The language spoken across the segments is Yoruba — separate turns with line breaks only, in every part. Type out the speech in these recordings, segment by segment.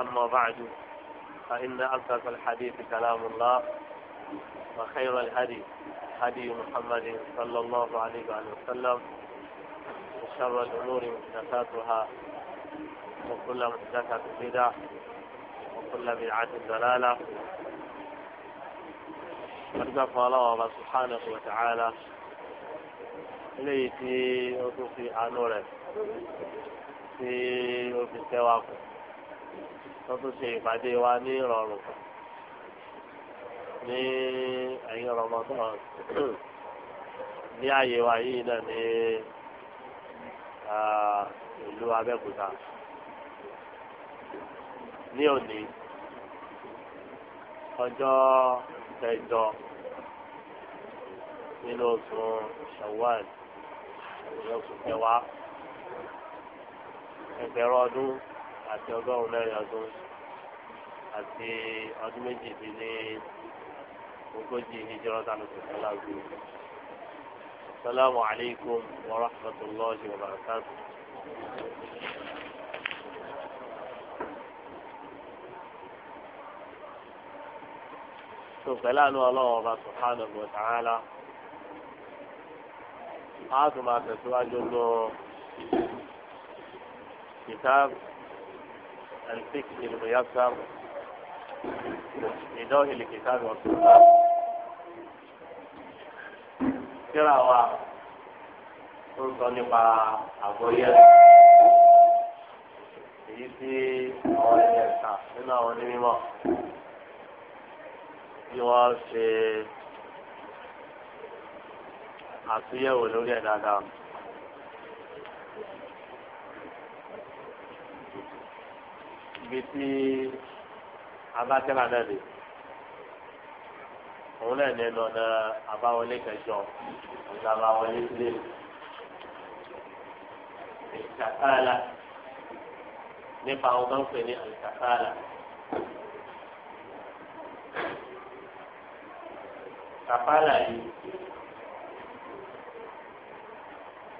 أما بعد فإن أصدق الحديث كلام الله وخير الهدي هدي محمد صلى الله عليه وسلم وشر الأمور محدثاتها وكل محدثة بدعة وكل بدعة ضلالة أرجوك الله سبحانه وتعالى إليه في أنوره في أوفيس tọ́tún ṣe ìpàdé wa ní ìrọ̀rùn ní ẹ̀yìn rọmọdún ní ààyè wa yìí náà ní ah, ìlú Abẹ́òkúta ní òní ọjọ́ kẹjọ nínú oṣù Shawwal ní kẹwàá ẹgbẹ̀rún ọdún. àti ọgọ́rùn-ún lẹ́yìn ọdún àti ọdún méjì dín ní ogójì hijira tanu sọ̀tàlá gbé. Assalamu alaikum wa rahmatullahi wa barakatuh. tó pẹ̀lú àánú ọlọ́run ọba subhanahu wa ta'ala a tún máa tẹ̀síwájú الفكر الميسر لنوه الكتاب والسنة kíra wa tó ń sọ nípa àgbọ́yé èyí tí àwọn ẹni ẹ̀ka nínú àwọn onímọ̀ tí wọ́n ibi tí abátẹ́rà náà lè òun náà ní ẹnu ọ̀nà àbáwọlé kẹjọ ọ̀nà àbáwọlé sílé ìkàkàlà nípa àwọn tó ń pè ní ìkàkàlà. kàkàlà yìí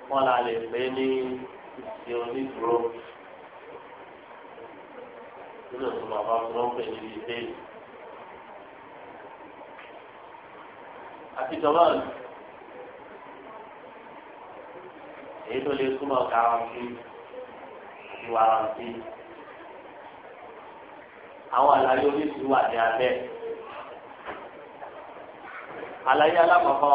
wọ́n la lè pè ní ìṣe onídùúró nínú tó bàbá tó ń pè ní ilé. àti tọ́lọ́ọ̀nù èyí tó lè túmọ̀ káwáńtì àti wáráńtì àwọn àlàyé oríṣi wà ní abẹ́ àlàyé alákọ̀ọ́kọ́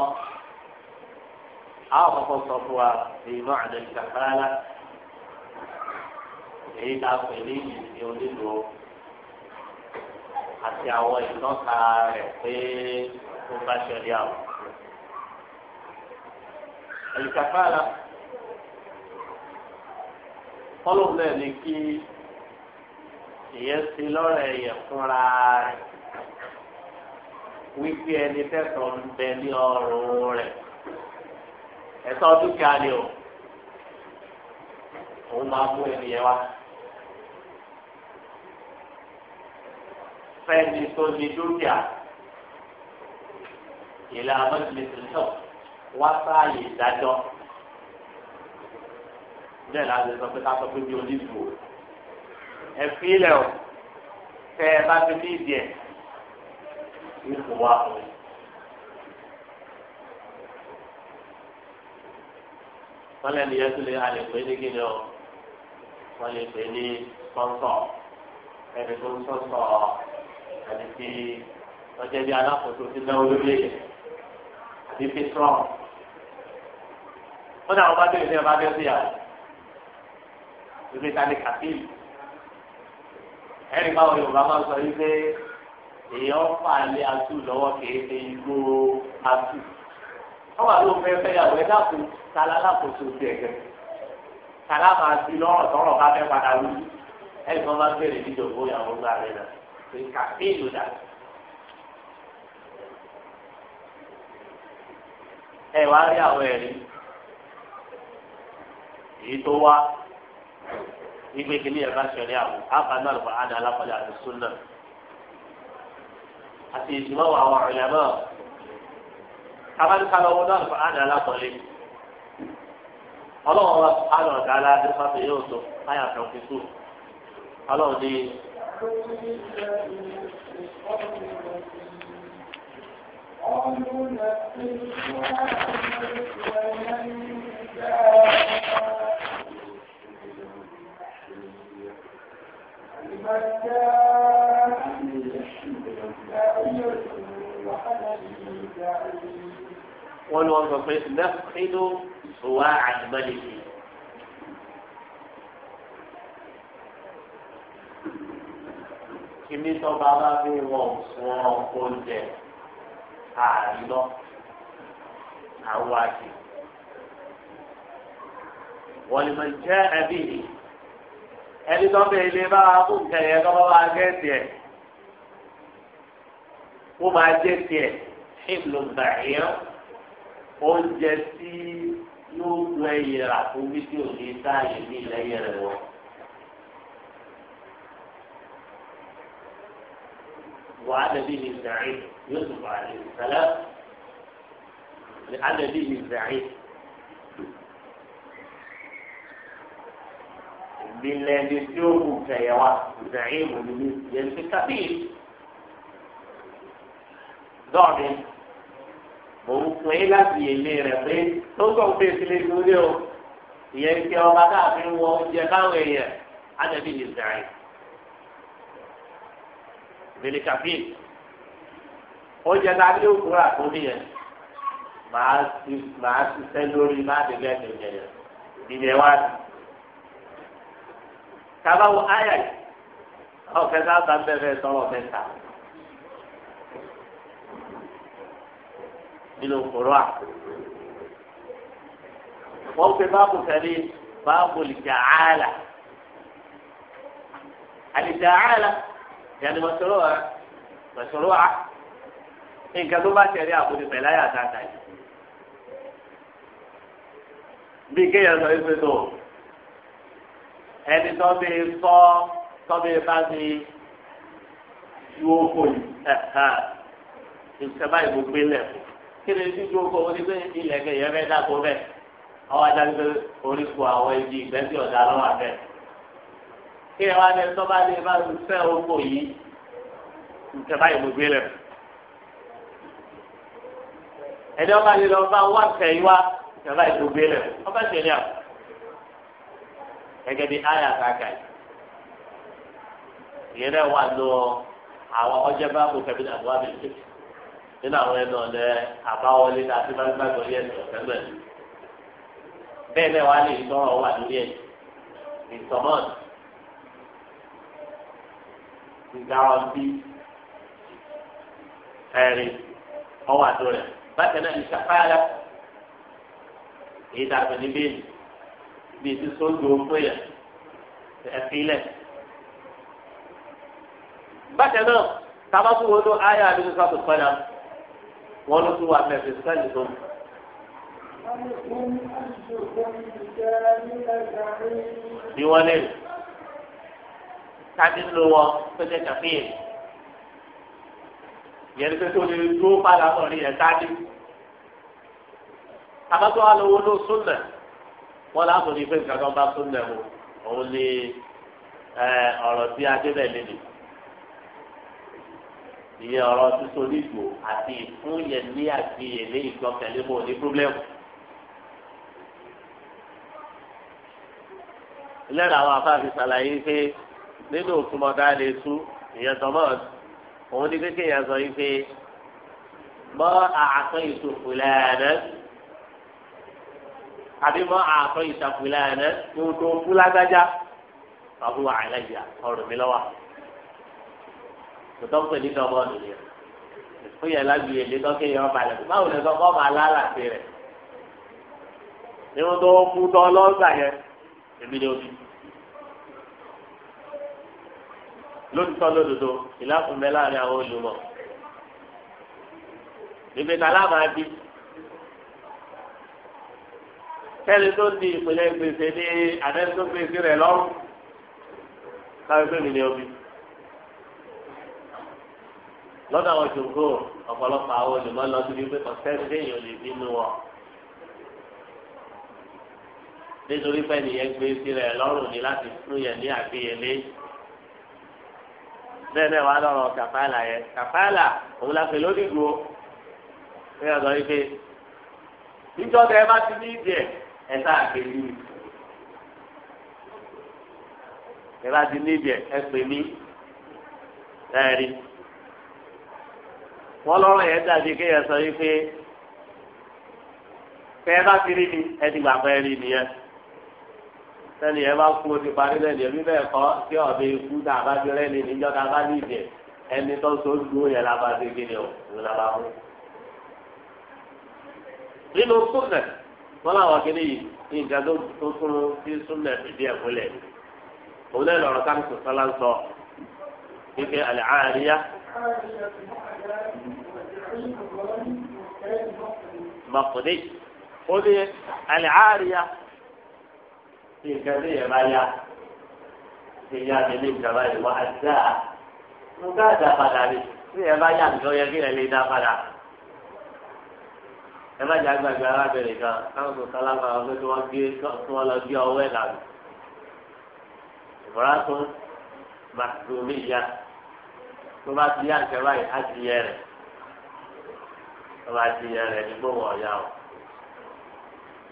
àwọn kọ̀ọ̀kan sọ fún wa èyí náà àdéhùn kàkàrà èyí tá a pè ní ìlú òfin onílò àti àwọn ìtọ́ka rẹ̀ pé ó bá ṣẹlẹ̀ àwọn. àlùkàfàlà kọ́lùm náà kí ìyẹn ti lọ́rọ̀ fúnra rẹ̀ wípé ẹni tẹ̀sán ń bẹ ní ọrùn rẹ̀ ẹ̀sán dúkìá ni o òun máa mú ẹni yẹn wá. fẹ́ni tó ní dúkìá ìlà mọ́tìlẹ́sì náà wá sáàyè ìdájọ́ bẹ́ẹ̀ la ṣe sọ pé ká sọ pé bí onídùú o ẹ fi ilẹ̀ o tẹ ẹ bá fi ní ìdí ẹ̀ ipò wa o. wọ́n lẹ́nu yẹn tó lé alẹ́ pé ní kíni o wọ́n lè pè ní sponsor ẹni tó ń sọ̀sọ̀ ẹni tí ọjọ́ bíi alákòóso ti náwó lórí èyẹ àbí fi strong ó ní àwọn bá bẹ̀rẹ̀ sí ẹ̀ bá bẹ̀rẹ̀ sí yàrá ìgbé ta ni kàfíìn ẹ̀rí báwọn Yorùbá máa ń sọ yìí pé èèyàn fà lé atú lọ́wọ́ kìí ṣe igbó atú ọwọ́ àlọ́ fẹ́ fẹ́ yàwó ẹ dákun tala alákòóso ti ẹ̀gẹ́ tala máa ti lọ́rọ̀ tọrọ bá fẹ́ padà wí ẹ̀rí kan bá bẹ̀rẹ̀ nídòwó ìyàwó gbà rẹ̀ náà. في تعديله ده ẹ wá rí àwọn ẹ̀rí èyí tó wá nígbè kí ní ẹ̀ka ṣẹlẹ̀ àwọn àbáná àlùfáà àdá aláfọlẹ̀ àti súnà àti ìjùmọ̀ àwọn ọ̀rẹ́lẹ̀ náà kábàdìkà lọ́wọ́ náà àlùfáà àdá aláfọlẹ̀ ọlọ́wọ́ àlọ́ ọ̀gá aládé fàtẹ̀ yóò tó káyà tọ̀kítù ọlọ́wọ́ ní.
One نفسها ومن جاء لمن جاء
wọ́n ní wọ́n ibi tó bá bá bí wọn fún oúnjẹ àlọ́ àwọn àti wọ́n lè máa jẹ́ ẹbí yìí ẹni tó bẹ ilé bá wa kó nǹkan yẹn kọ́ bá wa gẹ́ tiẹ̀ kó máa jẹ́ tiẹ̀ ìlùmọ̀ ẹ̀yọ́ oúnjẹ tí yóò lọ ẹ̀yẹ̀rà fún fídíò ní sáàyè ní ilẹ̀ yẹn rẹ̀ وعدده البعيد يطلب عليه ثلاث لعدده البعيد بالذي يدعوك يا زعيم المؤمنين يلف التقليد ضعفين وقيلت يلي ربي توقف في سليم يلف يلف يلف يلف يلف يلف يلف يلف bilikafin oúnjẹ tá a lé òkúra tó nìyẹn màá ti màá ti sẹ́ lórí má ti lẹ́nu ìyẹn ìyẹn wá sí. kábàáwo ayà yìí àwọn kẹta bá ń bẹ̀rẹ̀ sọ̀rọ̀ mẹ́ta nínú òkúra wọ́n pe báàbù kẹ́lí báàbù lìjà áàlà àlìjà áàlà yàtí mọ̀sọ̀rọ̀ wa mọ̀sọ̀rọ̀ wa nǹkan tó bá tẹ̀lé àbúrò pẹ̀lú ayé àtàtà yìí. bí kéèyàn sọ wípé tó ẹni tó bí sọ tó bí bá ti ju oko yìí ìṣẹ̀bá ìbò gbélé fún kí ni ju oko wọn ni pé ilẹ̀ kẹ̀yẹ́ fẹ́ dáko bẹ́ẹ̀ àwọn adágbé orísun àwọn ibi ìgbẹ́sí ọ̀dà lọ́wọ́ abẹ́ẹ̀. kí ẹ wá ní ẹni bá lè bá lu fẹ́ owó yìí nǹkan báyìí mo gbé lẹ̀. ẹni ọba lè lọ bá wà fẹ́ wá nǹkan báyìí mo gbé lẹ̀ ọba tẹ̀lé à gẹ́gẹ́ bí ayé àtàkà yìí ìyẹn náà wà lọ àwọn ọjọ́ bá kó kẹ́bí náà wà bẹ̀rẹ̀ nínú àwọn àbáwọlé yẹn lọ sẹ́gbẹ̀ bẹ́ẹ̀ náà wà lè tọrọ wà ìgbà ọtí ẹ̀rí ọwọ́ àdó rẹ̀ bákan náà ìṣàfáàlà èyí tàbí ní bẹ́ẹ̀lì bíi ti sóńdò fún yẹn ẹ̀fílẹ̀. bákan náà tábàtú wo ló ayé àdúgbò sábà padà wọn ló tún wà mẹ́fì sẹ́lì tó. ni wọ́n lè rí kájí ló wọ tó jẹ́ kàfíìn yẹn pé tó lè dúró padà bọ̀ ní yẹn kájí àbátọ́ alówó ló súnlẹ̀ wọ́n láàbò ní pé nǹkan kan bá súnlẹ̀ o òun ni ọ̀rọ̀ tí adébẹ̀ lè lè ìyẹn ọ̀rọ̀ sísọ nígbò àti ìfún yẹn ní àgbéyẹlé ìgbọ́kẹ̀lé mọ́ ní pírọ́blẹ́mù. lẹ́nu àwọn afáàfin ṣàlàyé pé nínú òfin mọ̀tá lè tú ìyẹn tọ́mọ́t òun ní kékeré yẹn sọ yìí pé mọ́ àtọ́ ìsòfòlẹ́ rẹ̀ àbí mọ́ àtọ́ ìsàfòlẹ́ rẹ̀ tó tó kú lágbájá àbúrò àìlẹ́yà ọ̀rọ̀ mi lọ́wọ́ tòtọ́ pè ní tọ́mọ́ nìyẹn ó yẹ lábì èlé tọ́kẹ́ yẹn ọba rẹ̀ báwo lè sọ fọ́ ọba alálàsẹ̀ rẹ̀ nínú tó kú tọ́ lọ́gbà yẹn èmi ni ó fi. lóòótọ́ lódodo ìlàkùnbẹ láàrin àwọn olùmọ̀ bèbè tàlà máa bí kẹ́ni tó di ìpínlẹ̀ gbèsè ní àdẹ́sí tó gbèsè rẹ̀ lọ́rùn káwé pé mi ni omi lọ́dọ̀ àwọn jòkó ọ̀pọ̀lọpọ̀ àwọn olùmọ̀ lọ sí wípé ọ̀sẹ̀ déèyàn lè bínú wọn nítorí pé nìyẹn gbèsè rẹ̀ lọ́rùn ni láti fún yẹn ní àgbéyẹlé bẹ́ẹ̀ náà wà lọ́rọ̀ kàfàlà yẹn kàfàlà òun la fẹ́ lórí ìgbò ẹ yà sọ yìí pé níjọ́ tẹ ẹ bá ti ní ìdí ẹ ẹ sá àgbè mí ẹ bá ti ní ìdí ẹ ẹ pè mí ẹ̀rí wọ́n lọ́rọ̀ yẹn dàbí kéèyàn sọ yìí pé tẹ ẹ bá ti rí mi ẹ ti gbà pé rí mi yẹn sẹ́ni ẹ bá kú o ti parí lẹ́nu ẹ̀mí bẹ́ẹ̀ kọ́ tí ọ̀bẹ ikú tá a bá jọ lẹ́nu níjọ́ tá a bá ní ìjẹ́ ẹni tó so dúró yẹn la bá ti gbélé o ìlú la bá mú. nínú súnlẹ̀ wọ́n láwọn akéde yìí ní nǹkan tó tún sí súnlẹ̀ fìdí ẹ̀ múlẹ̀ òun náà lọ́rọ̀ ká nìkan ń sọ kíkẹ́ àlẹ́ àríyá. mọ̀kùnrin ó ní àlẹ́ àríyá tí nǹkan tí yẹn bá yá ti yá mi ní ìjọba ìwà àdá mo ká àdá padà rí tí yẹn bá yá mi lọ yẹ kí yẹn lè dá padà. ẹ má jà gbàgbé arábìnrin kan káwọn kò sálábà wọn pé kí wọn gbé kí wọn lọ gbé ọwọ́ ẹ lànà ìmọ̀ràn tó màtòmí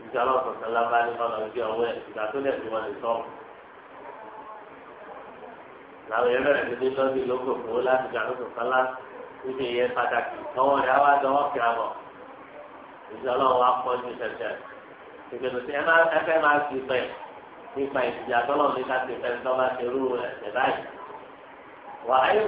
ìgbà ọlọ́sọ̀ sọlá bá ní bọ́lá ojú ọwọ́ ẹ̀ ìgbà tó lẹ̀ fi wọn lè sọ. làwọn eré rẹ̀ nílé lọ́dún ló kò fún láti gbà lọ́sọ̀ sọlá níbi ìyẹn pàtàkì tọwọ́ rẹ̀ wá dọwọ́ kí a bọ̀. ìgbà ọlọ́wọ́ akọ́jú ṣẹ̀ṣẹ̀ ìgbèlú tí ẹ fẹ́ máa fi pẹ̀ nípa ìdíjà tọ́lọ̀ ní ká ti fẹ́ tọ́ bá ti rú ẹ̀ṣẹ̀ báyìí. wà á yẹ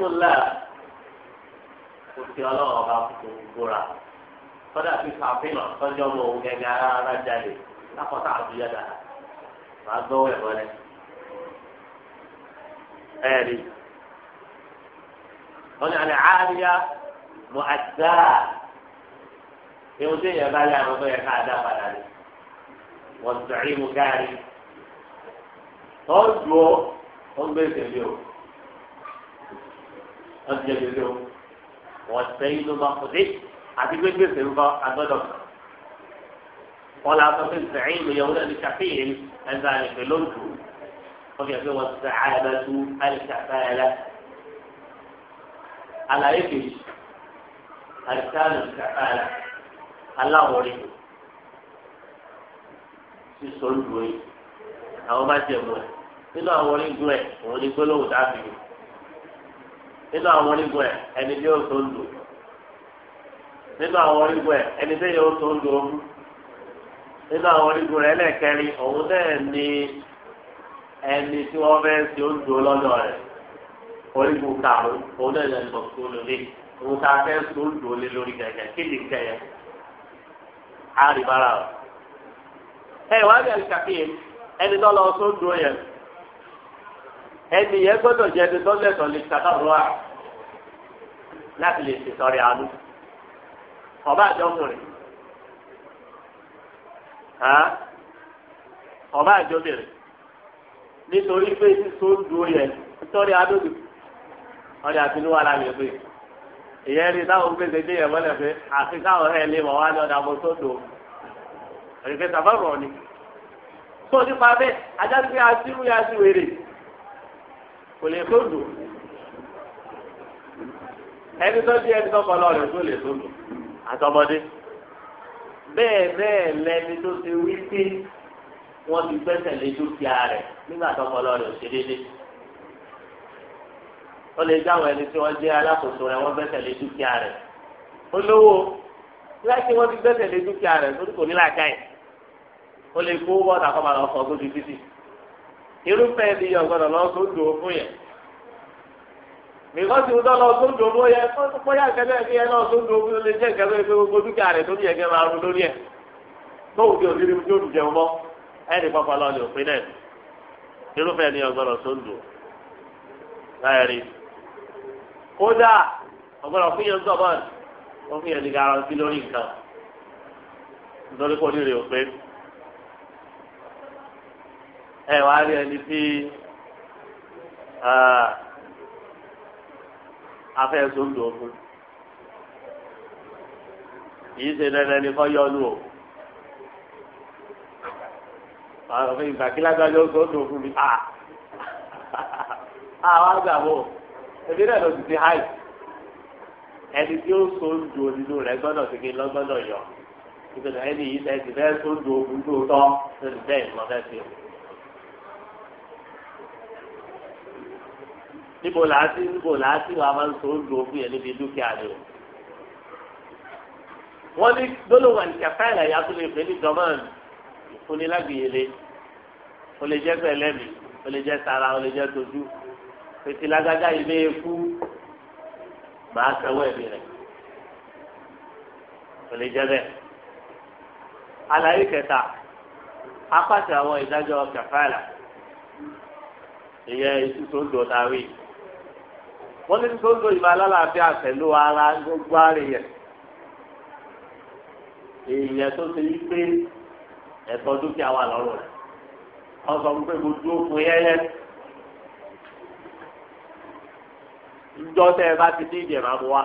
kọ́dà fi fàfihàn tọ́jú ọmọ òun gẹ́gẹ́ ara ara jáde lápọ̀tà àbúyá dára màá gbọ́wọ́ ẹ̀ wọlé. ẹ̀rí wọ́n ní àríyá mọ̀ àdá ewu tí èèyàn bá lé àwọn tó yẹ ká àdá padà lé wọ́n sọ̀rí mu gáàrí tọ́jú ó ń gbé ìtẹ̀lé o ó ń jẹ́ o wọ́n sẹ́yìn ló máa kọ́ àti pé gbèsè ńkọ agbọ́dọ̀ wọn la sọ pé sẹ̀yìn ló yẹ wọn lẹ́nu ṣàfihàn ẹ̀dá àlẹ́fẹ̀ lóńtù wọn fi hàn pé wọn ti sẹ̀ àyàbá tú àlẹ́ṣàfẹ́ ẹ̀lẹ́ àlàyé kejì àlẹ́ṣàfẹ́ ẹ̀lẹ́ aláwọ̀rí sísọ lù ẹ́ àwọn bá jẹ̀ mọ́ ẹ̀ nínú àwọn onígun nínú àwọn orígun ẹ̀ ẹni tẹ́ yóò tó ń lo ogun nínú àwọn orígun rẹ̀ ẹlẹ́ẹ̀kẹrin òun náà ni ẹni tí wọ́n fẹ́ ṣe ń do lọ́dọ̀ rẹ̀ orígun karùn-ún òun náà ni ọ̀sùn olùlé òun tá a fẹ́ ṣe ń lé lórí kẹ̀kẹ́ kí ni kẹ̀yẹ á rí bára o. ẹ wá bẹ̀rẹ̀ ṣàkíyè ẹni tó lọ tó ń do yẹn ẹni yẹn gbọ́dọ̀ jẹ́ ẹni tó lẹ̀tọ̀ lè ṣàtàrọ̀ láti lè ṣètọ́rẹ̀ àánú ọba àjọkùnrin ọba àjọbìnrin nítorí pé sísọ ń du oyè nítorí adóbi wọn ni àtinúwà lálẹ́ pé ìyẹn ni táwọn gbèsè dé yẹn mọ́lẹ̀ pé àfi káwọn ẹ̀ lé mọ̀ wá ní ọ̀dà mo tó dùn sábà rọ̀ ni. tó nípa bẹ́ẹ̀ ajá ti asírú ya sí wèrè kò lè tó ẹni tó di ẹni tó kọ lọ rẹ̀ tó lè tó àtọmọdé bẹ́ẹ̀ bẹ́ẹ̀ lẹni tó ti wí pé wọ́n ti gbẹ́sẹ̀ lé dúkìá rẹ̀ nígbà tọpọlọ rẹ̀ ò ṣe déédéé wọ́n lè dáhùn ẹni tí wọ́n jẹ́ alákòóso rẹ̀ wọ́n gbẹ́sẹ̀ lé dúkìá rẹ̀ olówó láti wọ́n ti gbẹ́sẹ̀ lé dúkìá rẹ̀ torí kò ní làákà yìí wọ́n lè kó bọ́ọ̀dà kọ́ máa lọ sọ ọdún títí irúfẹ́ ẹni yọ̀ gbọ́dọ̀ lọ́sọ̀ọ́dún fún yẹn mìíràn ti wù lọ́lọ́ tó ń dòwó yẹ bóyá kẹlẹ́ kí ẹ náà tó ń dòwó lè jẹ́ kẹlẹ́ pé gbogbo dúkìá rẹ̀ tó ní ẹ̀kẹ́ máa rú lórí ẹ̀ tóun ti òdiri tí òun jẹun mọ́ ẹnì pápá lọ ní òfin náà irúfẹ́ ni ọgbọ́dọ̀ tó ń dò láyẹ̀rí kódà ọgbọ́dọ̀ fún yẹn sọ̀bọ̀n ó fún yẹn ní garanti lórí nǹkan nítorí kò ní rè ẹ wàá rí ẹni tí afẹ́sọ̀ lò fún yìí ṣe dandan ni kọ́ yọ ọ́ ìgbà kí lágbájọ ó sọ́ọ́ dùn fún mi à àwọn àgbà wò ẹbí náà ló ti ti háì ẹni tí ó so ń du onínú rẹ gbọ́dọ̀ sí kí n lọ yọ ìgbésẹ̀ ẹni yìí ṣe ti fẹ́ so ń du ogun tó tọ́ lórí bẹ́ẹ̀ ni mo fẹ́ fi o. níbo làá sí níbo làá sí wàá máa ń sọ oúnjẹ òfin yẹn níbi dúkìá ni o. wọ́n ní gbólóhùn àlìkàfà ìlàyà tó lè fẹ́ ní gọ́mọ̀n ìfúnilágbìyẹlé o lè jẹ́ pẹ̀lẹ́mì o lè jẹ́ tara o lè jẹ́ tójú pèsè lágágá ilé ikú màá sanwó ẹ̀mí rẹ̀ o lè jẹ́ bẹ́ẹ̀. àlàyé kẹta apáṣẹ àwọn ìdájọ́ kàfàlà ìyẹn ìtútù ń dòtáwì wọ́n ní tó lo ìmọ̀ alálàáfíà pẹ̀lú ara gbogbo ara yẹn èèyàn tó ṣe yí pé ẹ̀tọ́ dúkìá wà lọ́rùn rẹ̀ wọ́n sọ pé mo dúró fún yẹ́yẹ́ ìjọ tẹ́ ẹ bá ti dín ìdìrà mu wá.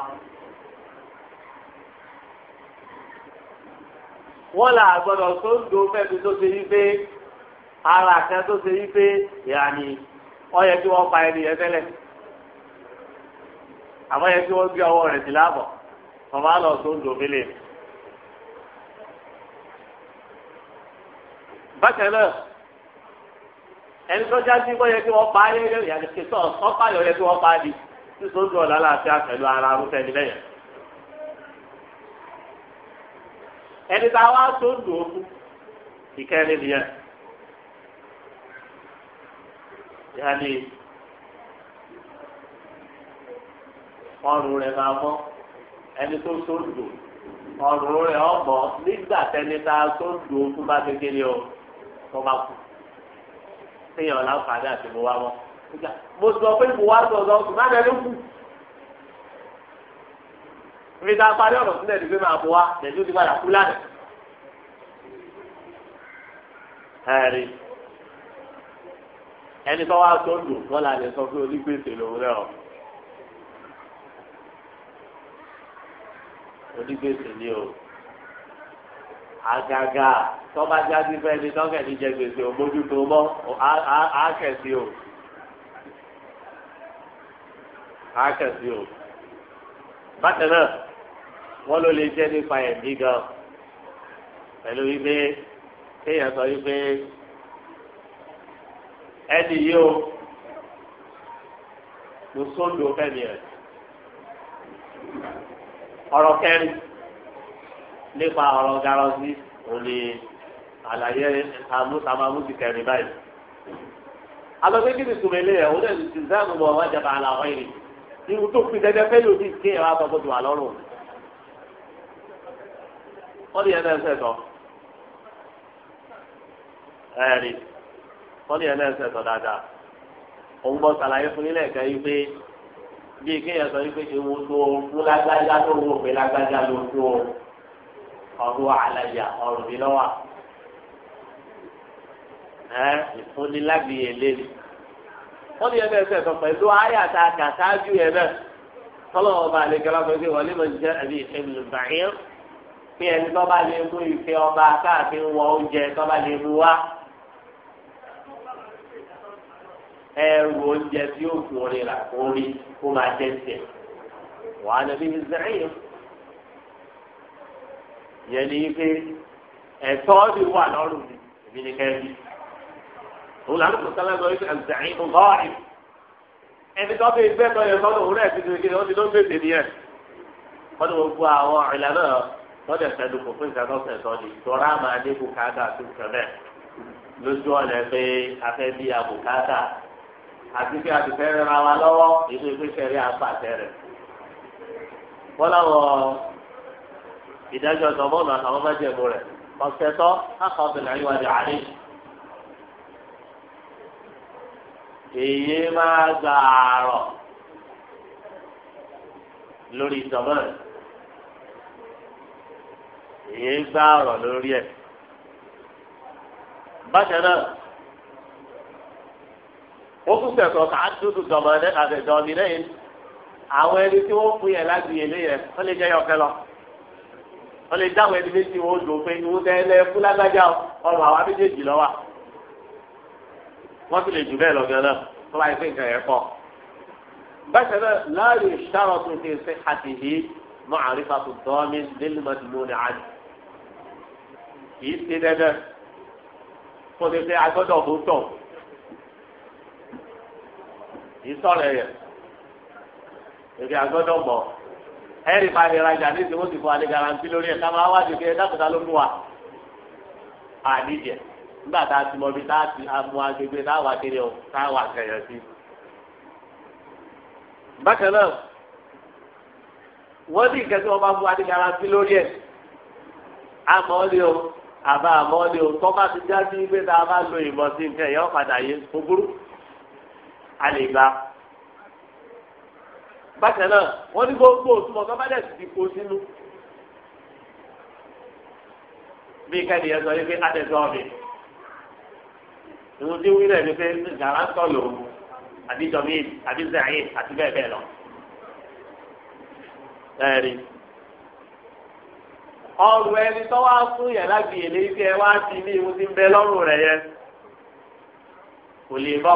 wọ́n là gbọ́dọ̀ tó ń do fẹ́mi tó ṣe yí pé ara kan tó ṣe yí pé ìyàní ó kí wọ́n pa ẹni yẹn tẹ́lẹ̀ àmọ́ yẹn tí wọ́n gbé ọwọ́ rẹ̀ sí láàbọ̀ wọ́n máa lọ tó ń lò mí lè. bákan náà ẹni tó jáde bọ́ yẹ kí wọ́n pa á yẹ yàtọ̀ kí sọ ọ́pàyọ̀ yẹ kí wọ́n pa á di tí tó ń dùn ọ̀la láti àpẹ̀lú ara arúfẹ́ ni lẹ́yìn. ẹni tá a wá tó ń lò ó fún ìkẹrin nìyẹn. yàtọ̀ ọrùn rẹ̀ máa mọ́ ẹni tó sóńdò ọrùn rẹ̀ ọmọ nígbà tẹni tá a sóńdò tó bá kékeré o tó bá kú téèyàn láǹfààní àti mo wá mọ́ mo sọ pé mo wá sọ̀rọ̀ ọ̀sùn má bẹ́ẹ̀ ló kù mi ta parí ọ̀rọ̀ sílẹ̀ ní pé máa bọ̀ wá lẹ́yìn ó ti padà kú lánàá. ẹ̀rí ẹni tó wá sóńdò wọ́n là lè sọ pé onígbèsè lòun náà. onígbèsè ni o àgàgà tọ́ba jáde fẹ́ ni tọ́kẹ̀ ní jẹ gbèsè ò mójútó mọ́ àákẹ́sí o àákẹ́sí o bákan náà wọ́n ló lè jẹ́ nípa ẹ̀mí gan pẹ̀lú wípé kéèyàn sọ wípé ẹni yìí o mo sóńdò fẹ́mi ẹ̀ ọ̀rọ̀ kẹrin nípa ọ̀rọ̀ garọsí òní àlàyé àmúsàmámú ti kẹrin báyìí. alọ́gbé kí ni sùnmọ́ ilé yẹn òun ẹ̀sìn ìzáàmù mọ̀ wá jẹba àlàwọ̀ yìí irun tó fi dẹ́dẹ́ fẹ́ lòdì kí ẹ̀rọ àtọ́kọ́ ti wà lọ́rùn. wọ́n ní ẹ̀dá ẹ̀sẹ̀ tọ́ ẹ̀rí wọ́n ní ẹ̀dá ẹ̀sẹ̀ tọ́ dáadáa òun bọ́ sàlàyé fún ilé ẹ̀kẹ́ yìí pé bí kéèyàn sọ wípé ewu tó fún lágbájá tó wò pé lágbájá ló tó ọdún àlàyà ọrùn mi lọ́wọ́ ẹ ìfúnnilágbìyẹ lẹ́nu wọ́n ní ẹgbẹ́ ẹsẹ̀ sọ pẹ̀lú ayé àti àkàtàjú yẹn náà tọ́lọ́wọ́ ọba àlejòlá fún ẹgbẹ́ wọlé máa jẹ́ ẹbí ìfẹ́mi bàyẹ́ pé ẹni tó lè mú ìfẹ́ ọba káàfin wọ oúnjẹ tó lè mú wá ẹrù oúnjẹ tí yóò fún orin rà fún orí kó máa jẹ tiẹ̀ wàá nàbí zẹyìn yẹn ni pé ẹ̀tọ́ ti wà lọ́rùn mi èmi ni kẹrin òun làwọn kò sálẹ lọ wípé zẹyìn ń bọ àyè ẹni tó bí bẹ́ẹ̀ tó yẹ sọ́dọ̀ òun náà ti di ti ló ń bèèrè nìyẹn wọ́n ti wọ́n gbọ́ àwọn ìlànà lọ́dẹ̀ fẹ́ẹ́ kò fún ìdáná ẹ̀tọ́ ni tọ́ra máa dé bùkátà tó kẹ́ lójú ọ̀nà pé afẹ́ abùkátà àti pé àtìfẹ́ rẹ̀ ra wa lọ́wọ́ èso ìgbésẹ̀ rí rẹ̀. wọ́n láwọn ìdájọ́ ọ̀dọ́mọ́nù àtàwọn májèmú rẹ̀ ọ̀sẹ̀ tọ́ akọ̀bìnrin àyíwájú àárín. èyí máa gba àárọ̀ lórí ìdọ̀mọ́nù èyí gbá àárọ̀ lórí ẹ̀. náà. wọ́n tún fẹ̀sọ̀ ká dúdú dọ̀mọ̀dé àtẹ̀dọ̀mí lẹ́yìn àwọn ẹni tí wọ́n fún yẹn láti yẹlé yẹn wọ́n lè jẹ́ yọ̀kẹ́ lọ. wọ́n lè dáhùn ẹni méjì wọ́n dùn pé ìwọ́n tẹ́ lẹ́ fún lágbájá ọrùn àwa méjèèjì lọ́wà. wọ́n sì lè jù bẹ́ẹ̀ lọ́gán náà tó bá yẹ pé nǹkan yẹn pọ̀. bẹ́sẹ̀ náà láàyè ìṣàrọ̀ tó ti ṣe àtìhí mọ́ àrífà tó dọ́ọ́mí nílùmọ̀tìmọ́ ìsọ̀rọ̀ yẹn èdè àgọ́dọ̀ mọ̀ ẹ̀rì máa lè rajà ní ìsìnkú ti fún wa ní garanti lórí ẹ̀ ká dị wá dìde dákúta ló mú wa àníjẹ nígbà tá a ti mọ ibi tá a ti mú agbègbè tá a wà kiri o tá a wà kẹyàn sí. bákan náà wọ́n wọn bá wa ní o àbá o tọ́ bá ti já sí tá a bá lo ìmọ̀ sí nǹkan padà a lè gba. náà wọ́n ní gbogbo òtúmọ̀ tó bá dẹ̀ sì ti kó sínú. bí kẹ́ni yẹn sọ yìí pé adẹ́sọ́ ọ̀bẹ. ìwọ́n ti wí rẹ̀ ni pé gàrà ń àbí jọmíìn àbí zayin àti lọ. ọrù ẹni tó wá fún yẹn láti yẹn ti ní ti bẹ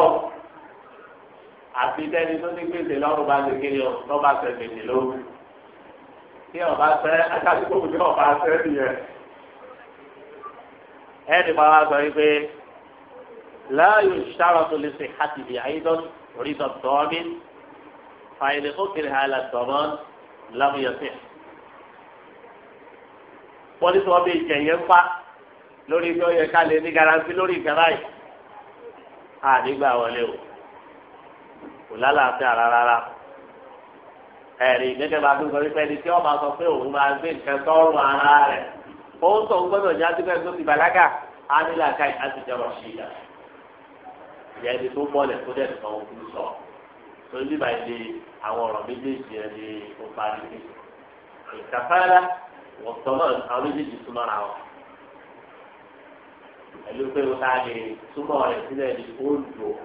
àfi tẹ́ni tó ní gbèsè lọ́rùn bá lè kéde tó bá fẹ́ gbèsè lóhùn tí ọba fẹ́ akásíkò tí ọba fẹ́ nìyẹn ẹni bá wa sọ yìí pé láàyò sára tó lè ṣe hàtìbí àyídọ́ orí dọ̀tọ́ọ́mí fàyẹ̀lẹ̀ ó kiri hàlà dọ̀mọ́ lámúyẹ̀sẹ̀ bí ìjẹ̀yẹ̀ ń pa lórí bí yẹ ká lè ní garanti lórí ìkẹ́láyì àdígbà wọlé o kò lálàáfíà rárá ẹ̀rí gẹ́gẹ́ bá tó sọ wípé ẹni tí wọ́n máa sọ pé òun máa gbé nǹkan sọ́rùn ara rẹ̀ ó ń sọ gbọ́dọ̀ ní adúgbò ẹgbẹ́ ti bàlágà á ní làákàyè á ti jọrọ sí ìyá ìyá ẹni tó bọ́ọ̀lẹ̀ tó dẹ̀ nìkan òkú sọ torí bí báyìí ni àwọn ọ̀rọ̀ méjèèjì ẹ̀ ni ó parí ní ìkàfáyà wọ́n sọ náà àwọn méjèèjì súnmọ́ ra wọn pẹ̀lú pé wọ́n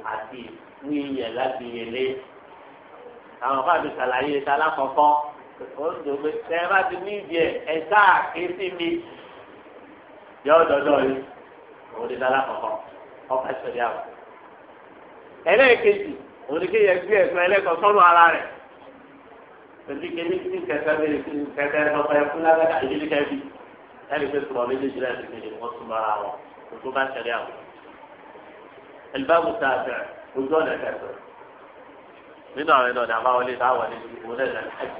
ta ní iyẹ̀ láti yẹlé àwọn kan àti sàlàyé ta lákọ̀ọ́kọ́ ó ń dòwe tẹ́ ẹ bá ti ní ìdí ẹ̀ ẹ sáà ké sí mi yọ dọ́dọ̀ yìí òun ti ta lákọ̀ọ́kọ́ ọkọ̀ ìṣẹ̀lẹ̀ àwọn. ẹlẹ́ẹ̀kejì òun ni kéèyàn gbé ẹ̀sùn ẹlẹ́kọ̀ọ́ sọ́nù ara rẹ̀ pẹ̀lú kébí kí kẹsẹ̀ bẹ̀rẹ̀ kí kẹsẹ̀ ọkọ̀ ẹ̀kú lágbàdà ìdílé kẹbí ojú ọ̀nà kẹsàn nínú àwọn ẹni ọ̀nà àbáwọlé táwọn ẹni ìdìbò náà nà hajj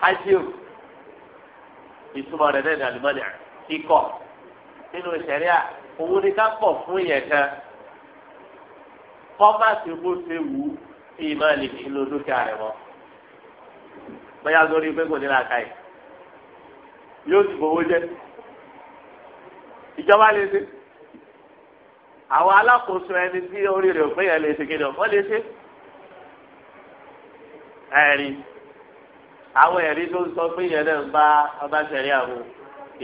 hajj o ìtumọ̀ rẹ̀ náà ní alimọ́nì kíkọ́ nínú ìṣẹ̀ríà owó ní ká pọ̀ fún yẹn kan kọ́másì kó ṣe wù ú sí ìmọ̀lì nínú dúkìá rẹ̀ mọ́ bóyá lórí pé kò ní làákà yìí yóò sì fowó jẹ ìjọba lè ṣe àwọn alákòóso ẹni tí orí rẹ̀ òpin yẹn lè ṣe kéde ọ̀pọ̀ lè ṣe ẹ̀rí àwọn ẹ̀rí tó ń sọ pé yẹn náà ń bá ọba ṣẹ̀rí àwọn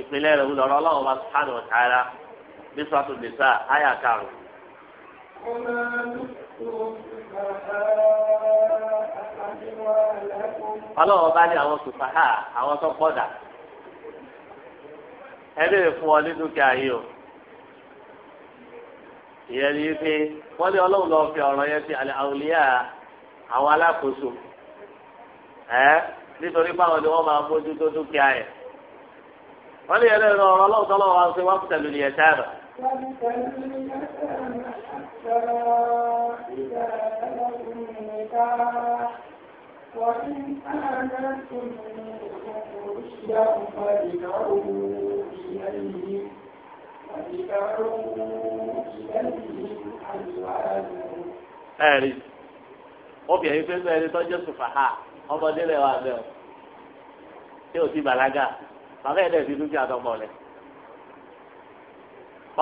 ìpínlẹ̀ rẹ̀ ń lọ́rọ́ ọlọ́run bá sùpánù ọ̀tara ní sọ́tún nìsa áyà karùn-ún.
ọlọ́run bá ní àwọn
sùpáhà àwọn tó pọ̀ dà ẹ lè fún ọ ní dúkìá yìí o ìyẹn ni pé wọ́n ní ọlọ́run lọ́ọ́ fi ọ̀rọ̀ yẹn ti àlẹ́ àwòlíyà àwọn alákòóso ẹ́ nítorí báwọn ni wọ́n máa mójú tó dúkìá yẹn wọ́n ní ẹlẹ́rìí ọ̀rọ̀ ọlọ́run tọ́lọ́ wa ṣe wá pẹ̀lú ni ẹ̀ta
rẹ̀. وإن آمنتم بشيء فادعوا إليه
ẹ̀rí obìnrin pé bẹ́ẹ̀ ni tọ́jú ha ọmọdé lẹ̀ wà o tí ò ti bàlágà bàbá ẹ̀ dẹ̀ fi dúkìá tọmọ rẹ̀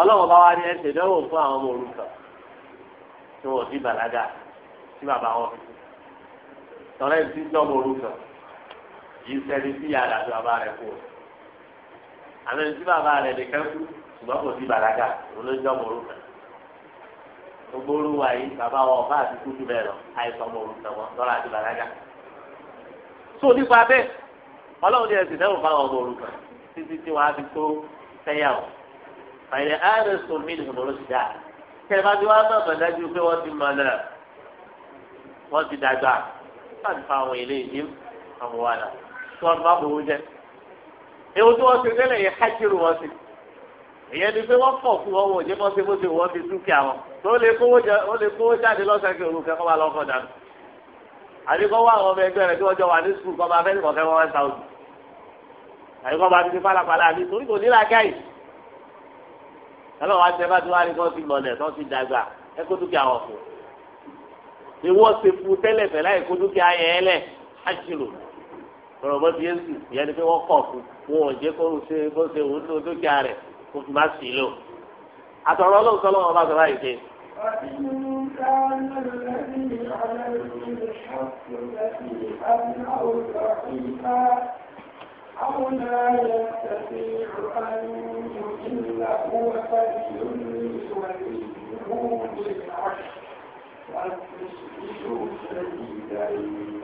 ọlọ́wọ́ bá wá ní ẹ ṣèdánwò fún àwọn ọmọ òrukàn tí wọn ò bàlágà tí bàbá wọn tọ́lá ẹ̀ ti dánwò òrukàn yìí sẹ́ni sí yàrá tó bàbá rẹ̀ kú àmì tí bàbá rẹ̀ nìkan kú. ṣùgbọ́n kò sí bàlágà òun ló ń jọ́ mọ̀ọ́rù kan gbogbo olúwa yìí bàbá wa ọba àti kúndùn bẹ́ẹ̀ lọ àìsàn mọ̀ọ́rù kan wọn lọ́la àti bàlágà. tó nípa bẹ́ẹ̀ ọlọ́run ní ẹ̀sìn náà bá wọn mọ̀ọ́rù kan títí tí wọ́n á fi tó sẹ́yàwó. àyẹ̀lẹ̀ ààrẹ sọ̀mí ni kòmọ̀rọ̀ ti dáa kẹ́lẹ́ bá ti wá náà bàdá ju pé wọ́n ti mọ̀ náà wọ́n ti dàgbà láti fa àwọn ilé ìdí àwọn wàdà tí wọ́n bá bò ó jẹ́. ewu tí wọ́n ti ìyẹn ni pé wọ́n pọ̀ fún wọn wò jẹ́ kó wọ́n fi dúkìá wọn tó lè kówó jáde lọ́sẹ̀ kí òun kẹ́kọ̀ọ́ bá lọ́kọ̀ dànù àdìgbọ́ wà àwọn ọmọ ẹgbẹ́ rẹ̀ tí wọ́n jọ wà ní sùkúl kọ́ máa fẹ́ kọ̀ọ̀kẹ́ wọn one thousand àdìgbọ́ bá ti fi pálapàla àbí torí kò nílà káyì ẹlọ́wọ́ àti ẹ̀fà tí wọ́n á ní kó ti lọlẹ̀ tó ti dàgbà ẹ kó dúkìá wọn fún ni wọ́n ṣe fún tẹ́lẹ̀ fẹ́ láì kó dúkìá yẹn ẹlẹ̀ àṣìlò rọ̀bọ̀ ti yẹn sì ìyẹn ni pé wọ́n kọ̀ fún wọn ò jẹ́ kó ṣe bó ṣe òun nínú dúkìá rẹ̀ kó fi má sí i lò àtọ̀rọ̀ ọlọ́run sọ́lọ́ wọn bá sọ láì ṣe.
أو لا يستطيع أن يضل هو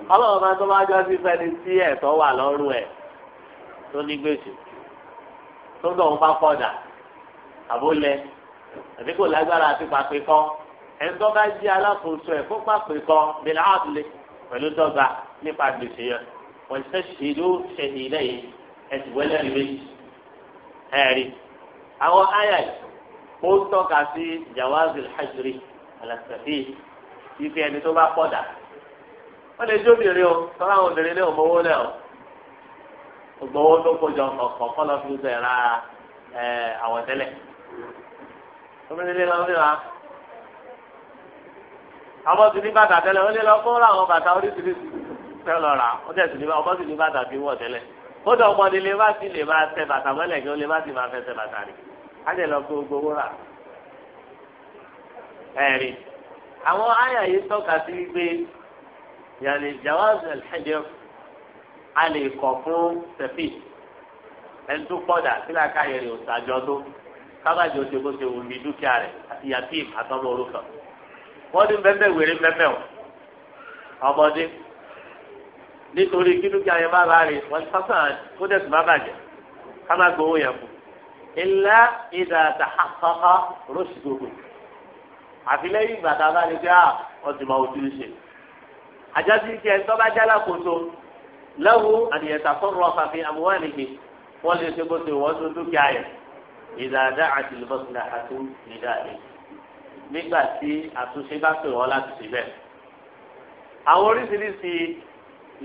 ọlọ́run máa tó bá jọ sí fẹ́ni tí ẹ̀tọ́ wà lọ́rùn ẹ̀ tó ní gbèsè tó ń dọ̀hún bá kọ̀dà àbó lẹ àbí kò lágbára àti pàpè kọ́ ẹ̀ńtọ́ bá jí alákòóso ẹ̀ fún pàpè kọ́ bìlà àbúlé pẹ̀lú dọ́gba nípa gbèsè yẹn wọ́n ti ṣèlú ṣẹ̀yìn ilẹ̀ yìí ẹ̀sìn wẹ́lẹ́rì méjì ẹ̀rí àwọn àyà yìí ó ń tọ́ka sí jawazil hajri alasafi ife ẹni tó bá kọ̀dà wọ́n lè jóbìnrin o tọ́lá àwọn obìnrin náà mọ́wó náà gbogbo owó tó kó jọ ọkọ̀ kọ́ lọ fi ṣe ra àwọ̀ tẹ́lẹ̀. obìnrin lè lọ ríra àwọn sì ní bàtà tẹ́lẹ̀ ó lè lọ kó làwọn bàtà oríṣiríṣi fẹ́ lọ rà ó dẹ̀ sì ní ọmọ sì ní bàtà bí wọ̀ tẹ́lẹ̀ kódà ọmọdé lè má sí lè má tẹ bàtà mọ́lẹ̀ kí ó lè má sì máa fẹsẹ̀ bàtà rẹ̀ á jẹ́ lọ kó gbogbo rà. ẹ̀rí àwọn àyà yìí tọ́ka sí wípé yàrá ìjàwá a lè kọ̀ fún sẹ̀fì ẹni tó pọ̀dà sílẹ̀ káyẹ̀ rẹ̀ òṣàjọ́ tó kábàjọ́ ṣe bó ṣe wùmí dúkìá rẹ̀ àti yàtìm àtọmọ orúkọ wọ́n ní bẹ́ẹ̀ wèrè bẹ́ẹ̀ o ọmọdé nítorí kí dúkìá yẹn bá bá rè wọ́n sọ́sàn kó dẹ̀sùn bá bàjẹ́ ká má gbowó yẹn fún ilá ìdá àtàkọ́kọ́ rọ́ṣìdògbò àfilẹ́yìn ìgbà tá bá rí pé ọtí máa ojú ṣe àjọṣe kí tọ́ bá jálá kótó lahu àdìyẹ̀tà fún rọ́ọ̀fà fi amúhánìkì wọ́n lè ṣe bó ṣe wọ́n tó dúkìá yẹn ìdàdá àti ìlúbọ̀sílẹ̀ àti ìdàdé nígbà tí àtúnṣe bá pè wọ́n láti ṣe bẹ́ẹ̀. àwọn oríṣiríṣi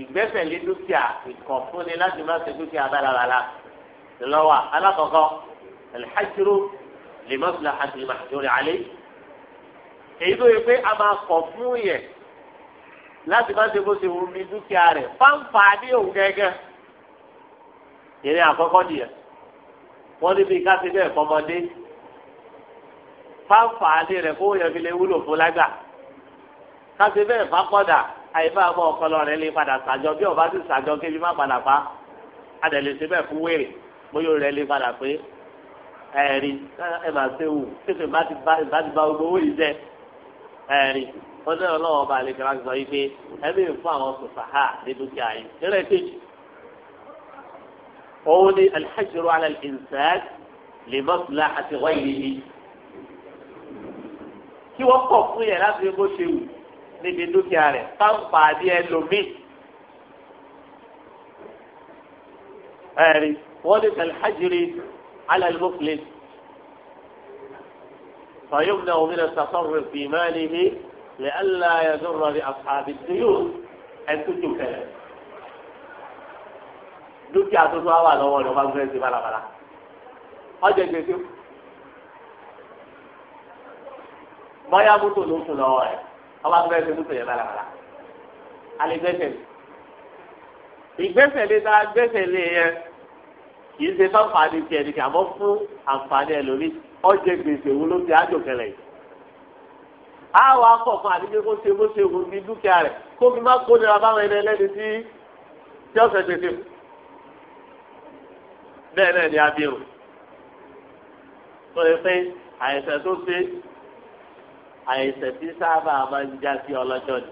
ìgbẹ́sẹ̀lé dúkìá ìkànfúnni láti má ṣe dúkìá bálabàla lọ́wọ́ alákọ̀ọ́kọ́ alḥajiru lèmọ́sílẹ̀ àti ìmàjọ́rẹ̀ àlẹ́ èyí tó yẹ pé a máa kọ̀ fún yẹn láti má ṣe bó ṣe wù mí dúkìá rẹ̀ fáńfà ní òun gẹ́gẹ́. ìrìn àkọ́kọ́ nìyẹn wọ́n níbi ká ti bẹ́ẹ̀ fọmọdé fáńfà ní rẹ̀ kó yẹ fi lè wúlò fún lágbà ká ti bẹ́ẹ̀ fápọ̀dà àyíká ọmọ ọpọlọ rẹ̀ lè padà sàjọ bí ọba ti sàjọ kébi má padà pa adẹ̀lẹ̀ ti bẹ́ẹ̀ fún wèrè bóyá rẹ̀ lè padà pé ẹ̀rí ẹ̀ máa ṣe wù tètè bá ti bá gbogbo owó yìí jẹ ẹ̀rí wọ́n dẹ́rọ lọ́wọ́ ọba àlejò láti sọ wípé ẹbí ń fún àwọn sòfàhà ní dúkìá yìí nílẹ̀ kejì. òun ni alhajiru ala al-insan lè mọ́tòlá àti wáyé yìí. kí wọ́n pọ̀ fún yẹn láti bó ṣe wù níbi dúkìá rẹ̀ káńpà ní ẹlòmíì. ẹ̀rí wọ́n ní alhajiru ala al-muflis. fàyọ̀mù náà omi náà sàfọ̀rọ̀ fìmáàlì yìí. لئلا يضر لأصحاب الديون ẹtú tó kẹlẹ dúkìá tó tó wà wà lọ́wọ́ rẹ̀ ọba gbé ẹsẹ̀ balabala ọjà gbèsè bóyá mọ́tò ló sùn lọ́wọ́ rẹ̀ ọba gbé ẹsẹ̀ mọ́tò yẹn balabala alẹ gbèsè ìgbésẹ̀ lé ta gbèsè lé yẹn kì í ṣe fáǹfààní tiẹ̀ nìkan àmọ́ fún àǹfààní ẹ̀ lórí ọjà gbèsè wo ló ti àjò á wà á kọ̀ fún àdígbé kó ṣe bó ṣe wù ní dúkìá rẹ̀ kó fi má kó nira báwọn ẹni ẹlẹ́ni tí tí ọ̀sẹ̀ tètè mu. bẹ́ẹ̀ náà ni abirù tó lè pé àìsàn tó ṣe àìsàn tí sábà máa ń já sí ọlọ́jọ́ ni.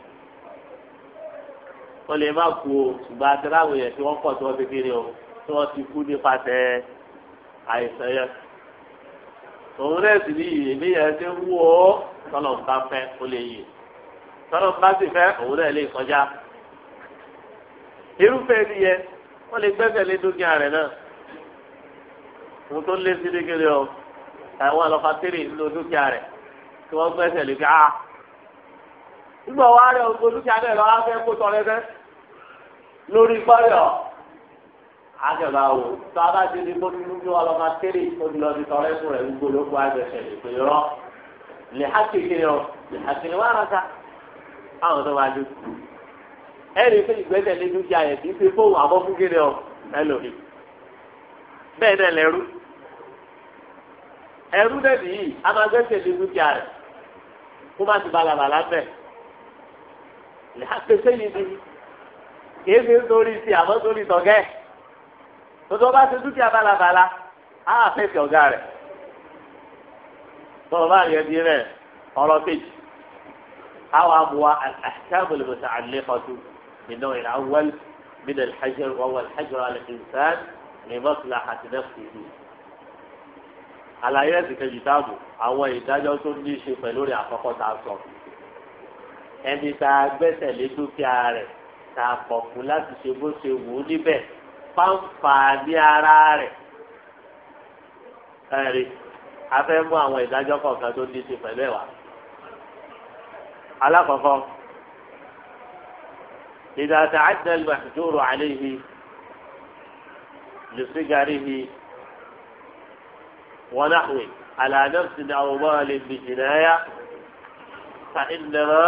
ó lè má kú o ṣùgbọ́n àti láwùjọ tí wọ́n kọ̀ tí wọ́n fi kiri o tí wọ́n ti kú nípasẹ̀ àìsàn yẹn òun náà sì ní iyì bí yẹn ti wú ọ tọ́lọ̀ bá fẹ́ ó lè yè tọ́lọ̀ bá sì fẹ́ òun náà lè kọjá. irúfẹ́ ẹni yẹn wọ́n lè gbẹ́sẹ̀ lé dúkìá rẹ̀ náà òun tó lé sí dégele ọ àwọn àlọ́fà tèrè ńlò dúkìá rẹ̀ tí wọ́n gbẹ́sẹ̀ lé fi á. Ah! nígbà wàá rẹ̀ ògbó dúkìá náà lọ́wọ́ fẹ́ kó tọrẹ fẹ́ lórí gbọ́dọ̀ àgbẹ̀bá o tó a bá ti di kótó ní wọn lọ máa tẹ́lẹ̀ olùlọ́ọ̀dì tọrẹ fún rẹ̀ gbogbo ló kó àgbẹ̀sẹ̀ lè pè rọ́ lè ha kékeré o lè ha kékeré wà rárá àwọn tó máa dúkú ẹ̀rí pé ìgbésẹ̀ lé dúkìá yẹn kì í ṣe fóun àbọ̀ fún kéde o ẹlòmíì bẹ́ẹ̀ náà lẹ́rú ẹ̀rú náà nìyí a máa gbẹ́sẹ̀ lé dúkìá rẹ̀ kó má ti balabala bẹ́ẹ̀ lè ha kékeré yìí ni kì í ṣe nítorí ti àbọ̀ nítorí tọ̀gẹ́ẹ̀ tòtò ọba ṣe dúkìá balabala á fẹsẹ ọgá rẹ tọrọ bá yẹ di rẹ ọ̀rọ̀ kejì àwọn abuwa àkàmù lè mọta àlékọtù iná ìlà wẹl bídẹ alhajar wọwọ alhajar alẹ ìnsán lè mọtìlá àti nẹfù ìlú àlàyé ẹsìn kejì táàbù àwọn ìdájọ́ tó ní í ṣe pẹ̀lú rẹ àkọ́kọ́ tá sọ ẹni tá a gbẹ́sẹ̀ lé dúkìá rẹ tá pọ̀ fún láti ṣe bó ṣe wù ú níbẹ̀ fáǹfààní ara rẹ̀ ẹ̀rí afẹ́ mú àwọn ìdájọ́ kọ̀ọ̀kan tó ní ti pẹ̀lú ẹ̀wà. alákọ̀ọ́kọ́ إذا تعدى المحجور عليه لصغره ونحوه على نفس أو مال بجناية فإنما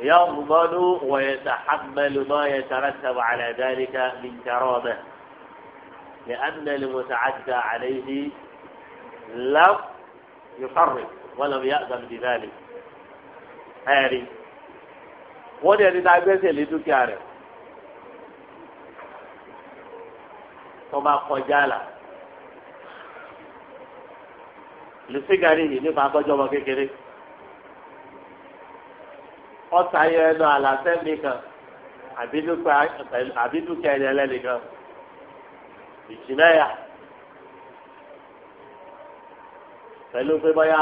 يضمن ويتحمل ما يترتب على ذلك من كرامة لأن المتعدى عليه لم يحرك ولم يأذن بذلك هاري ودي أن تعبس اللي تكاره ثم قجالة لسيقاريه نفع قجوة كيكيري ọta yẹ ẹnu àlàfẹ́ mi kan àbí dúkìá ẹni ẹlẹ́ni kan ìjìnlẹ́yà pẹ̀lú pé bọ́yá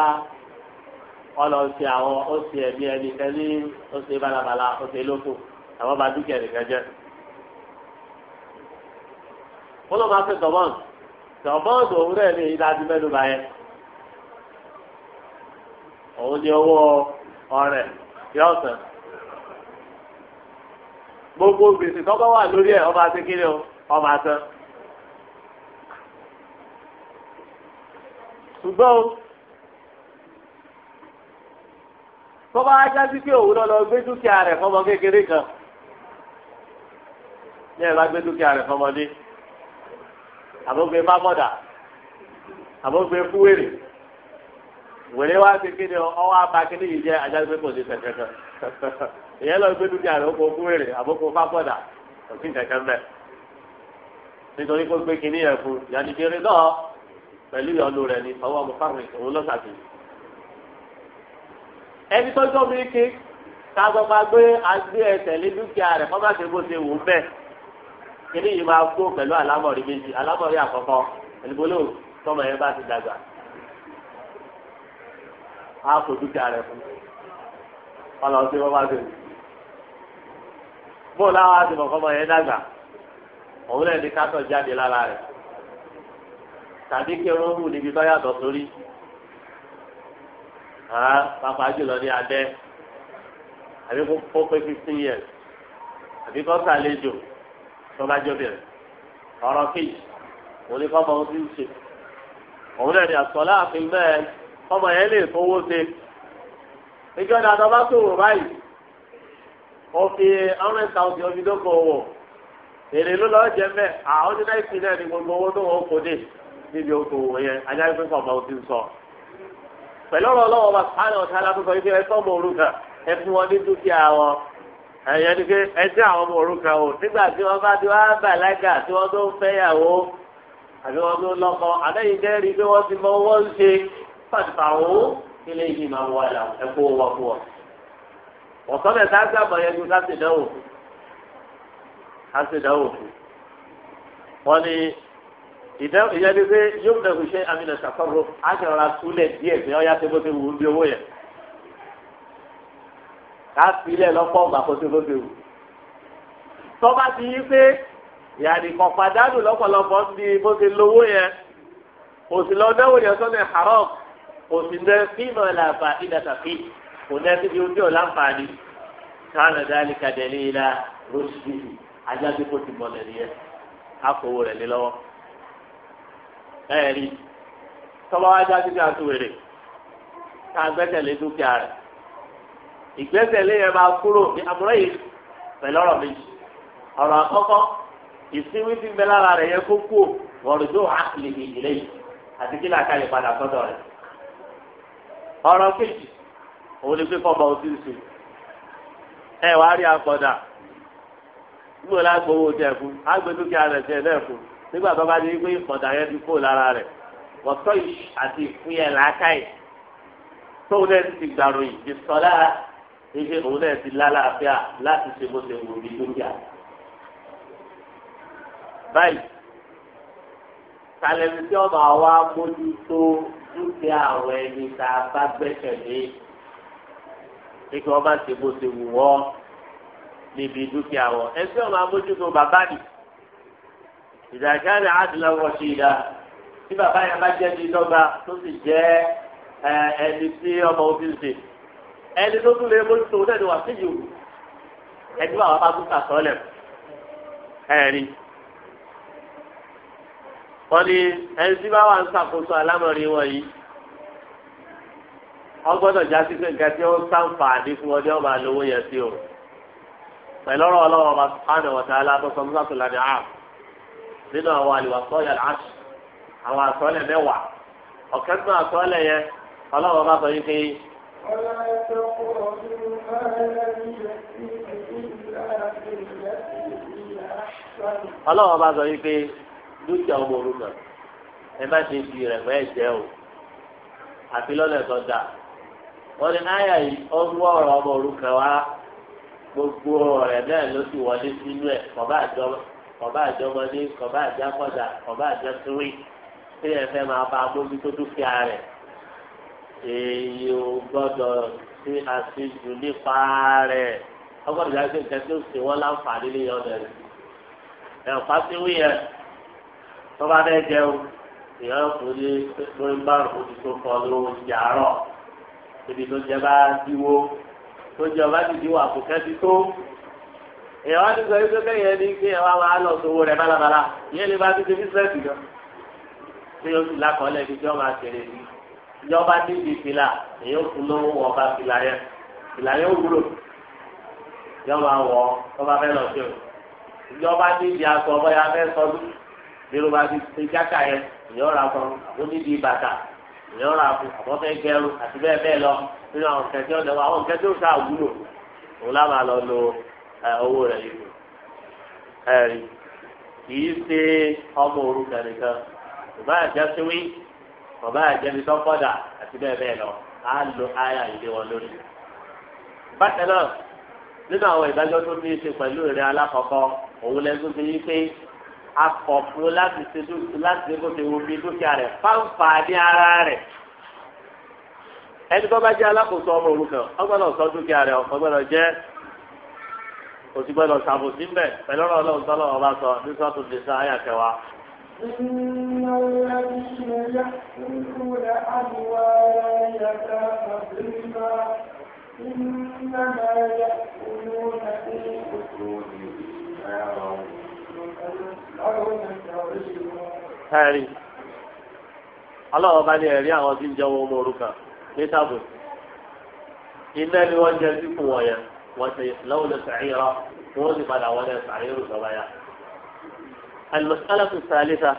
ọlọ́ọ̀sì àwọn ó sì ẹ̀mí ẹni kẹ́lí ó sì balabala ó sì lóko àwọn bá dúkìá ẹni kan jẹ́ wọ́n lọ́ máa fi tọ̀bọ́n tọ̀bọ́n òwúrọ̀ ẹ̀mí ìdájú mẹ́nu báyẹn òun ni owó ọrẹ yọ ọ̀sán gbogbo gbèsè tọ́gbọ́n wà lórí ẹ̀ ọba àti kíni o ọba àtàn. ṣùgbọ́n o tọ́ba ajá sí pé òun lọ́lọ́ gbé dúkìá rẹ̀ fọmọ kékeré kan ní ẹ̀ bá gbé dúkìá rẹ̀ fọmọdé àbógbé bá mọ̀dà àbógbé fúwèrè wèrè wá sí kíni ọwọ́ abakíní yìí jẹ́ ajáde pé kò sí kẹ̀kẹ́ ìyẹn lọ gbé dúkìá rẹ̀ ó kó fún wèrè àbókò fáfọ́dà kò sí kẹ̀kẹ́ mbẹ́ nítorí kó gbé kíní yẹn fún yàtí kiri náà pẹ̀lú ìyọnu rẹ̀ ni ọwọ́ mo fáwọn òun lọ sàkí. ẹni tó tó mi kí káàbọ̀ máa gbé agbé ẹsẹ̀ lé dúkìá rẹ̀ kọ́ bá ṣe bó ṣe wù ú bẹ́ẹ̀ kíní yìí máa kó pẹ̀lú àlámọ̀rí méjì àlámọ̀rí àkọ́kọ́ ẹnìbólóhùn á kó dúkìá rẹ̀ fún wọn lọ sí wọn bá ṣe. bó láwọn àti mọ̀kọ́mọ yẹn dàgbà òun náà ní kátó jáde lára rẹ̀ tàbí kí irun hù níbi tó yàtọ̀ sórí pàpà jùlọ ní abẹ́ àbí kó pé fifteen years àbí kó sàlejò tó bá jóbìnrin ọ̀rọ̀ kejì òun ni kọ́ mọ ohun tí ń ṣe òun náà ní àsọlá àfihàn bẹ́ẹ̀. ọmọ yẹn lè fowó ṣe ìjọ ní bá sòwò báyìí fi hundred thousand omi dóko wò èrè ló lọ́ọ́ jẹ mẹ́ àwọn ah, ní náà ìpínlẹ̀ ní gbogbo owó tó wọ́n kó dé níbi oko wò yẹn ajá ìpín kan máa sọ. bá yìí orúkà ẹ fún wọn ní dúkìá wọn ni pé ẹ àwọn ọmọ orúkà o nígbà tí bá ti fàtàwó ilé yìí máa wọ ẹ̀là ẹ̀kọ́ wọ fún ọ. ọ̀sán bẹ̀ ká gbàgbọ́ yẹn ju ká sì dánwò fún ká sì dánwò fún. wọ́n ní ìyẹn ni yóò dẹ̀kù ṣe àmìnà ṣàkọ́rọ̀ àṣàrà túlẹ̀ díẹ̀ ní ọ̀yá tó bó ti wù ú bí owó yẹn. ká fi ilẹ̀ lọ́pọ̀ ọ̀gbà kó tó bó ti wù. tọ́ba ti yí pé yàrá ìkọ̀ pàdánù lọ́pọ̀lọpọ̀ ti bó ti lówó yẹn òsì lọ́dẹ́wò yẹn sọ́nà haram kò sì ní fíìmù àlàfà ìdàtàfì kò ní ẹtí bí ojú ọ̀la ń fà ní káàlù dáálì kàdẹ́lì ilá rọ́ṣìdì ajá bí kò ti mọ̀lẹ̀ nìyẹn á fowó rẹ̀ lé lọ́wọ́ ẹ̀ rí tọ́lọ́ ajá bí káàtó wèrè ká gbẹ́sẹ̀lé dúkìá rẹ̀ ìgbẹ́sẹ̀lé yẹn máa kúrò ní àmúrẹ́ yìí pẹ̀lú ọ̀rọ̀ méjì ọ̀rọ̀ àkọ́kọ́ ìsinmi ti ń bẹ ọ̀rọ̀ kejì òun ni pé kọba òsì ṣe ẹ wàá rí akọdà nígbà lágbo owó tẹ fún agbe dúkìá rẹ tẹ náà fún nígbà tó bá di pé ìkọdà yẹn ti kó lára rẹ wọtọ yìí àti ìfúyẹ làákàyè tóun náà ti gbàrò yìí ti sọlá ṣíṣe òun náà ti lálàáfíà láti ṣe bó ṣe wù ní dúkìá. báyìí kàlẹ́ni dúkìá àwọn ẹni tá a bá gbẹ́sẹ̀lé pé kí wọ́n bá ṣe bó ṣe wù wọ́n níbi dúkìá wọn ẹgbẹ́ ọmọ abójútó bàbá nì ìdàgbàsókè àdìlà wọ̀ṣì ìdá tí bàbá yẹn bá jẹ́ ní dọ́gba tó sì jẹ́ ẹni tí ọmọ òbí ṣe ẹni tó tún lè mójútó náà ni wà sí yòó ẹni bá wà bá tún kà sọ́ọ̀lẹ̀ ẹ̀rín. wọ́n ní ẹni tí bá wà ń ṣàkóso alámọ̀rí wọn yìí wọ́n já sí pé nǹkan tí ó ń sàǹfààní fún ọdẹ ọba lówó yẹn sí o pẹ̀lú ọlọ́wọ́ ọba sùpánù ọ̀tá alábọ́sọ nínú àwọn àwọn mẹ́wàá ọ̀kẹ́ yẹn ọlọ́wọ́ ọba sọ yìí pé. ọlọ́wọ́ ọba sọ yìí pé. dúkìá ọmọ òrukàn ẹ má ṣe fi rẹ̀ mọ́ ẹ̀jẹ̀ o àfi lọ́nà tó dà wọ́n ní náírà yìí ó ń wọ́ ọ̀rọ̀ ọmọ òrukàn wá gbogbo ọ̀rẹ́ náà ló ti wọlé sínú ẹ̀ kọ̀bá àjọmọdé kọ̀bá àjàkọ̀dà kọ̀bá àjọkiri tí ẹ fẹ́ máa bá mójútó dúkìá rẹ̀ èyí ò gbọ́dọ̀ sí àṣejù nípa rẹ̀ ọgbọ́dọ̀ dájú nǹkan tí ó ṣe wọ́n láǹfààní lé ọ̀dọ̀ rẹ̀ ẹ̀ pàṣẹ wíyẹn tọ́ba bẹ́ẹ̀ jẹun èèyàn kò ní lórí márùn ó ti tó kọ lówó ti àárọ̀ ibi tó jẹ bá díwó tó jẹ ọba ti díwó àkókẹ́ ti tó èèyàn wá ti sọ yìí pé yẹn ní kí ẹwà máa lọ sówó rẹ bálabàla yẹn lè bá ti ṣe bísíǹsì gan ṣé o sì ibi tí wọn máa tẹ̀lé ní ìjọba ní ibi fìlà èèyàn kún lówó wọ ọba fìlà yẹn fìlà yẹn wúlò yọọ wọ ọba fẹ́ lọ sí o ìjọba ní ibi aṣọ bírò bá fi ṣe jáka yẹn ìyọ́ ra kan ó níbi bàtà ìyọ́ ra fún àbọ̀fẹ́ gẹrun àti bẹ́ẹ̀ bẹ́ẹ̀ lọ nínú àwọn kẹ̀kẹ́ ọ̀dẹ̀ wa àwọn kẹ̀kẹ́ òṣà wúlò òun lábàá lọ lo owó rẹ̀ yìí ẹ̀rí kìí ṣe ọmọ òrukàn nìkan bàbá àjẹ síwí bàbá àjẹ mi tọ́kọ̀dà àti bẹ́ẹ̀ bẹ́ẹ̀ lọ á lo aya ìdí wọn lórí. bákan náà nínú àwọn ìdájọ́ tó ní í ṣe pẹ̀lú ìrẹ́ alákọ̀ọ́kọ́ òun lẹ́nu ti yí pé akọ̀fún láti ṣe dúkìá láti ṣe bó ṣe wo bí dúkìá rẹ̀ fáǹfà ní ara rẹ̀. ẹni tó bá jẹ́ alákòóso ọmọ òrukàn ọgbọ́dọ̀ sọ dúkìá rẹ̀ ọgbọ́dọ̀ jẹ́ òsìgbọ́dọ̀ ṣàbòsí mbẹ̀ pẹ̀lú ọ̀rọ̀ ọlọ́run tọ́lọ́ ọba sọ ní sọ́tù nìṣá ayà kẹwàá.
إنما يأكلون في بطونهم نارا
ẹ̀rí ọlọ́wọ́ bá ní ẹ̀rí àwọn tí ń jẹun ọmọ òrukàn ní sábò iná ni wọ́n jẹ sípò wọ̀nyẹ wọ́n ti lọ́wọ́ lọ sàríyọ wọ́n sì padà wọlé sàríyọ sọ́ba yá. المسألة الثالثة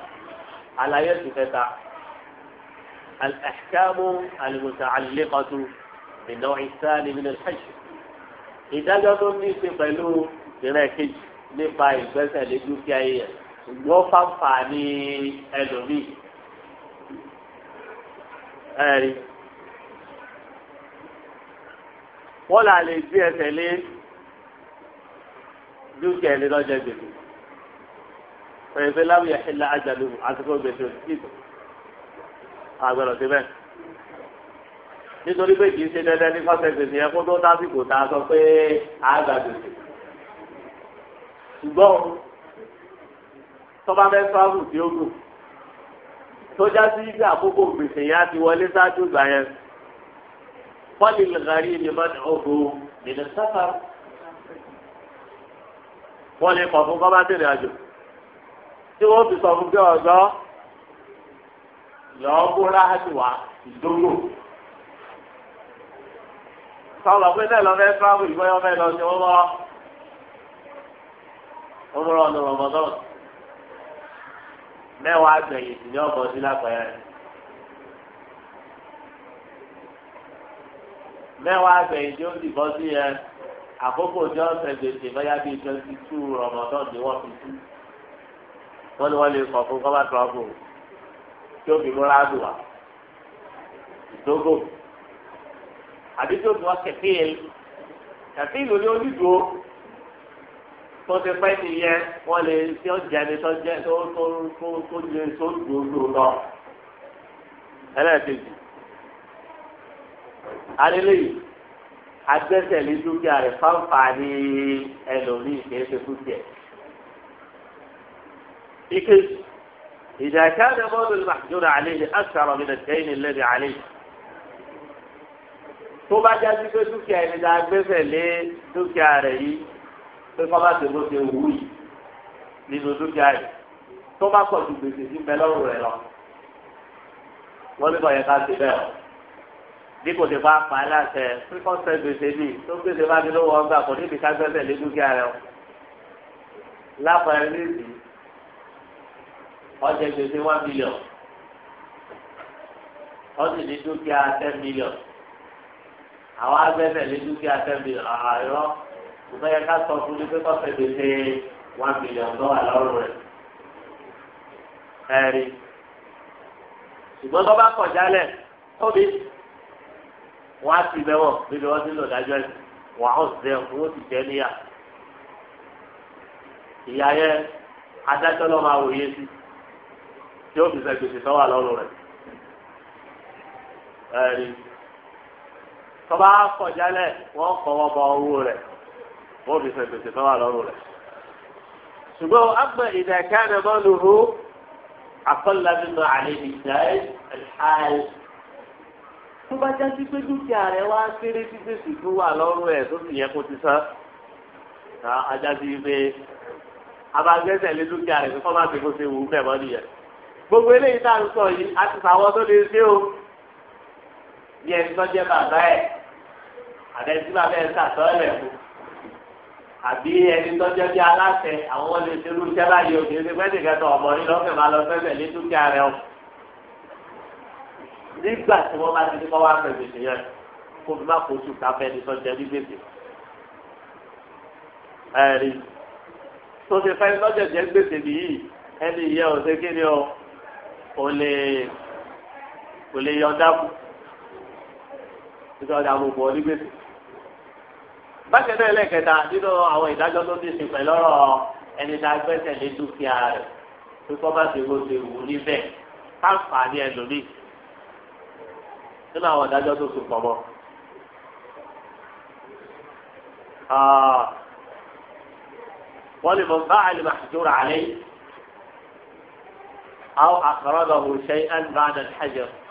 على يد فتى الأحكام المتعلقة بالنوع الثاني من الحج إذا قدرني في قلوب هناك nípa ìgbésẹ̀ dúkìá yẹn ṣùgbọ́n fáfà ní ẹlòmíì ẹ̀rí wọ́n là lè gbé ẹsẹ̀ lé dúkìá yẹn lọ́jọ́ gbèsè pẹ̀lú láwùjọ ẹ̀la àjàlù àsìkò gbèsè òsìkò àgbẹ̀rọ̀ síbẹ̀ nítorí pé kì í ṣe dandan ní fásitì yẹn kó tó dásìkò tá a sọ pé àgbà gbèsè ṣùgbọ́n tọ́ba fẹ́ sáàbù tí ó gùn tó já sí ibi àkókò gbèsè yá ti wọlé sáájú gbà yẹn fọ́ọ̀lì lẹ́gàrí ni bá ní ọ̀gbọ́ nínú sáfà wọ́n kọ̀ fún bábá tẹ̀lé àjò tí wọ́n fi sọ fún bí ọ̀gá lọ́ọ́ bóra ti wà ìdógò sọlọ pé náà lọ fẹ́ sáàbù ìgbọ́yọ́ fẹ́ lọ sí wọ́n bọ́ ọmọrọ ọdún rọmọdún mẹ́wàá gbẹ̀yìn sí ní ọbọ sí lápẹẹrẹ mẹ́wàá gbẹ̀yìn tí ó sì bọ́ sí yẹn àkókò tí ó sẹ gbèsè bóyá bíi twenty two rọmọdún ni wọ́n fi tú wọ́n ní wọ́n lè kọ fún kọfà tọọbù tí ó fi múra dùn wá ìdógò àbí tí ó fi wọn kẹfíìl kẹfíìl ní onídùú tó ti pẹ́ nìyẹn wọ́n lè tí ó jẹ́ ni tó jẹ́ tó tó tó tó lè tó gbogbo lọ. ẹlẹ́ẹ̀kejì alẹ́lẹ́ yìí agbẹ́sẹ̀lé dúkìá rẹ̀ fáǹfààní ẹlòmíì kìí ṣe fún tiẹ̀. ìkejì ìdàkẹ́ àdàbọ̀dù màjúrà àlejò àṣàrò mi nàìjíríà lẹ́bi àlejò tó bá jáde pé dúkìá ẹni dá dúkìá rẹ̀ yìí pé kọ́ bá ṣe bó ṣe yìí nínú dúkìá yìí tó bá pọ̀ ju gbèsè sí bẹ lọ́rùn rẹ̀ lọ. wọ́n ní bọ̀yẹ̀ ká ṣe bẹ́ẹ̀ o bí kò ṣe bá pa á láṣẹ pípọ́sẹ̀ gbèsè ní tó gbèsè bá ní lówó ọgbà kò níbi ká gbẹ́sẹ̀ lé dúkìá rẹ̀ o. lápẹ̀rẹ̀ níbi ọjọ́ gbèsè one million wọ́n sì ní dúkìá ten million àwọn agbẹ́sẹ̀ lé dúkìá ten million àárọ̀ ṣùgbọ́n yẹ ká sọ fún mi pé kọ́sẹ̀ ti ṣe one million dollar lọ́rùn rẹ̀ ẹ̀rí ṣùgbọ́n tó bá kọ̀ jálẹ̀ tóbi wọ́n á ti bẹ̀wọ̀ níbi wọ́n ti lò dájọ́ ẹ̀ wọ́n á ṣe ẹ̀kún ó ti jẹ́ níyà ìyá yẹn adájọ́ lọ́ máa wòye sí tí ó fi sẹ́ gbèsè tó wà lọ́rùn rẹ̀ ẹ̀rí tọ́ba kọ̀ jálẹ̀ wọ́n kọ́ wọ́n bọ owó rẹ̀ wọ́n fi fẹ̀sẹ̀ fẹ́ wà lọ́rùn rẹ̀. ṣùgbọ́n àgbẹ̀ ìdàkẹ́ àdàmọ́lùhù àkọ́lábìmọ̀ àlejìdáì àlẹ́. tó bá já sí pé dúkìá rẹ̀ wá kéré sí gbèsè tó wà lọ́rùn ẹ̀ tó sì yẹ kó ti san. ajá sí pé abagẹ́sẹ̀ lé dúkìá rẹ̀ kó má ti kó ṣe wù ú mẹ́mọ́ nìyẹn. gbogbo eléyìí tá à ń sọ yìí a ti sàwọn tó lè ṣe o. bí tó jẹ́ bàbá ẹ̀ àbẹ̀sí bàbá ẹ̀ sàtọ́ ẹ̀ àbí ẹni tọ́jọ́ bí aláṣẹ àwọn wọn lè ṣe irú iṣẹ́ báyìí òkè ṣe pẹ́ẹ́sì kẹta ọmọ yìí lọ́fẹ̀ẹ́ máa lọ fẹ́fẹ́ ní dúkìá rẹ o. nígbà tí wọ́n bá ti ní kọ́ wá fẹ̀ gbèsè yẹn kó fi má kó oṣù káfẹ́ ní tọ́jọ́ bí gbèsè. ẹ̀rí tó ṣe fẹ́ tọ́jọ́ jẹ́ gbèsè nìyí ẹni ìyẹn ò ṣe kí ni o ò lè yọ dákú. nítorí àwọn òbò onígbèsè bákan náà lẹ́kẹ̀ta nínú àwọn ìdájọ́ tó ní ìsìn pẹ̀lú ọ̀rọ̀ ẹni tá a gbẹ́sẹ̀ lé dúkìá rẹ̀ pípọ́ bá ti gbóṣe wù níbẹ̀ káǹfààní ẹlòmíì nínú àwọn ìdájọ́ tó sùn pọ̀ mọ́. Ah. wọ́n lè mọ̀ bá àlè màṣíjúra àlẹ́ yìí àwọn àkàrà lọ́hùn ṣe é ń bá àdàn ṣàjẹ̀rù.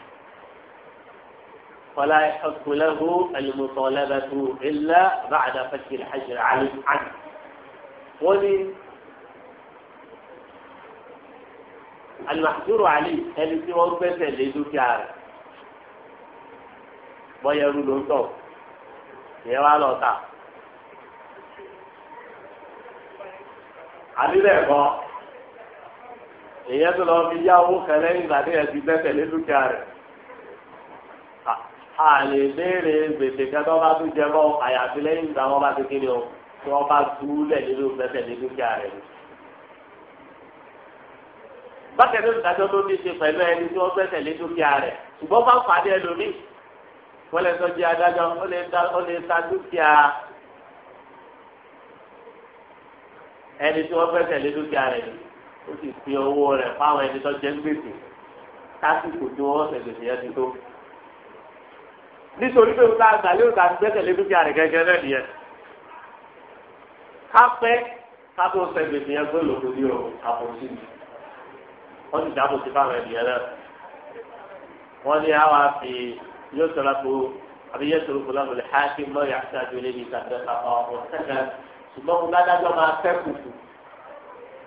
فلا يحق له المطالبة إلا بعد فتح الحجر عنه ولي المحجور عليه ẹni tí wọ́n gbẹ́sẹ̀ lé dúkìá rẹ̀ bọ́yá ẹrú ló ń tọ̀ ìyẹn wá lọ tà àbílẹ̀ kọ́ ìyẹn tó lọ fi yá owó kẹlẹ́ ìgbà tí ẹ ti gbẹ́sẹ̀ lé dúkìá rẹ̀ a lè béèrè gbèsè kẹtọ́ bá tún jẹ bọ́ àyàfi lẹ́yìn ìgbà wọn bá ti kéde o tí wọ́n bá dúlẹ̀ nínú pẹ́pẹ́ ní dúkìá rẹ̀ ni. bákẹ́ tó dájọ́ tó ní ṣe pẹ̀lú ẹni tí wọ́n pẹ́sẹ̀ lé dúkìá rẹ̀ ṣùgbọ́n bá pàdé ẹlòmíì wọ́n lè sọ jẹ́ adájọ́ ó lè ta dúkìá ẹni tí wọ́n pẹ́sẹ̀ lé dúkìá rẹ̀ ni ó sì fi owó rẹ̀ fáwọn ẹni tó jẹ́ gbèsè tásìkò tí wọ́n sẹ̀ nítorí pé wọn àgbà lérò ká ti gbẹ́sẹ̀ lé dúkìá rẹ̀ gẹ́gẹ́ náà nìyẹn kápẹ́ kápẹ́ ọ̀sẹ̀ gbèsè yẹn tó lòdò ní o àbòsí ni wọ́n ti dáàbò sí fáwọn ènìyàn náà wọ́n ní àwọn àfi yóò sọ̀rọ̀ kó àbí yóò sọ̀rọ̀ kó lọ́wọ́ lè ha kí mọ́ yà sí àjọ ilé yìí kàdé ọ̀hún kẹ́kẹ́ ṣùgbọ́n wọn ládájọ́ máa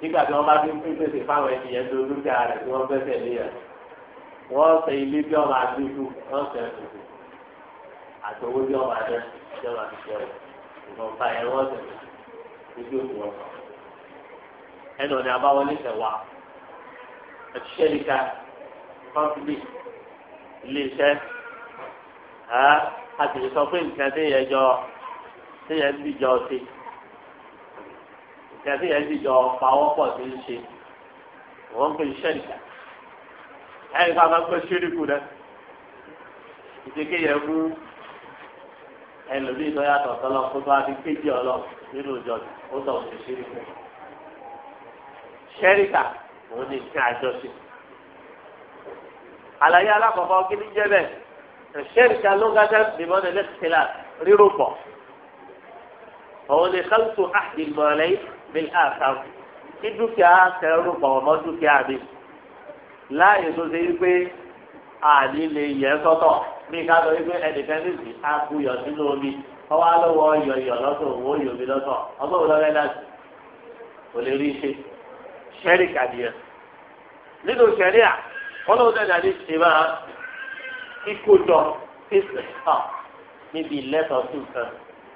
nígbà tí wọ́n bá fi ń pèsè fáwọn ènìyàn tó dúkìá rẹ̀ tí wọ́n gbẹ́sẹ̀ lé yẹn sẹ ilé bí wọ́n máa dúdú wọ́n sẹ kùkù àti owó ọba rẹ ìjọba ti ṣe ọ ìfọ̀nfà ẹ̀rọ ọ̀sẹ̀ ojú òkú ọ̀sán. ẹnu ọ̀nà àbáwọlé tẹ̀wá ẹ̀ṣiṣẹ́ nìka kọ́ńtìlì iléeṣẹ́ a sì sọ pé nǹkan tí yẹn jọ tí yẹn bí jọ ṣe nǹkan tí yẹn bí jọ pawọ́pọ̀ tí ń ṣe wọ́n ń pè nìka ẹ̀rí ká máa ń pẹ́ ṣírí kù ìdíkẹ́ yẹn mú ẹlòmíì tó yàtọ̀ sọlọ kó tó a fi kéjì ọlọ nínú ìjọ ó sọ òsì ṣíríkà ṣẹ́ríkà òun ni nǹkan àjọṣe àlàyé alákọ̀ọ́kọ́ kí ni jẹ́ bẹ́ẹ̀ ṣẹ́ríkà ló ń gájá bímọ ní lẹ́kìtìlá rírò pọ̀ òun ni kálùtù àdìmọ̀lẹ́ bí àkàm kí dúkìá kẹrù pọ̀ ọmọ dúkìá mi láàyè tó ṣe wípé àní lè yẹ sọ́tọ̀ bí ká sọ wípé ẹnìkan ní ìsìn akuyọ̀ sínú omi ọwọ́ alọ́wọ́ ọyọ̀ ìyọ̀ lọ́sọ̀ òun òyìn omi lọ́sọ̀ ọgbọ́n òun lọ́rẹ́ láti kò lè rí ṣe ṣẹ́rì kàdìyẹ. nínú ṣẹ́rì à ọlọ́run náà dàdí ṣe máa kíkójọ fèsì hàn níbi ìlẹ́tọ̀ sí nǹkan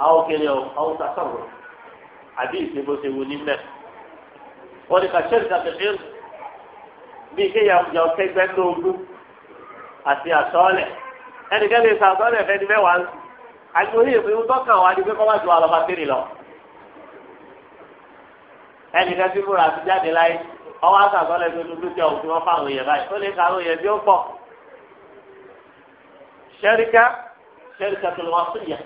àwọn kéré haúsá sọ̀rọ̀ àbí ìṣebóṣewu nílẹ̀. wọ́n ní ká ṣẹ́rì kàdìyẹ bí kéèyàn jọ kẹgbẹ́ lóògùn àti àtọ́ọ̀lẹ̀ ẹnìkan lè sàgbọ́n ẹ̀fẹ́ ni mẹ́wàá ń sùn àti orí ìpín ń tọ́kàn wá ní pé kọ́ bá ju àlọ́ bá tẹ̀lé lọ. ẹnìkan tí múra ti jáde láyé ọwọ́ àtàgbọ́n ẹ̀fẹ́ ló dúkìá òfin wọn fáwọn èèyàn báyìí ó lè ka àwọn èèyàn bí ó pọ̀. ṣẹ́ríkà ṣẹ́ríkà tó lọ wá fún ìyà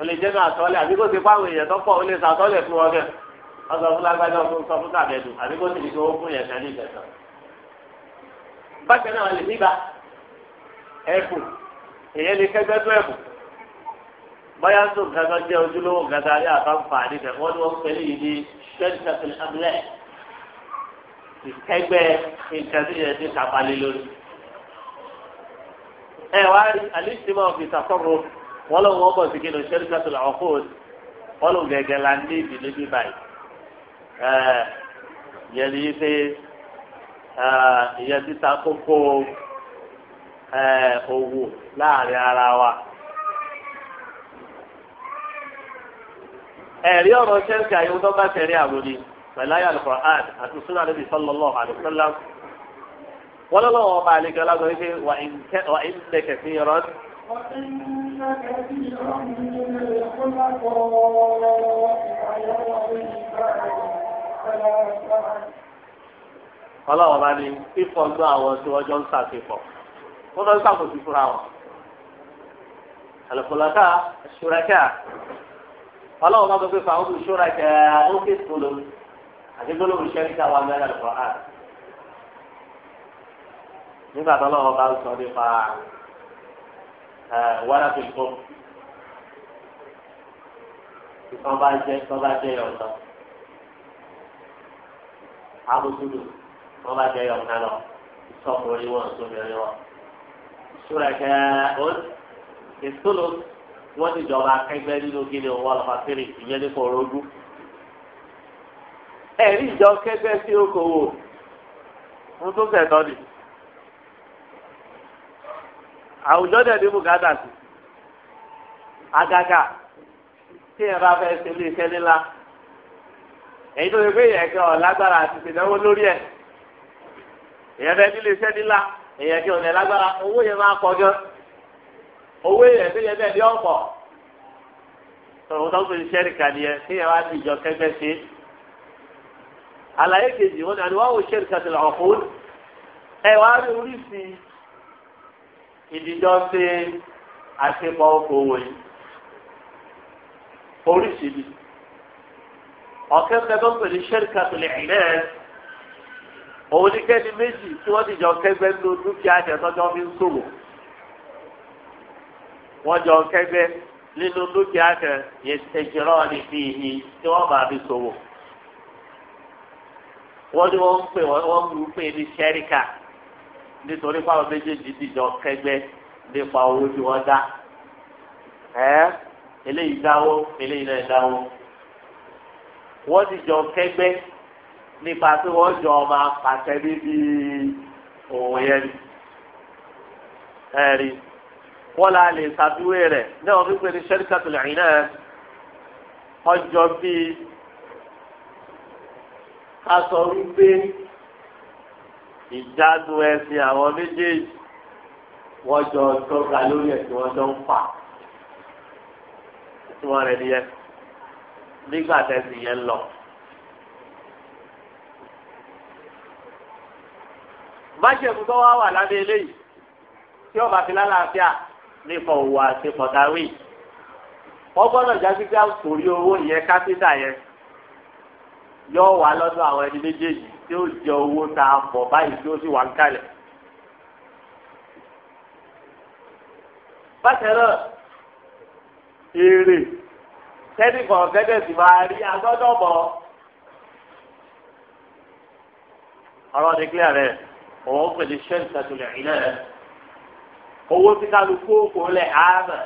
ó lè jẹ́ náà sọ́ọ́lẹ̀ àbí kó ti fáwọn èèyàn tó pọ̀ ó lè sàtọ́lẹ̀ fún wọn bẹ́ẹ̀ ọsọ fún lágbájá ọdún sọ fún tàbẹ̀dù àbí kó ti di kó fún yẹn sẹ́ni ìgbẹ̀sán. bákan náà lè níbà ẹ̀bùn èyẹ lè kẹgbẹ́ tó ẹ̀bùn báyà ń dùn gàgà jẹ́ ojúlówó gàgà rí àbáǹfààní rẹ̀ wọ́n ní wọ́n pẹ̀lú yìí ní ṣẹ́ńtẹ̀fìlì amúlẹ̀ ìkẹgbẹ́ nǹkan tó yẹ ní kàpalẹ̀ lórí. ẹ wá àlìsímọ̀ ọ̀fìsà sọ̀rọ̀ wọ́n lọ́wọ́ wọ́n bọ̀ sí kí ni ṣẹ́ńtẹ̀fìlì ọ̀fọ́ọ̀d wọ́n lọ́wọ́ gẹ̀gẹ̀ la ní ìdílé bí báyìí. ìyẹn ni yìí ṣe ìyẹn ti ta kókó owó láàrin ara wa. ẹ̀rí ọ̀rọ̀ ṣẹ́ǹsì àyẹ̀wò tó bá tẹ̀lé àmúni pẹ̀lú ayé alukur'an àti sunnah níbi sallallahu alaihi wasallam. wọ́n lọ́wọ́ wọn bá àlejò alágbọ̀n wípé wà ìdílé kẹfì rán. ọlọ́wọ́ bá ní fífọ́ ń lọ àwọn tí wọ́n jọ ń ṣàfihàn. wọ́n máa ń sàkóso fúnra wọn. àlùkòlàkà ṣùràkà ọlọ́run máa ń gbé fún àwọn olùṣùràkà ó ké solo àti gbólóhùn ṣẹ́ríkà wà mẹ́rin àlùkòlàkà. nígbà tó lọ́wọ́ bá ń sọ nípa eh, wàrà tó je bọ̀ ìtàn ha jẹ́ ìtàn bá jẹ́ je àbùsùlù wọ́n bá jẹ́ ọ̀tàn lọ ìsọkùnrin wọn ìsọmọrin wọn. ṣùrẹ̀kẹ́ ìṣúlù wọ́n ti jọba akẹgbẹ́ nínú gíní òun alùpàtìrì ìyẹn ní kòrò ojú. ẹ̀rí ìjọ kẹgbẹ́ sí okòwò fún tó tẹ̀tọ́ ni. àwùjọ dẹ̀ ní bùkátà sí. àgàgà tí ẹ bá fẹ́ ṣe ilé iṣẹ́ ńlá èyí tó ṣe pé ẹ̀kẹ́ ọ̀ lágbára àti ìṣèlérò lórí ẹ̀ ìyẹn fẹ́ ní ilé iṣẹ́ ńlá èèyàn kí ọ̀nà lágbára owó yẹn máa pọ̀ gan owó yẹn tó yẹ bẹ́ẹ̀ ní ọ̀pọ̀ tọ̀hún tó ń pè sẹ́rì kàní kí yẹn wá di ìjọ kẹgbẹ́ sí. àlàyé kejì wọn ni wọn wò sẹ́rì kàtì lọ́wọ́ fún ẹ wá rí oríṣi ìdíjọ́ ṣe àṣepọ̀ okòwò yìí oríṣi ni ọ̀kẹ́ tó ń pè ní sẹ́rì kàtì lẹ́yìn náà. òun ní kẹ́ni méjì tí wọ́n ti jọ kẹgbẹ́ nínú dúkìá fi ń wọ́n jọ kẹgbẹ́ nínú dúkìá tẹ̀ ìṣèjìrọ́ ní fi ìhì tí wọ́n bá fi ṣòwò wọ́n ní wọ́n pè wọ́n ń pè ní ṣẹ́ríkà nítorí fáwọn méjèèjì ti jọ kẹgbẹ́ nípa owó tí wọ́n dá ẹ́ eléyìí dáwó eléyìí náà dáwó wọ́n ti jọ kẹgbẹ́. nípa pé wọ́n jọ ọmọ apàṣẹ níbi òun yẹn ni. ẹ̀rí wọ́n la lè ṣàdúwé rẹ̀ ní ọ̀rọ̀ wípé ní ṣẹ́ríkàtù lẹ́yìn náà ọjọ́ bíi ká sọ wípé ìjánu ẹsìn àwọn méjèèjì wọ́n jọ dọ́gba lórí ẹ̀ tí wọ́n jọ ń fà tí wọ́n rẹ̀ nìyẹn nígbà tẹ̀sí yẹn lọ. májèmú tó wá wà lábẹ́ eléyìí tí ọba fi lálàáfíà nípa òwò àti pọ̀tàwí wọ́n gbọ́dọ̀ já sí pé owó yẹn kápítà yẹn yọ wà lọ́dọ̀ àwọn ẹni méjèèjì tí ó jẹ owó tá a báyìí tí ó sì wà ń kalẹ̀. bákan náà èrè tẹ́nìkan máa rí agbọ́dọ̀ òun pèlè ṣẹ́ǹtà tó lè rìn náà owó tí kálukú kò lẹ̀ hàmà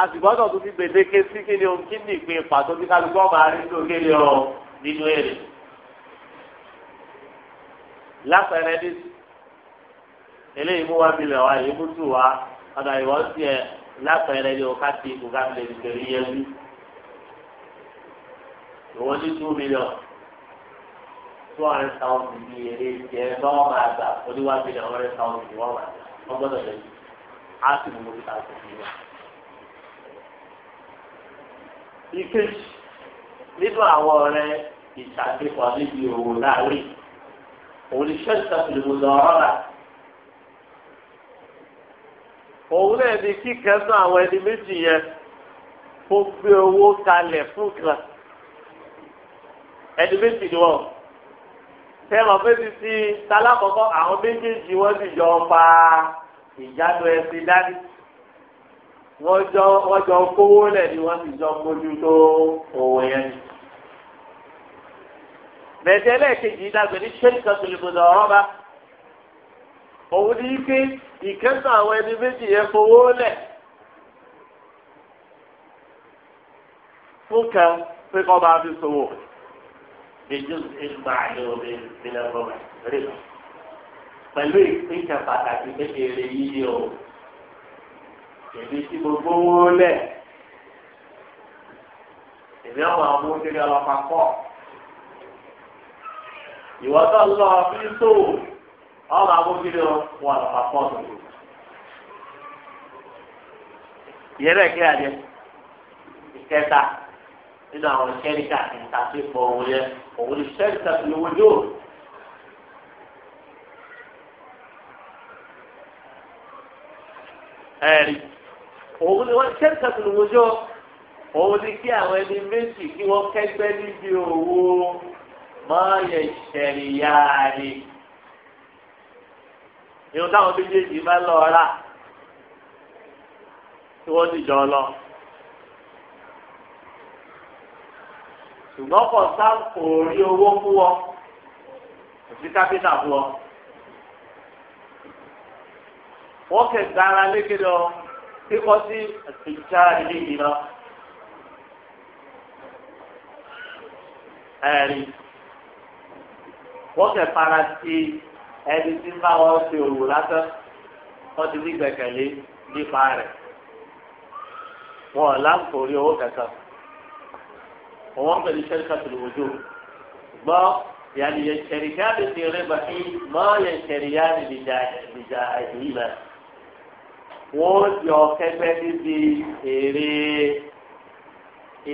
àtìgbọ́dọ̀ tó fi gbèdéke sí kí ni òun kí ni ìpín pàtó tí kálukú ọmọ arínú kéde ọ nínú èrè lápẹẹrẹ ní eléyìí mú wá mílíọ̀nù wa èyí mú tù wá ọ̀dà ìwọ́n tiẹ̀ lápẹẹrẹ ni o ká ti kó ká lè lè yẹ wí. Ìwọ́n ní two million two hundred thousand ní èrè jẹ lọ́wọ́ máa gbà oníwájú ní one hundred thousand ní wọ́n máa gbà wọ́n gbọ́dọ̀ lè á sì mú orí ta sí ìlú. ìkejì nínú àwọn ọ̀rẹ́ ìṣàkíkọ̀ níbi òwò láàrin òun ni ṣẹ́ńtà fìlìmù lọ́rọ́ òun náà ni kíkẹ́ sọ àwọn ẹni méjì yẹn kó gbé owó kalẹ̀ fún kan ẹni méjì ni wọ́n sẹ́wọ̀n pé títí tálákọ̀ọ́kọ́ àwọn méjèèjì wọ́n sì jọ pa ìjánu ẹsẹ̀ dání wọ́n jọ wọ́n jọ kówó lẹ̀ ni wọ́n sì jọ mójú tó òwò yẹn ni. bẹ̀tẹ̀ lẹ́ẹ̀kejì dàgbẹ́ ní ṣẹ́ńtà tòlùbọ̀dọ̀ ọ̀rọ̀ bá òun ní pé ìkẹ́ńtà àwọn ẹni méjì yẹn fowó lẹ̀ fún kan pé kọ́ máa fi sòwò. بجزء معلوم من الربع ربع pẹ̀lú ìpínjà pàtàkì kékeré yìí o èmi tí mo gbówó lẹ̀ èmi ọmọ àwọn òṣèré ọlọ́pàá pọ̀ ìwọ́tọ̀ lọ fi sóò ọmọ àwọn òṣèré wọn ọlọ́pàá pọ̀ tó yẹ́rẹ̀ kí adé nínú àwọn ṣẹ́ríkà ìtàkìpọ̀ òun yẹn òun ni ṣẹ́ríkà tó lówó yóò. ẹ̀rí òun ni wọ́n ṣẹ́ríkà tó lówó yóò òun ni kí àwọn ẹni méjì kí wọ́n kẹ́gbẹ́ níbi òwò máa yẹ ṣẹ̀ríyá ni. ìhun táwọn méjèèjì máa ń lọ ra tí wọ́n ti jọ lọ. ṣùgbọ́n kò sá kò rí owó fún ọ kò sí kápítà fún ọ. wọ́n kẹ̀ gbára lékele ọ kíkọ́ sí ìjà ilé yìí lọ. ẹ̀rí wọ́n kẹ̀ fara sí ẹni tí ń bá wọn ṣe òwò lásán wọ́n ti ní gbẹ̀kẹ̀lé nípa rẹ̀ wọ́n ò láǹkórí owó kẹsàn-án wọ́n pẹ̀lú sẹ́ríkà tó lòwòjò gbọ́ yàrá yẹn sẹ̀ríkà lè ti rẹ̀ bàtí mọ́ yẹn sẹ̀ríkà lè dìjà èyí mẹ́. wọ́n yọ kẹgbẹ́ níbi èrè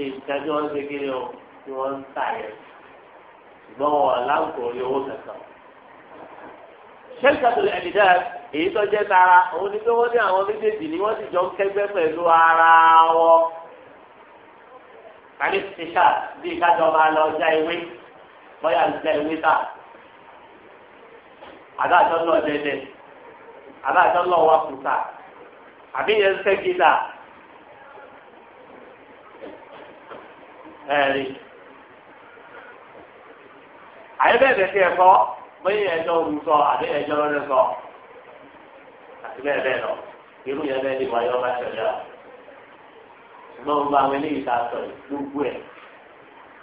ìtajà wọn ṣe kiri o tí wọ́n ń tà yẹn ṣùgbọ́n wọn láǹkó orí owó kankan. sẹ́ríkà tó lè ẹ̀dí dáa èyí tó jẹ́ tara òun ni pé wọ́n ní àwọn méjèèjì ni wọ́n sì jọ ń kẹgbẹ́ pẹ̀lú ara wọn àbí tíṣà bíi kájọ máa lọ já ewé bóyá ń tẹ ewé tà àdájọ lọ dẹdẹ àdájọ lọ wà kùtà àbí yẹn ń sẹ́gi dà ẹ̀rí àyẹ̀bẹ̀rẹ̀ sí ẹ̀kọ́ bóyá ẹjọ́ òun sọ àbí ẹjọ́ rẹ̀ sọ àti bẹ́ẹ̀ bẹ́ẹ̀ lọ irú yẹn bẹ́ẹ̀ ni wàá yọ bá ṣẹlẹ̀ o ṣùgbọ́n gbogbo àwọn eléyìí tá a sọ yìí gbogbo ẹ̀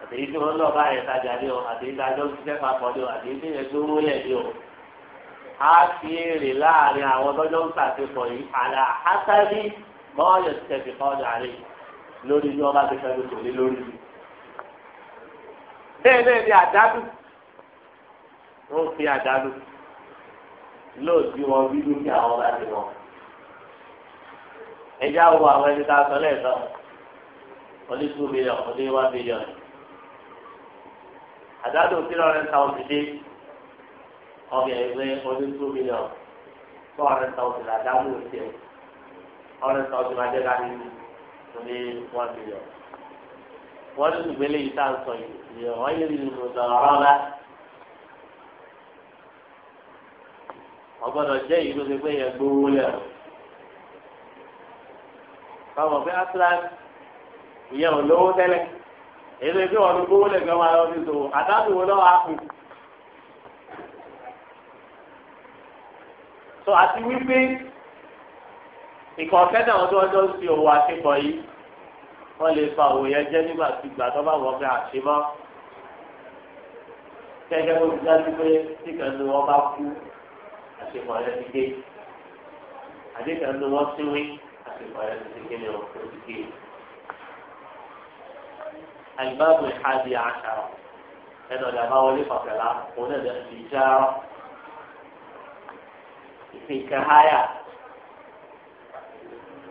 àtẹ̀yí tí wọ́n lọ bá yẹn tajà lé o àtẹ̀yí tá a jọ ṣiṣẹ́ papọ̀ lé o àtẹ̀yí tí yẹn tó rú lẹ̀ lé o. a fi èrè láàrin àwọn tọ́jọ́ ń ṣàfihàn yìí àlà ásábí bọ́ọ̀lù tẹ̀sí kọ́ọ̀dà rẹ̀ lórí bí wọ́n bá ti fẹ́ẹ́ lòlé lórí. bẹ́ẹ̀ bẹ́ẹ̀ ni àdálù wọ́n fi àdálù lóòtú wọn bí dúkìá wọn bá ti wọn. ẹjẹ́ àwọn àwọn ẹni tá a sọ lẹ́ẹ̀kan only two million only one million àdádò three hundred thousand dé ọmọ ẹgbẹ́ only two million four hundred thousand àdádò tiẹ̀ hundred thousand máa dẹ́ka ní only one million wọ́n ní ìgbélé yìí tá à ń sọ yìí wọ́n yé ní ìmọ̀tàrọ́ rẹ̀ ọgbọ́dọ̀ jẹ́ ìlú pé yẹn gbówó lẹ̀ ọ́. báwọn pé atlas ìyẹn ò lówó tẹ́lẹ̀ èdè tí wọ́n fi gbówó lè gbé wọn lọ sí sòwò àdáàbò wo lọ́wọ́ á kù. tó àti wípé ìkọ̀ọ̀kẹ́ náà tó ọjọ́ sí owó àtìkọ yìí wọ́n lè fa òwò yẹn jẹ́ nígbà tí ìgbà tó bá wọ́n fẹ́ àṣemọ́ gẹ́gẹ́ bó ti dájú pé kíkan ni wọ́n bá kú àṣemọ́ yẹn ti dé àdékan ni wọ́n síwí àṣemọ́ yẹn ti dé ní ọkọ̀ òdìgé yìí. الباب الحادي عشر هذا الباب لفصل هنا الاستجارة في كهاية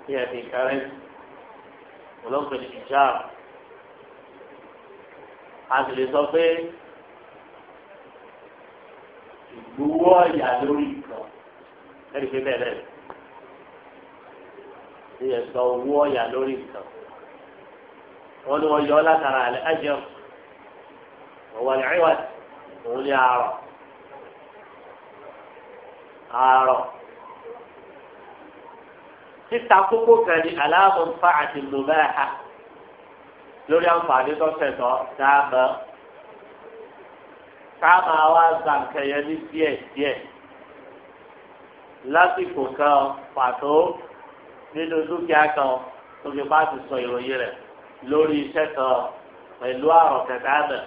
هي في كرز ولو في الإيجار هذا اللي صفي هو ọ̀yà lórí nǹkan ẹ̀rí هي bẹ́ẹ̀ هو ṣe yẹ wọn ni wọn yọ látara àlẹ ajẹm wọn ni ẹwà òun ni àárọ̀ àárọ̀ títa kókó kan ní aláàmúfà àti lùbẹ́ẹ̀ha lórí àǹfààní tọ́sẹ̀tọ́ dáàmọ́ káàmà wá gbàǹkẹ̀yẹ ní díẹ̀ díẹ̀ lásìkò kan pàtó nínú dúkìá kan tó fi bá ti sọ ìròyìn rẹ̀ lórí iṣẹ́ kan pẹ̀lú àrùn kẹtàánà.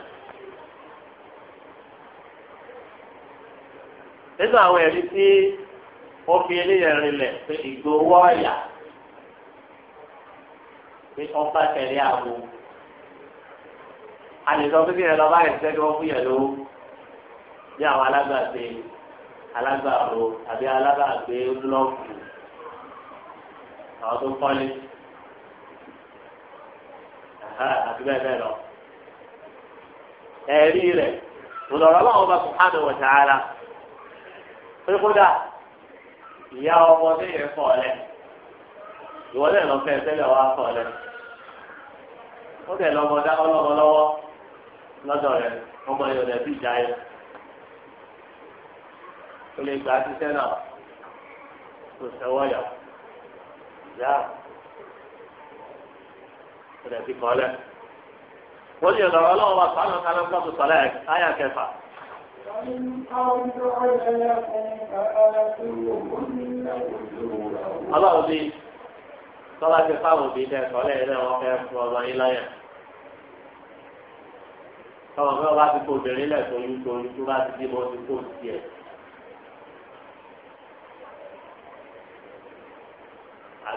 nínú àwọn ẹ̀rí tí ó fi eléyẹ̀ rinlẹ̀ pé ìgbowó ọ̀yà pé ọba tẹ̀lé àwo a lè sọ pé kí ẹ lọ bá ẹ̀sẹ̀ kí wọ́n fún yẹn lówó bí àwọn alágbàṣe alágbàro àbí alágbàgbé lọ́ọ̀kù àwọn tó kọ́lé àti bẹ́ẹ̀ bẹ́ẹ̀ lọ. ẹ̀rí rẹ̀ ńlọrọ̀ ọlọ́run bá subhanahu wa ta'ala pé kódà ìyá ọmọ ní yẹn fọ̀ lẹ̀ ìwọ náà lọ́fẹ́ tẹ́lẹ̀ wá fọ̀ lẹ̀ ó dẹ̀ lọ́mọ dá ọlọ́mọ lọ́wọ́ lọ́dọ̀ rẹ̀ ọmọ yóò lẹ̀ bí ìjà yẹn ó gbà á ti sẹ́nà kò sẹ́wọ́ yà yà rẹ̀ ti kọ́ wọ́n ní ọ̀dọ̀ ọlọ́run wa sọ́nà kálọ́ sọ́tù sọ́lẹ̀ áyà kẹfà. ọlọ́run bí tọ́lá ti fáwọn òbí tẹ̀ sọ́lẹ̀ náà wọ́n fẹ́ fún ọmọ yín láyà tọ́wọ́n fẹ́ wá ti kó obìnrin lẹ̀ tó yún tó yún tó bá ti dé mọ́ ti kó tiẹ̀.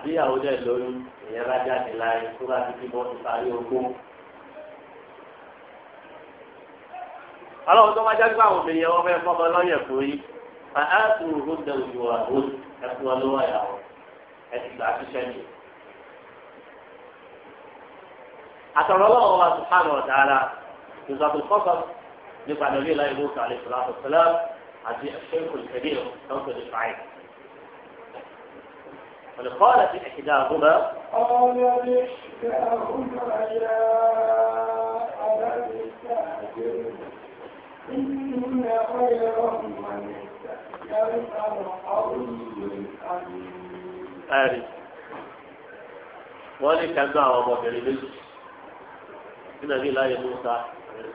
àbíyàwó dẹ̀ lóyún ìyẹn bá jáde láyé tó bá ti fi bọ́ ti parí ogún. ọlọ́run tó bá jáde pé àwọn obìnrin yẹn wọ́n fẹ́ fọ́mọ lọ́yẹ̀ fún yín mà á tù ó dẹ̀rù ju àwọn ẹkún wọn lọ́wọ́ ìyàwó ẹ ti gbà ṣiṣẹ́ mi. àtọ̀rọ̀ ọlọ́run wa subhanahu wa ta'ala ìgbàgbọ́ kọ́kọ́ nípa nàbí ìlú kàlẹ́ àti ẹ̀ṣẹ́ kò فقالت إحداهما
قال إحداهما يا أبا التاجر إن خير من التاجر القوي الأمير
آري ولك الدعوة مجرد لا يموت عليه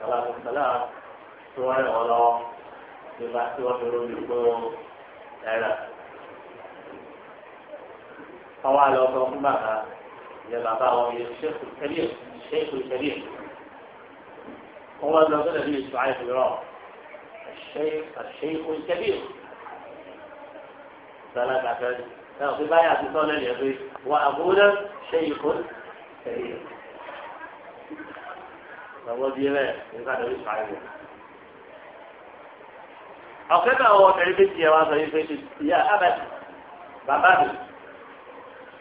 الصلاة والسلام سواء ولا في بحث وفي رمي القوم قوال او توقف بها يا بابا هو الشيخ الكبير الشيخ الكبير هو لو قلنا في الشعائر الشيخ الشيخ الكبير فلا تعتد لا في بايع في صلاة اليسري وأبونا شيخ كبير فهو ديلاه يقعد في الشعائر أو كما هو تعبتي يا راسا يا أبت بابا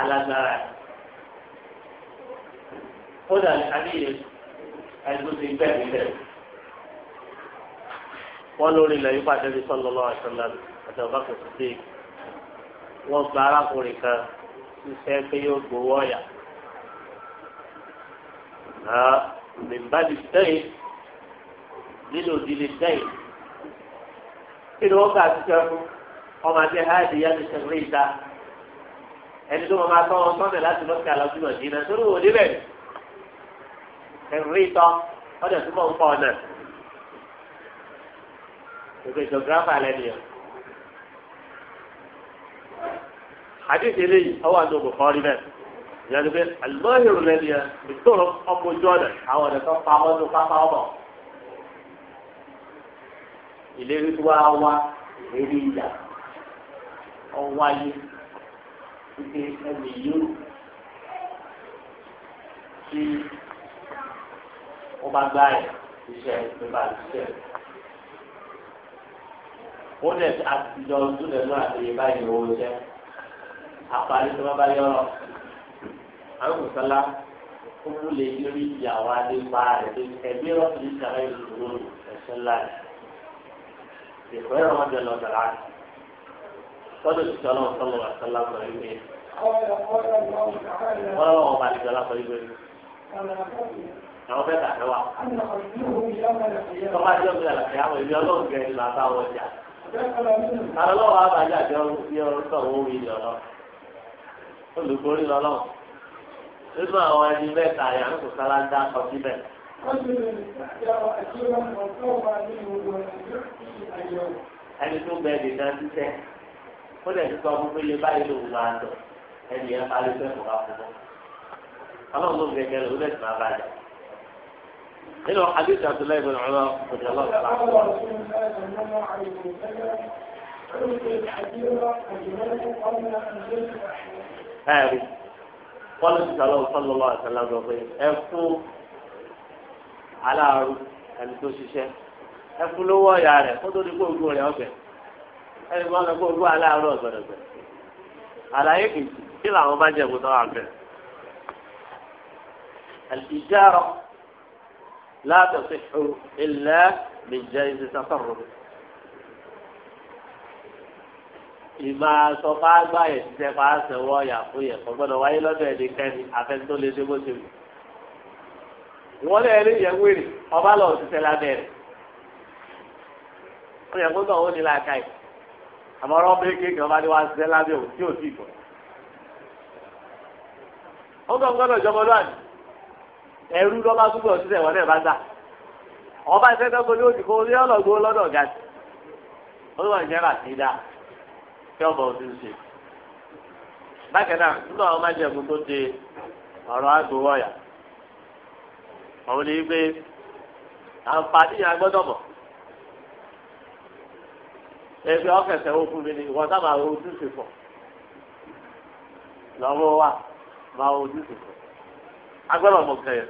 alágbára yìí kódà àbíyè ẹgbẹ́sìn gbẹ̀mí bẹ́ẹ̀ wọ́n lórí ilẹ̀ yípa àdébí sọ́lọ́lọ́ àṣọlábì àti ọba kòtò dé wọ́n gba arákùnrin kan ṣiṣẹ́ pé yóò gbowó ọ̀yà mìmbàdì sẹ́yìn nínú ìdílé sẹ́yìn kí ni wọ́n gbà ṣiṣẹ́ fún ọmọ àti háàdì yá ní sẹ́yìn ìta ẹni tó máa tọ́ wọn sọ́nà láti lọ́sẹ̀ àlọ́sílọ̀ yìí náà sórí òde bẹ́ẹ̀ ẹ̀rí tọ́ ọ̀dọ̀ tó máa ń pọ̀ náà gbogbo ìjọgráfà lẹ́nu yẹn. àdéhùn eléyìí ọwọ́ àti ògùn kan rí bẹ́ẹ̀ ìyẹn pé àlùmọ́ọ̀hìrù lẹ́nu yẹn ìtòrò ọkọ̀ ojú ọ̀nà àwọn ọ̀dọ̀ tó pa ọmọ tó pápá ọmọ.
ìlérí tó wá wá ìlérí ìyà ọwọ́ ayé wípé ẹni yóò tí
wọ́n bá gbá ẹ̀ iṣẹ́ ìjọba iṣẹ́ ó dẹ̀ àtijọ́ tó dẹ̀ náà àtẹ̀yẹ báyìí owó iṣẹ́ àpárí tó bá bá yọ ọ́ àwọn ìsọlá ó mú lè lórí ìyàwó adé pa rẹ̀ pé ẹgbẹ́ ọ̀sìn ìṣàlẹ̀ ìṣòro ẹ̀ṣẹ̀ láti ìfẹ́ ọ̀dọ̀ lọ́dọ̀ láti tọ́jú ìṣẹ́ ọlọ́run sọ́lọ́ àtàlà sọ wípé
wọ́n lọ́wọ́
ọba àti ìjọba sọ wípé
àwọn fẹ́ tà fẹ́ wa. tọ́ba jẹ́ òkè àlàfẹ́ àwọn ìbí
ọlọ́run gẹ̀ ìlú àtàwọn ọjà. àlọ́ lọ́wọ́ àbájá àjọ bí ọrùn sọ̀rọ̀ owó ìlú ọlọ́ olùkórí lọ́lọ́run nínú àwọn ẹni mẹ́ta yà ń ẹni tó bẹ́ẹ̀ dè náà ti sẹ́yìn. ó lè sọ gbogbo ilé báyìí lòun máa ń lọ ẹnì yẹn parí pé kò bá fún un ọlọ́run ló ń gẹ́gẹ́ lòun lè tún abájá nínú hadith abdullahi bin umar ọjọ́ bá wọ́n ti sọ̀rọ̀ àtàlà pé ẹ fún aláàrú ẹni tó ṣiṣẹ́ ẹ fún rẹ̀ rẹ̀ ẹni máa ń lọ kó olú aláàárọ̀ gbẹdẹgbẹ àlàyé kejì kí làwọn bá jẹ̀bù tó wà ń bẹ̀. الإجارة لا تصح إلا من جائز تصرف ìmọ̀ àsọ̀fà àgbáyé ti tẹ́ fàá sẹ́wọ́ ọ̀yà fún yẹn kò gbọ́dọ̀ wáyé lọ́dọ̀ ẹ̀dẹ́kẹ́ni àfẹ́ntó lè dé bó ṣe wù. wọ́n lé ẹni yẹn wèrè ọba lọ́ọ̀ ti ó yẹ kó tọ̀ ó ní làákàyè. àmọ́ ọ̀rọ̀ bẹ́ẹ̀ kéèké ọba ni wàá ṣiṣẹ́ lábẹ́ òun tí ò sì bọ̀. ó gbọ́n gbọ́dọ̀ jọmọ lóàdì ẹrú lọ́ba gbúgbọ̀ sílẹ̀ wọ́n náà bá dà ọba ìfẹ́ tó gbọ́dọ̀ òdìbò lọ́dọ̀ sí olúwa dá kí ọba ò ti ṣe. bákan náà nínú àwọn tó ọ̀rọ̀ òun ni pé ẹgbẹ́ ọ̀kẹ̀sẹ̀ ó fún mi ni ìwọ sábà wo ojúṣe pọ̀ lọ́wọ́ wa máa wo ojúṣe pọ̀ agbọ́dọ̀ mọ̀ kẹyẹ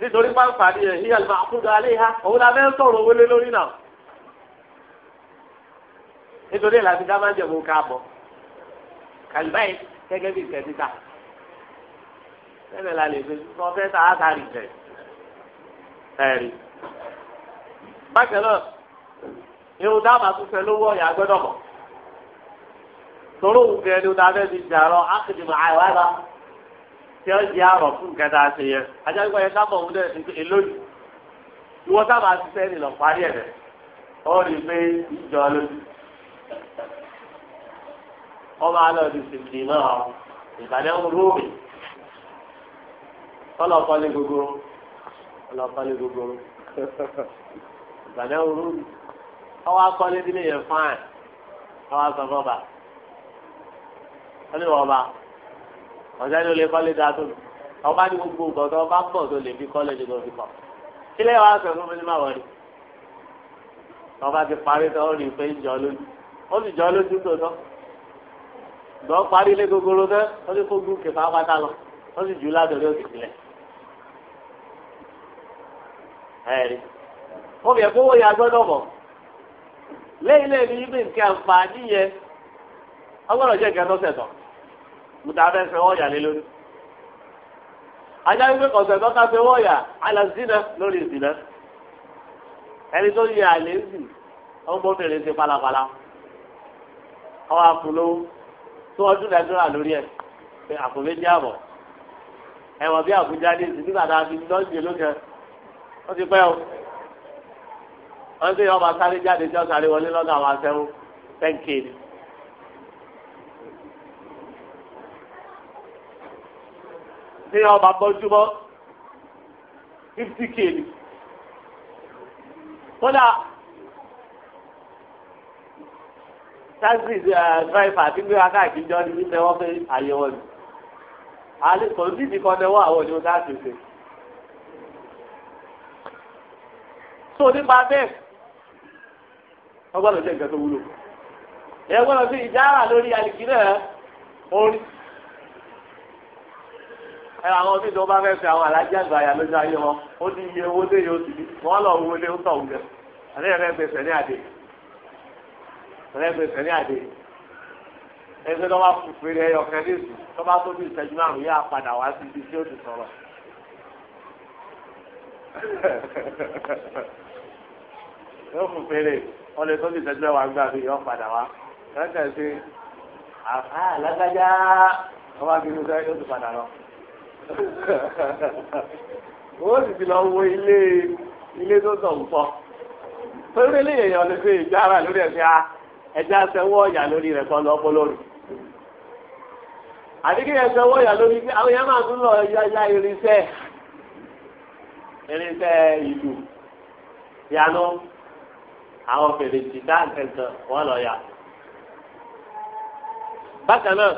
nítorí pàǹfààní ẹ̀ yíyá lọ́mọ àkúndà alẹ́ ha òun la fẹ́ sọ̀rọ̀ owó lé lórí náà nítorí ẹ̀ láti dá máa ń jẹ̀ mú káàbọ̀ kàlùbáyé gẹ́gẹ́ bí ìtẹ̀ títà lẹ́nu la lè fi sọ fẹ́ ta á sáré jẹ ẹ̀rí bákan náà. irun dáàmà tún fẹ lówó ọ̀yà agbẹ́dọ̀ mọ̀ toro òun gẹ̀ẹ́ ni ó dáa a fi jàrọ̀ tí di àrọ̀ fún nǹkan tá a ṣe yẹn ajá gbọ́ yẹn sábà òun dẹ̀ èlóyìn ìwọ sábà ṣiṣẹ́ nílọ parí ẹ̀ ọ rí i pé ìjọ náà ìbàdàn gbogbo gbogbo ìbàdàn ọwọ́ akọ́lé nílé yẹn fáìn ọwọ́ akọ́ bọ́ba ọlẹ́ ọba ọ̀sẹ̀ ni o lè kọ́lé dáa tó ọba ní gbogbo nǹkan tó ọba pọ̀ tó lè fi kọ́lé ní lọ́ọ́ fi kọ́ kílẹ̀ wàá sọ fún mi ní màwọ́ ni ọba ti parí tó ó rí i pé ń jọ lójú ó sì jọ lójú tó tọ́ gbọ́ parí ilé gogoro náà ó ní kó kẹfà pátá lọ ó sì jù ú ládùúgbò ó sì tilẹ̀ ẹ̀rí ó bẹ̀ kówó ya gbọ́dọ̀ mọ̀. lele lẹ́yìn ní ibi nǹkan àǹfààní yẹn ọgbọ́dọ̀ jẹ́ nǹkan tó sẹ̀tọ̀ mùtà bẹ́ẹ̀ fẹ́ wọ́ọ̀yà lé lórí. ajá wípé kọ̀sẹ̀ tó ká fẹ́ wọ́ọ̀yà alàzínà lórí ìzìnà ẹni tó yẹ àlè ń sìn ọmọbìnrin ti palapala ọwọ́ àpòlówó tó ọdún nàìjíríà lórí ẹ̀ pé àbọ̀ ẹ̀wọ̀n bí àbújá ní ìsìn nígbà tá a fi lókè ó ti pẹ́ wọ́n sì yọ ọba sáré jáde tí wọ́n sáré wọlé lọ́dọ̀ àwọn aṣẹ́wó tẹ́ǹkì ni. ní ọba bọ́júmọ́ fifty k ni. kódà taxi eh, driver ti gbé wa káàkiri jọ ní wípé wọ́n fẹ́ àyẹ̀wò ni. àlè kò ní ìdíkọ́ náwó àwọn onímọ̀ táàkì ṣe. tó nípa bẹ́ẹ̀ wọ́n gbọ́dọ̀ jẹ́ nǹkan tó wúlò. ẹ gbọ́dọ̀ sí ìjára lórí àlìkí náà orí. ẹ àwọn tí ìjọba fẹ́ fi àwọn alájí àgbà yà lójú ayé wọn ó ní iye owó lé yóò sì ní wọ́n lọ wo lé ń tọ̀ wúlẹ̀. àlẹ́ rẹ̀ gbèsè ní àdé rẹ̀ gbèsè ní àdé ẹgbẹ́ tó bá fún fèrè ẹyọ kan ní ìsìn tó bá tó bí ìṣẹ́jú márùn-ún yóò padà wá sí ibi tí ó ti sọ̀rọ̀. yóò fún fèrè wọn lè tóbi sẹ́gbẹ́ wa gbà bí yọ padà wá kẹ́kẹ́ sí àfà lágbájá wọn bá bínú sẹ́yìn yóò ti padà lọ. owó sì ti lọ wo ilé ilé tó sọ̀ ń pọ̀ torí eléyìí èèyàn lè fi ìjára lórí ẹ̀fẹ́ a ẹja sẹ́wọ́ ọ̀yà lórí rẹ̀ kọ́ lọ́ bọ́ lórí. àdéhùn yẹn sẹ́wọ́ ọ̀yà lórí àwọn yẹn máa tún lọ ya irinṣẹ́ irinṣẹ́ ìlú ìyanu àwọn fèrè jìdá wọn lọ yà. bákan náà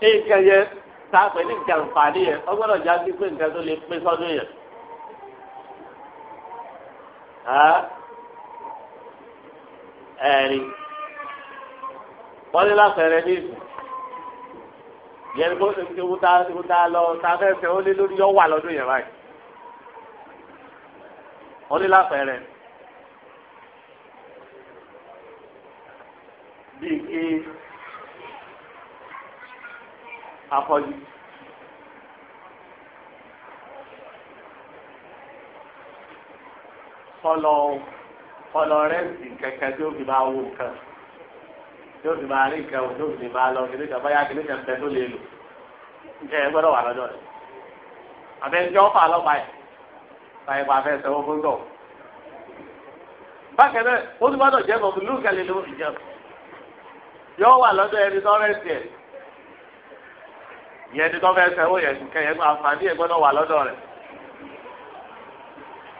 nǹkan yẹn tá a pè ní nǹkan àǹfààní yẹn ó gbọ́dọ̀ já sí pé nǹkan tó lè pé sọ́dún yẹn. ẹ̀rín wọ́n ní ní ìsìn yẹn kó ewu ta ewu ta lọ ta fẹ́ ó lé lórí yọ wà lọ́dún yẹn báyìí wọ́n ní bíi kí afọ́jú. kọlọ kọlọ rẹ́ǹtì kẹ̀kẹ́ tí ó fi máa wo nǹkan tí ó fi máa rí nǹkan tí ó fi máa lọ kìnìkà báyà kìnìkà ń bẹ tó lè lò ǹjẹ́ ẹ gbọ́dọ̀ wà lọ́dọ̀ rẹ̀ àbẹ̀jọ́ fà lọ́pàá yẹn báyìí pa afẹ́ sẹ́wọ́n fún tọ̀. bákan náà ó ti gbọ́dọ̀ jẹ́ mọ̀mú lùkẹ́lẹ́ ló ń jẹun. yọ wà lọ́dọ̀ ẹni tó rẹ̀ tiẹ̀ yẹn ni tó fẹ́ sẹ́wó yẹn kẹyẹ gbọ́ àǹfààní yẹn gbọ́dọ̀ wà lọ́dọ̀ rẹ̀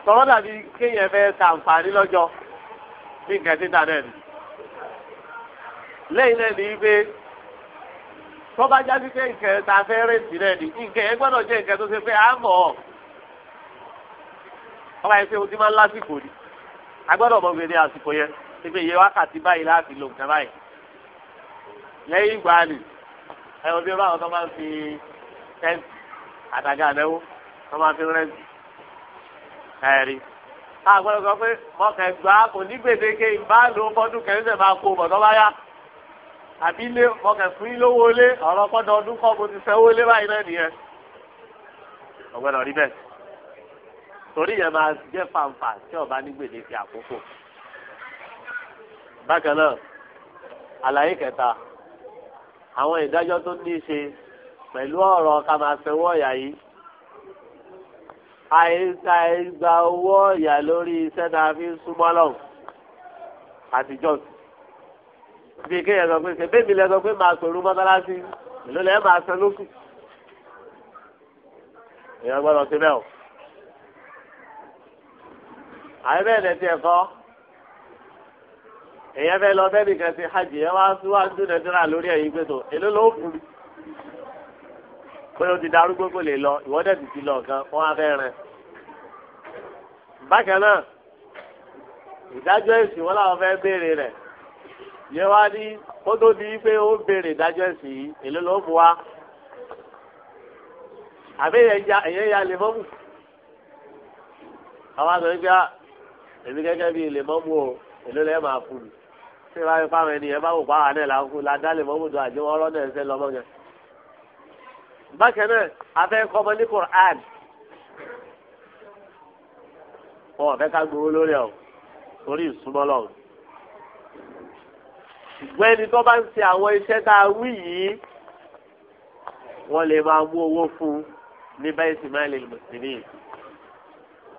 tọ́wọ́ dàbí kéèyàn ta bí nǹkan náà nǹkan nǹkan tó ṣe ọba o ti máa ń lásìkò ni lo nǹkan báyìí. lẹ́yìn ìgbà ni ẹ wọ́n bí báwọn tó máa ń fi tẹ́ǹtì àtàgà àdẹ́wò tó máa fi rẹ́ǹtì ẹ̀rí. àgbọ̀dọ̀ sọ pé mọ̀kẹ́gbà kò ní gbèdéke ìbáàlú fọdún kẹ́sẹ̀ máa kó bọ̀ tó bá yá àbí ilé mọ̀kẹ́ fún ilówó lé ọ̀rọ̀ pọ́dọ̀ ọdún kọ́ mo ti sẹ́wó lé báyìí náà nìyẹn. ọ̀gbẹ́dọ̀ rí bẹ́ẹ̀ torí yẹn máa jẹ́ fàǹfà tí ọba ní gbèdéke àkókò. bákan náà àlàyé kẹta àwọn ìdájọ́ tó ní í ṣe pẹ̀lú ọ̀rọ̀ ká máa sanwó ọ̀yà yìí àìsà ìgbà owó ọ̀yà lórí iṣẹ́ tá a fi ń súnmọ́ lọ́hùn àtijọ́ bíi kéèyàn sọ pé ṣèbí mi lẹ sọ pé màá sòrú mọ́tálásí èló lẹ́ẹ̀ máa san lókù èèyàn gbọ́dọ̀ síbẹ̀ o àyẹ̀bẹ̀ ẹ̀ lẹ́tí ẹ̀kọ́ èyàn fẹ́ lọ bẹ́ẹ̀ nìkan ṣe hajj yẹn wá sí wá sí nàìjíríà lórí ẹ̀yìn pé tó èló ló kù pé o ti darúgbó kò lè lọ ìwọ́dẹ̀ ti ti lọ kan wọ́n á fẹ́ rẹ̀. bákan náà ìdájọ́ ẹ̀sìn wọn làwọn fẹ́ béèrè rẹ̀ yẹ wá ní ó tó di pé ó béèrè ìdájọ́ ẹ̀sìn yìí èló ló mú wa àbí èyẹ ya lè mọ́mù àwọn àgbẹ̀ gbé ah, èmi gẹ́gẹ́ bíi lè mọ́mù o èló lẹ́ẹ̀ máa fún mi ṣé wáyé fáwọn ènìyàn bá wò pa àwọn ẹ̀là ńkú ládàlẹ̀ mọ́múdù àjẹwọ́ ọ̀rọ̀ náà ṣe lọ́mọ yẹn. bákan náà afẹ́ kọ́mọ ní Qur'an wọn ò fẹ́ ká gbowó lórí ẹ̀ o torí ìsúnmọ́ lọ́wọ́. ṣùgbọ́n ẹni tó bá ń ṣe àwọn iṣẹ́ tá a wí yìí wọ́n lè máa mú owó fún un ní báyìí sì máa lè mùsùlùmí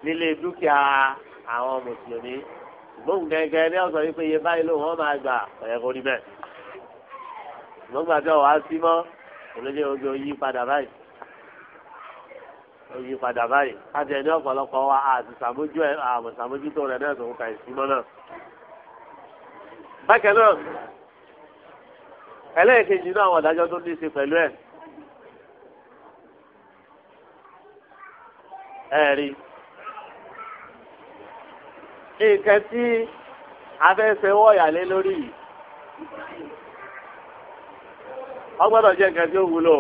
nílé dúkìá àwọn mùsùlùmí. bóun gẹ́gẹ́ ní ọ̀sán yìí pé iye báyìí ló wọ́n máa gbà ọ̀yẹ́ kò rí gbà tí ọ̀wá sí mọ́ olóyè oge oyí padà báyìí oyí padà báyìí láti ẹni ọ̀pọ̀lọpọ̀ wa àti sàmójú ẹ̀ àmọ̀ rẹ̀ náà ka mọ́ náà. náà ẹlẹ́ẹ̀kejì náà àwọn ìdájọ́ tó ní í ṣe pẹ̀lú ẹ̀ ẹ̀rí. nǹkan tí afẹ́fẹ́ wọ̀yà lé lórí yìí ọgbọ́dọ̀ jẹ́ nǹkan tí ó wúlò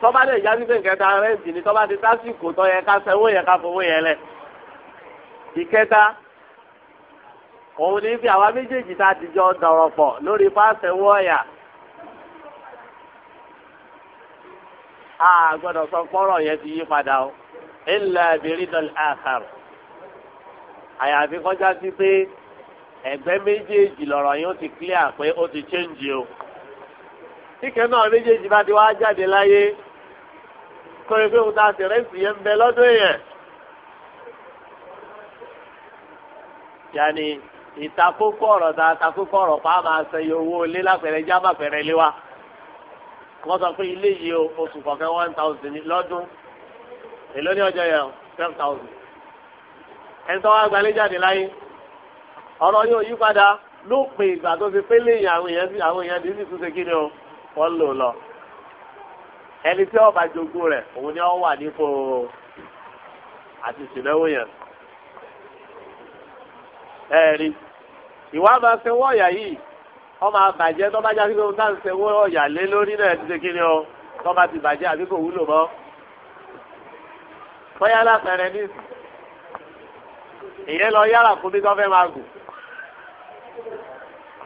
tọ́ba lè já sípé nǹkan a ni tọ́ba ti tásìkò tó yẹ ká sanwó yẹ ká fowó lẹ̀ ìkẹta òun ní fi àwa méjèèjì tá a ti jọ dọ̀rọ̀ pọ̀ lórí a sọ yẹn ti yí padà ilà abiridọl àkàr àyàfi kọjá sí pé ẹgbẹ́ méjèèjì lọ́rọ̀ yóò ti clear pé ó ti change o kíkẹ́ náà méjèèjì bá ti wá jáde láyé kọ́ ẹ pé òun ta sẹ̀rẹ́ǹtì yẹn ń bẹ lọ́dún yẹn. yanni ìtakókó ọ̀rọ̀ ta takókó ọ̀rọ̀ pa máa sẹ iye owó ilé lápẹ̀rẹ̀ já má pẹ̀rẹ̀ lé wa wọ́n sọ pé ilé yìí oṣù kọ̀ọ̀kan one thousand lọ́dún èló ní ọjọ́ yẹn ten thousand ẹni tó wá gbalé jáde láyé ọ̀rọ̀ yóò yí padà lópin ìgbà tó fi pélé yìí àwọn èèyàn àwọn èèyàn dì í sì tún ṣe kí ni o wọ́n lò lọ ẹni tí ọba jogún rẹ̀ òun ni ọ wà nípò àti ìsìnlẹ̀wò yẹn ẹ̀rí ìwà máa ṣe wọ́n ọ̀yà yìí wọ́n máa bàjẹ́ tó bá jáde pé wọ́n bá ṣe wọ́n ọ̀yà lé lórí náà ti ṣe kí ni o tó bá ti bàjẹ́ àbí kò wúlò mọ́ bóyá látàrẹ ní ìyẹn lọ yá ràkúnmí tó fẹ́ máa gùn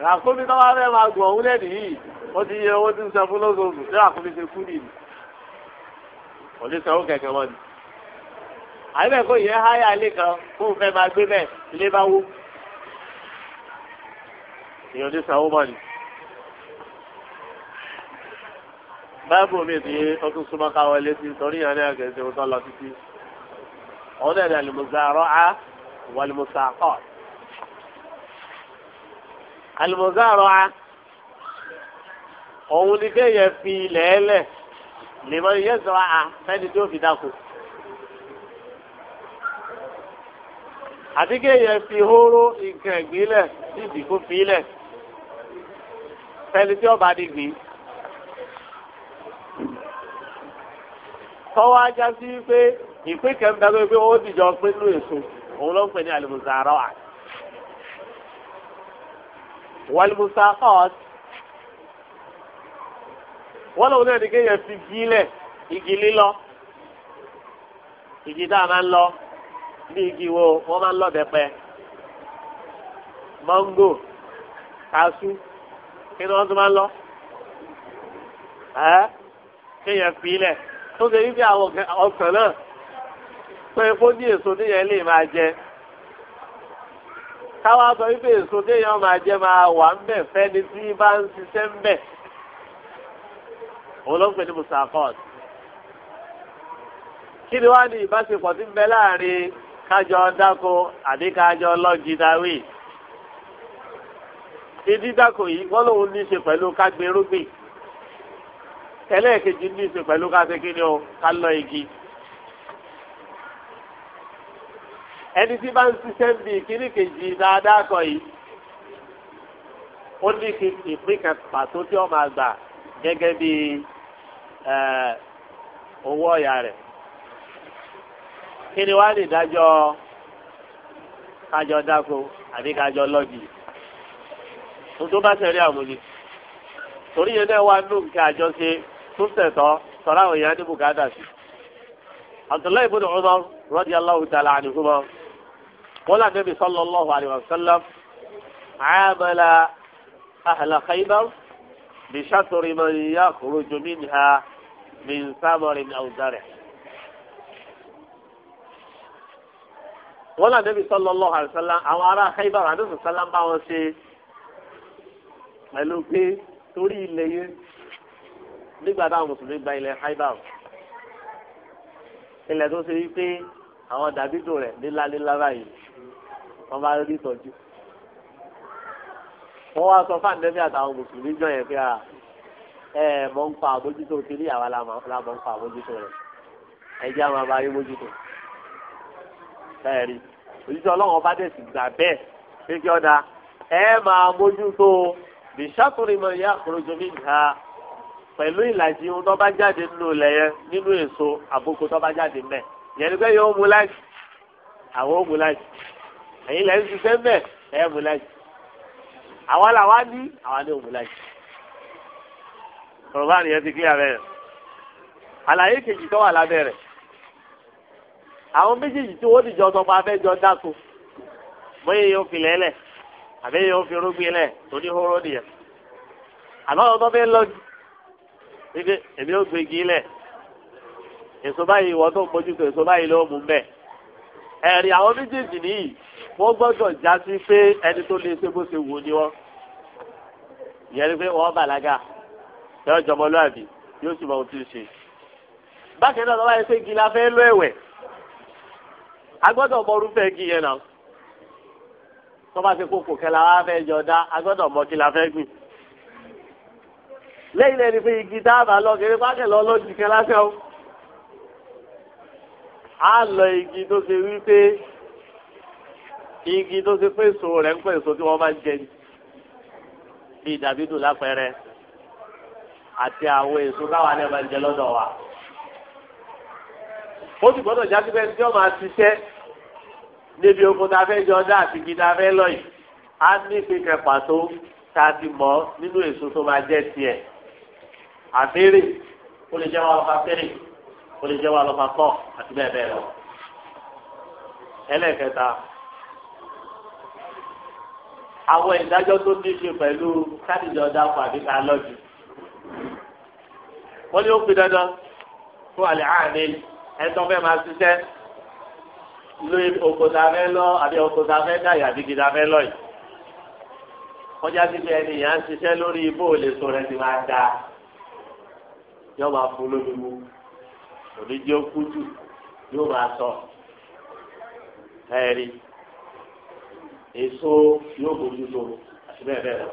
ràkúnmí tó bá fẹ́ máa gùn ọ̀hún lẹ́nu yìí ó ti yẹ owó tí ń sọ fún lóṣooṣù tí ràkúnmí ti kú nìyí kò ní sanwó kẹ̀kẹ́ wọn ni. àyẹ̀bẹ̀ kò yẹ háyà ilé kan fún fẹ́ máa gbé bẹ́ẹ̀ ilé bá wó èèyàn ní sanwó mọ́ ni. báàbù mi ti ọdún súnmọ́ káwọlé sí torí ìyànlẹ́ àgẹ̀dẹ̀ òótọ́ lọ títí ọ̀hún للمزارعة al المزارعة أول شيء في muzaraa òun ni kéèyàn fi ilẹ̀ ẹlẹ̀ lèmọ́ iye sọ̀rọ̀ a fẹ́ni tó fi dáko. àti kéèyàn fi hóró nǹkan ìgbìlẹ̀ nídìí kó fi ilẹ̀ tí ọba di gbìn. tọ́wọ́ ajá sí pé ìpín kẹta tó pé ó dìjọ pé ló èso òun ló ń pè ní alimusaro à walimusakọt wọn lòun náà ní kéèyàn fi gílẹ̀ igi lílọ igi tá a máa ń lọ bí igi wo wọn máa ń lọ bẹ̀pẹ̀ mọ́ngò kaṣú kí ni wọn tún máa ń lọ ẹ kéèyàn fi ilẹ̀ tó ṣe wípé àwọn ọ̀sán náà pé kó ní èso déyẹn lè máa jẹ káwá sọ wípé èso déyẹn máa jẹ máa wà ń bẹ̀ fẹ́ni tí bá ń ṣiṣẹ́ ń bẹ̀ òun ló ń pè ní musakot kí ni wàá ní ìbáṣepọ̀ tí ń bẹ láàrin kájọ dáko àbí kájọ lọ́ọ̀gì dáwì ìdí dáko yìí wọ́n lòun ní í ṣe pẹ̀lú kágbérúgbìn ẹlẹ́ẹ̀kejì ní í ṣe pẹ̀lú káṣekínní o ká lọ igi. ẹni tí bá ń ṣiṣẹ́ bí kíní kejì dáadáa kọ yìí ó ní kí ìpín kan pàtó tí ó máa gbà gẹ́gẹ́ bí owó ọ̀yà rẹ̀ kí ni wàá lè dájọ́ kájọ dáko àbí kájọ lọ́gì tó tó bá sẹ̀rí àmúni torí yẹn náà wà nù kí àjọ ṣe tó tẹ̀tọ́ sọ̀rọ̀ àwọn èèyàn ní bùkátà sí. Abdullahi ibn Umar radiyallahu ta'ala anhuma wọ́n là Nabi sallallahu alayhi wa sallam amala ahla Khaybar bi shatri man yakhruju minha min samarin aw zar'in. wọ́n là Nabi sallallahu alayhi wa sallam àwọn ará Khaybar àdúgbò sálám bá wọn ṣe pẹ̀lú pé torí ilẹ̀ yẹn nígbà táwọn mùsùlùmí gba ilẹ̀ Khaybar ilẹ̀ tó ṣe wípé àwọn dàbídò rẹ̀ nílá nílá báyìí wọ́n bá rí ìtọ́jú. wọ́n wá sọ fáwọn nẹ́bí àtàwọn mùsùlùmí jọ yẹn pé ẹ ẹ mọ̀ ń pa àbójútó kiri àwa la ń pa àbójútó rẹ̀ ẹ jẹ́ àwọn abáyé mójútó. ẹ̀rí òjijì ọlọ́run ọba dẹ̀ gbà bẹ́ẹ̀ pé kí ọ̀dà ẹ máa mójútó bìṣàkùnrin mọ̀ ìyá àkùrọ̀jọ́ mi pẹ̀lú ìlàjì ohun tó jáde nínú ilẹ̀ yẹn nínú èso àbókò tó jáde mẹ́ yẹn yóò mú láì àwọn ó mú láì. ẹ̀yin lẹ ń ṣiṣẹ́ bẹ́ẹ̀ ẹ mú láyé àwa làwa ní àwa ní òmù láyé kọlọbá nìyẹn ti kílíà bẹ́ẹ̀ àlàyé kejì tó wà lábẹ́ rẹ̀ àwọn méjèèjì tí wọ́n ti jọ sọpọ abẹjọ dáko bóyá yóò fi lẹlẹ àbẹ yóò fi rúgbìn lẹ oníhóró nìyẹn àmọ́ ọ̀dọ́ bẹ́ẹ̀ lọ gbígbé èmi gbégi lẹ èso báyìí wọ́n tó ń èso báyìí ló mú ẹ̀rí àwọn méjèèjì nìyí wọ́n gbọ́dọ̀ já sí pé ẹni tó lè ṣe bó ṣe wù ni wọ́n ìyẹn ni pé wọ́n bàlágà yóò jọmọlúàbí yóò sì mọ ohun tí ń ṣe. bákan náà lọ́wọ́ yẹn pé gila fẹ́ lọ ẹ̀wẹ̀ a gbọ́dọ̀ mọ orúfẹ́ gi yẹn náà tó bá ti kókò kẹlẹ́ wa fẹ́ jọ dá a gbọ́dọ̀ mọ kí la fẹ́ gbìn. lẹ́yìn lẹ́ni pé igi dáàbà lọ kéré pákẹ́ lọ lọ́ọ́ á lọ igi tó ṣe wípé igi tó ṣe pé èso rẹ̀ ń pè èso tí wọ́n máa ń jẹ ni bíi dàbídù lápẹẹrẹ àti àwọn èso káwọn ẹ̀ máa ń jẹ lọ́dọ̀ wa. ó sì gbọ́dọ̀ já síbẹ̀ tí wọ́n máa ṣiṣẹ́ níbi oko tá a fẹ́ jọ dá àti igi tá a fẹ́ lọ yìí á ní ìpínlẹ̀ pàtó tá a ti mọ̀ nínú èso tó máa jẹ́ tiẹ̀ àbẹ́rẹ́ ó lè jẹ́ wọn fà ó lè jẹ́ wà lọ́fà kọ́ àti bẹ́ẹ̀ bẹ́ẹ̀ lọ. ẹlẹ́kẹta àwọn ìdájọ́ tó ní ṣe pẹ̀lú kádìjọ dáko àbí ká lọ́jù. wọ́n ní ó pe dandan fún àlẹ́ àmì ẹ̀tọ́ fẹ́ máa ṣiṣẹ́ lórí òkòtà fẹ́ lọ àbí òkòtà fẹ́ dàyà àbí gidi fẹ́ lọ yìí kọjá síbi ẹni yà ń ṣiṣẹ́ lórí ibò lè rẹ̀ ti máa da yọ máa fún lómi mú òní jẹ́ kújù yóò máa sọ ẹ̀rí èso yóò bójú tó àti bẹ́ẹ̀ bẹ́ẹ̀ lọ.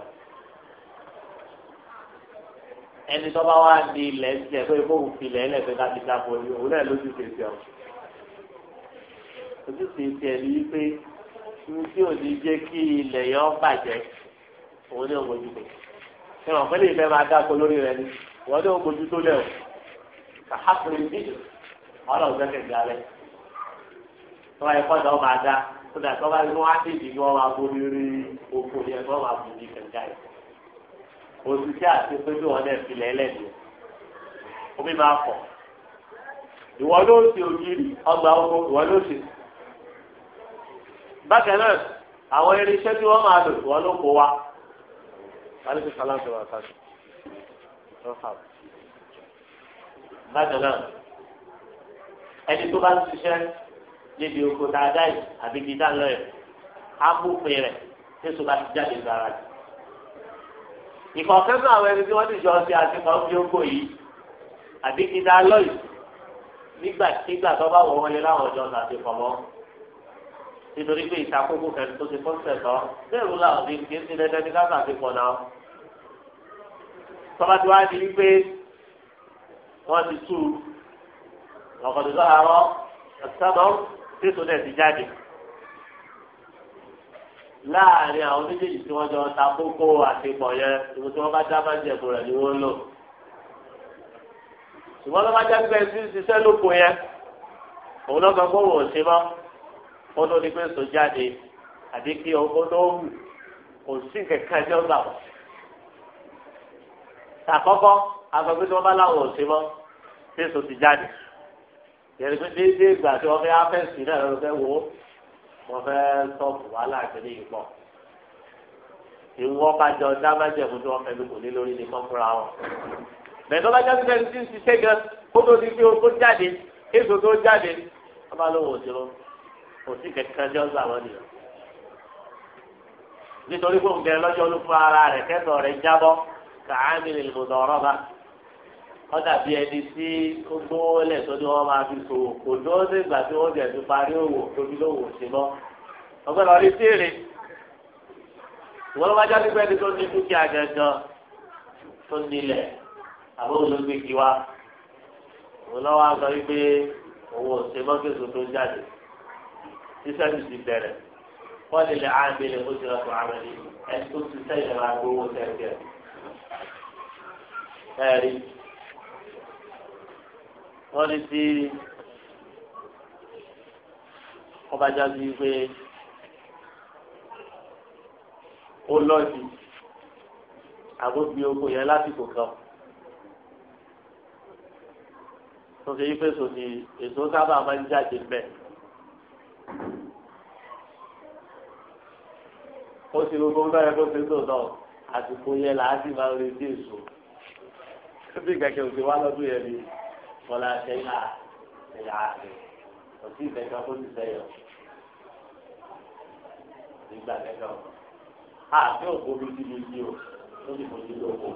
ẹni tó bá wá ní ilẹ̀ ń jẹ pé fóun fi ilẹ̀ ẹlẹ́fẹ̀ẹ́ láti dáko ni òun náà lójú tètè ọ̀ ojú tètè ẹ̀ ní pé ohun tí ò ní jẹ́ kí ilẹ̀ yọ bàjẹ́ òun náà mójú tó. ṣé pẹ́lú ìfẹ́ máa dáko lórí rẹ ni wọ́n ní òun mójú tó lẹ̀ kàhápùrì bíjù ọlọ́run gbẹ́kẹ̀ gbé alẹ́ tó bá yẹ kọ́ ìdáwọ́ máa dá tó dà tó bá yẹ kó wá sí ìdí kí wọ́n máa borí rí oko yẹn kó máa bu ní kẹ̀kẹ́ yẹn òṣìṣẹ́ àti pépé wọn náà fi lẹ́lẹ́ ni omi máa pọ̀ ìwọ ló ń ṣe ògiri ọgbà oko ìwọ ló ṣe bákan náà àwọn irinṣẹ́ tí wọ́n máa lò ìwọ ló kó wa. Aleykum salaam wa rahmatulah bákan náà ẹni tó bá ń ṣiṣẹ́ níbi oko dáadáa yìí àbí gidi àlọ́ yìí á bófin rẹ̀ tẹ́sọ̀ bá ti jáde gbára jù. ìkọ̀ọ̀kan náà àwọn ẹni tí wọ́n ti jọ ṣe àtìkọ́ fi oko yìí àbí gidi àlọ́ yìí nígbàkigbà tó bá wọ̀ wọlé láwọn ọjọ́ náà ti pọ̀ mọ́ nítorí pé ìtakókò kẹrin tó ti fọ́ sẹ̀tọ́ bẹ́ẹ̀rù làwọn ti ń gbé sí lẹ́sẹ̀ ní káàkiri pọ̀ náà tọ́ba wọ́n ti tú ọ̀kọ̀dùnkọ́ àárọ̀ ọ̀sábọ̀ tètò náà ti jáde láàrin àwọn méjèèjì tí wọ́n jọ ta kókó àtìpọ̀ yẹn ìwé tí wọ́n bá dá bá jẹ̀bù rẹ̀ ni wọ́n lò ṣùgbọ́n lọ́ba jẹ́ pé ẹtí ṣiṣẹ́ lóko yẹn òun lọ́ba gbọ́wọ́ ò ṣe mọ́ ó ló ní pé sọ jáde àbí kí ọgbọ́n tó wù kò sí kẹ̀kẹ́ ẹjọ́ gbà wọ́n. tàkọ́kọ́ afọgbẹ́ tí wọ́n bá láwọn òsè mọ́ fèsò ti jáde yẹn pé déédéé ìgbà tí wọ́n fẹ́ afẹ́sì náà lọ́dọ̀ fẹ́ wò ó wọ́n fẹ́ sọ́ọ̀bù wàhálà àtẹlẹ́ yìí pọ̀ ìwọ kájọ dábàjẹ́kù tí wọ́n fẹ́ lóko lé ní kọ́kúra wọn bẹ́ẹ̀ tó bá jáde fẹ́ẹ́ ti ń ṣiṣẹ́ gan kó tó di pé jáde késo tó jáde wọ́n bá lóun òsè lọ òsì kẹ̀kẹ́ jọ́ gbà nìyẹn nítorí pé òun gẹ̀rẹ́ lọ́jọ́ olúfọ́ ara rẹ̀ kẹ́tọ̀ rẹ̀ jábọ́ kàámi lè lòdọ̀ ọ̀rọ̀ bá ọ̀dà bíi ẹni tí ó gbówó lẹ̀ tó ní wọ́n máa fi ṣòwò kò ní ó nígbà tí wọ́n jẹ̀ tó parí òwò tóbi lówó ṣe lọ. ọgbẹ́ lọ rí téèrè ìwọ́n ló bá jáde pé ẹni tó ní dúkìá gangan tó nílẹ̀ àbóhùn ló gbé kí wa òun lọ́wọ́ á sọ wípé owó ṣe mọ́kèso tó jáde ṣíṣẹ́ mi ti bẹ̀rẹ̀ wọ́n lè lè ó ti rọ̀tọ̀ àmẹ́lẹ́ ẹni tó ti sẹ́yìn máa gbówó sẹ́yìn wọ́n ní tí ọba jáde pé ó lọ́ọ̀dì àgbógbé oko yẹn lásìkò kan tó ṣe yí fèsò ní èso sábà máa ń jáde mbẹ. ó ti gbogbo ńlá yẹn kó ṣe tó náà àsìkò yẹn làá máa ń retí èso. bí kẹ̀kẹ́ òsè wá lọ́dún yẹn ni wọ́n á ṣe ìhà ìhà àti òsì ìfẹ̀kẹ́ kó ti sẹ́yọ̀ nígbà kẹ́kẹ́ o àti òkú mi ti di di o tó ti fojú lóko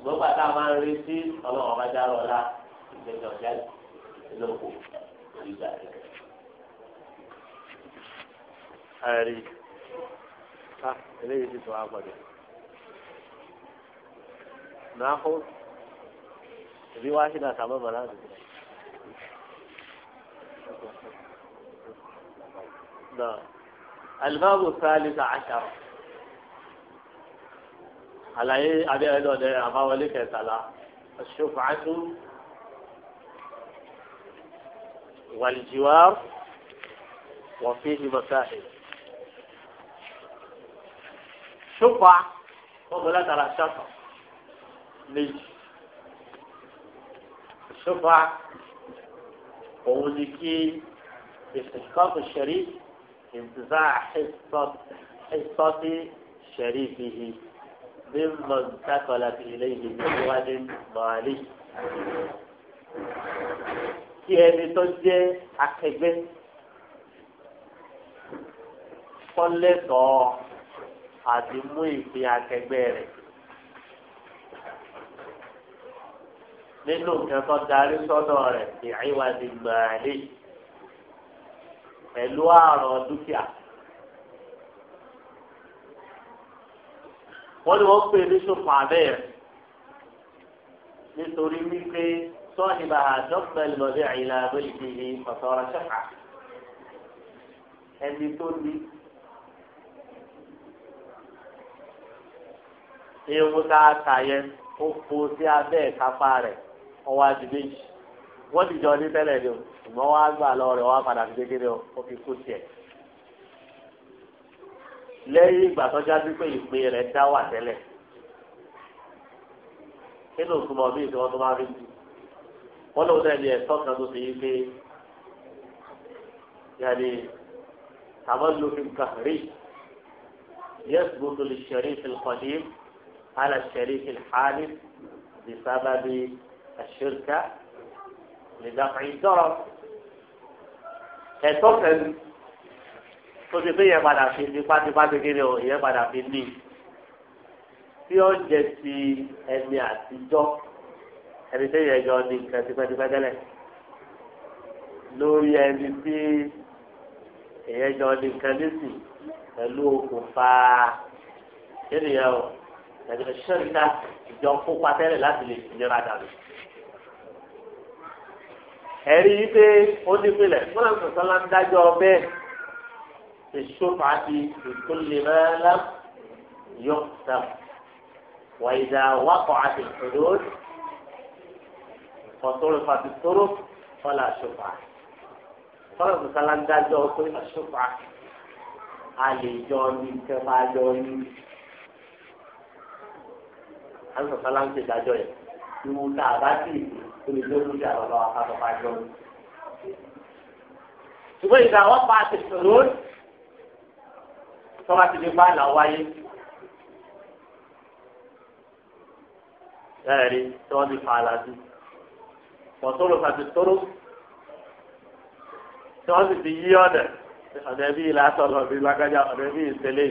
gbogbo àti àwọn máa ń retí ọlọ́wọ́ bá dá lọ́la ìgbẹ́jọ́ kẹ́lẹ́ lóko nígbà kẹ́kẹ́. Ayẹri, ah, eléyìí ti sọ àgbàdo. Nàá kó bí wàá ṣe dàtà mọ́mọ́ láti. alimami sali ta aṣa àlàyé abẹ́rẹ́ náà dẹ́rẹ́ àbáwọlé kẹtàlá ṣùfàtú wàlìjìwá wọ́n fi ní mọ́sáàhìn. ṣùfà wọ́n mú látara ṣùfà òun ni kí ìsìnkọ́pù ṣẹ̀rí ìbùzá ìsọ́tí ṣẹ̀rí fìhì bí mọ̀tàkọ̀lá fi ilé ìlú níwájú mọ̀álí. kí ẹni tó jẹ́ akẹgbẹ́ kọ́lẹ́tọ̀ọ́ àti mú ìpín akẹgbẹ́ rẹ̀. nínú nǹkan tó darí sọ́dọ̀ rẹ̀ ní àyíwájú gbàlè pẹ̀lú àrùn dúkìá. wọ́n ní wọ́n pè ní sọ́kùn abẹ́ rẹ̀ nítorí wípé sọ́ọ̀nìbà àdọ́gbẹ̀lì lọ́dẹ àyìnlá abẹ́lẹ́dẹ́ ní ọ̀sọ̀rọ̀ ṣẹ́fà ẹni tó ní. ewu tá a kà yẹn ó kó sí abẹ́ ìkápá rẹ̀ ọwọ́ àdìbẹ́ yìí wọ́n ti jọ ní tẹ́lẹ̀ ni o ṣùgbọ́n wọ́n á gbà lọ rẹ̀ wọ́n á padà fi kékeré o ó fi kú tiẹ̀. lẹ́yìn ìgbà tó jáde pé ìpè rẹ̀ dá wà tẹ́lẹ̀ nínú ìtumọ̀ bí ìtumọ̀ tó máa fi dù wọ́n lóun náà ní kan tó ti yí pé yàrá تملك قهري يثبت للشريف القديم على الشريف الحادث بسبب àṣírká ìdàpọ̀ ìdọ́rọ̀ ẹ̀tọ́ pẹ̀lú tó ti pé yẹn padà fi tipátipá kékeré o yẹn padà fi ní tí ó jẹ ti ẹni àtijọ́ ẹni tó yẹ jọ ní nǹkan tipẹ́tipẹ́ tẹ́lẹ̀ lórí ẹni tí èyẹ jọ ní nǹkan nísìn pẹ̀lú okùnfà kéde yẹn o ẹ̀dùn ṣẹ́ńtà ìjọ fún patẹ́lẹ̀ láti lè fi nira dàbí ẹ̀rí pé ó nípìnlẹ̀ fúnra sọ̀tọ́lá ń dájọ́ bẹ́ẹ̀ ìṣòfò àti ìkólèmọ́lá yóò sà wà ìdá wákọ̀ àti ìṣòro kọ̀tọ́rọ̀ fàtí tóró fọlá ṣòfò àti fúnra sọ̀tọ́lá ń dájọ́ pé ìṣòfò àti àlejò ní kẹfà jọ ní. àwọn sọ̀tọ́lá ń ṣèdájọ́ yẹn ìwúta àbá sí olè ló ń jà lọ́wọ́ akátọ́ bá jọ. ṣùgbọ́n ìgbà wọn pa àtẹ̀sọ̀rọ̀ ó tọ́wọ́ ti lè bá àlà wáyé. ẹ̀rí tí wọ́n ti fa àlà sí. pọ̀tọ́rọ̀ àti tọ́rọ̀ tí wọ́n sì ti yí ọ̀dẹ̀ ọ̀dẹ̀ bíi látọ̀lọ̀ bíi lágájá ọ̀dẹ̀ bíi ìtẹ̀lẹ̀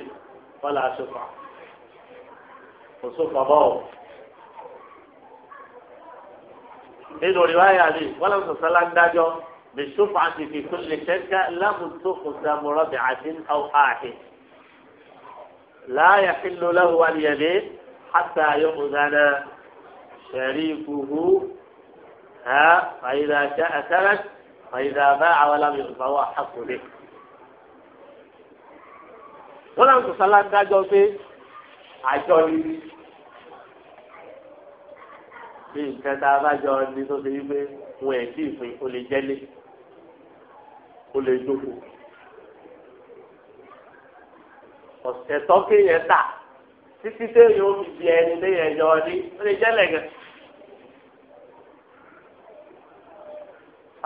kọ́lá aṣọ kan. kò sófò bọ́ọ̀. nínú rìwáyà mi wọ́n lọ́wọ́ sọ̀sọ́lá ń dájọ́ bẹ̀ṣọ́fà ti fi kún lè ṣẹ́ká lábùtò kò sàmúrọ̀ bẹ̀ àti àwọn àhìn. láyà kí ló lọ́wọ́ wà nìyẹn ní hàtà yóò kó dáná ṣẹ̀rí ìkùhù ha fàyìlà ṣẹ́ra fàyìlà bá àwọn alámi ìfọwọ́ àkùnrin. wọ́n lọ́wọ́ sọ̀sọ́lá ń dájọ́ pé àjọ yìí àfi nǹkan tá a bá jọ ní tó ṣe wípé wọn ẹ̀ tí ì pin o lè jẹ́lé o lè jókòó ọ̀sẹ̀ tọ́kì yẹn tà títí téèyàn ó fi di ẹni téèyàn jọ ní o lè jẹ́lẹ̀ gan.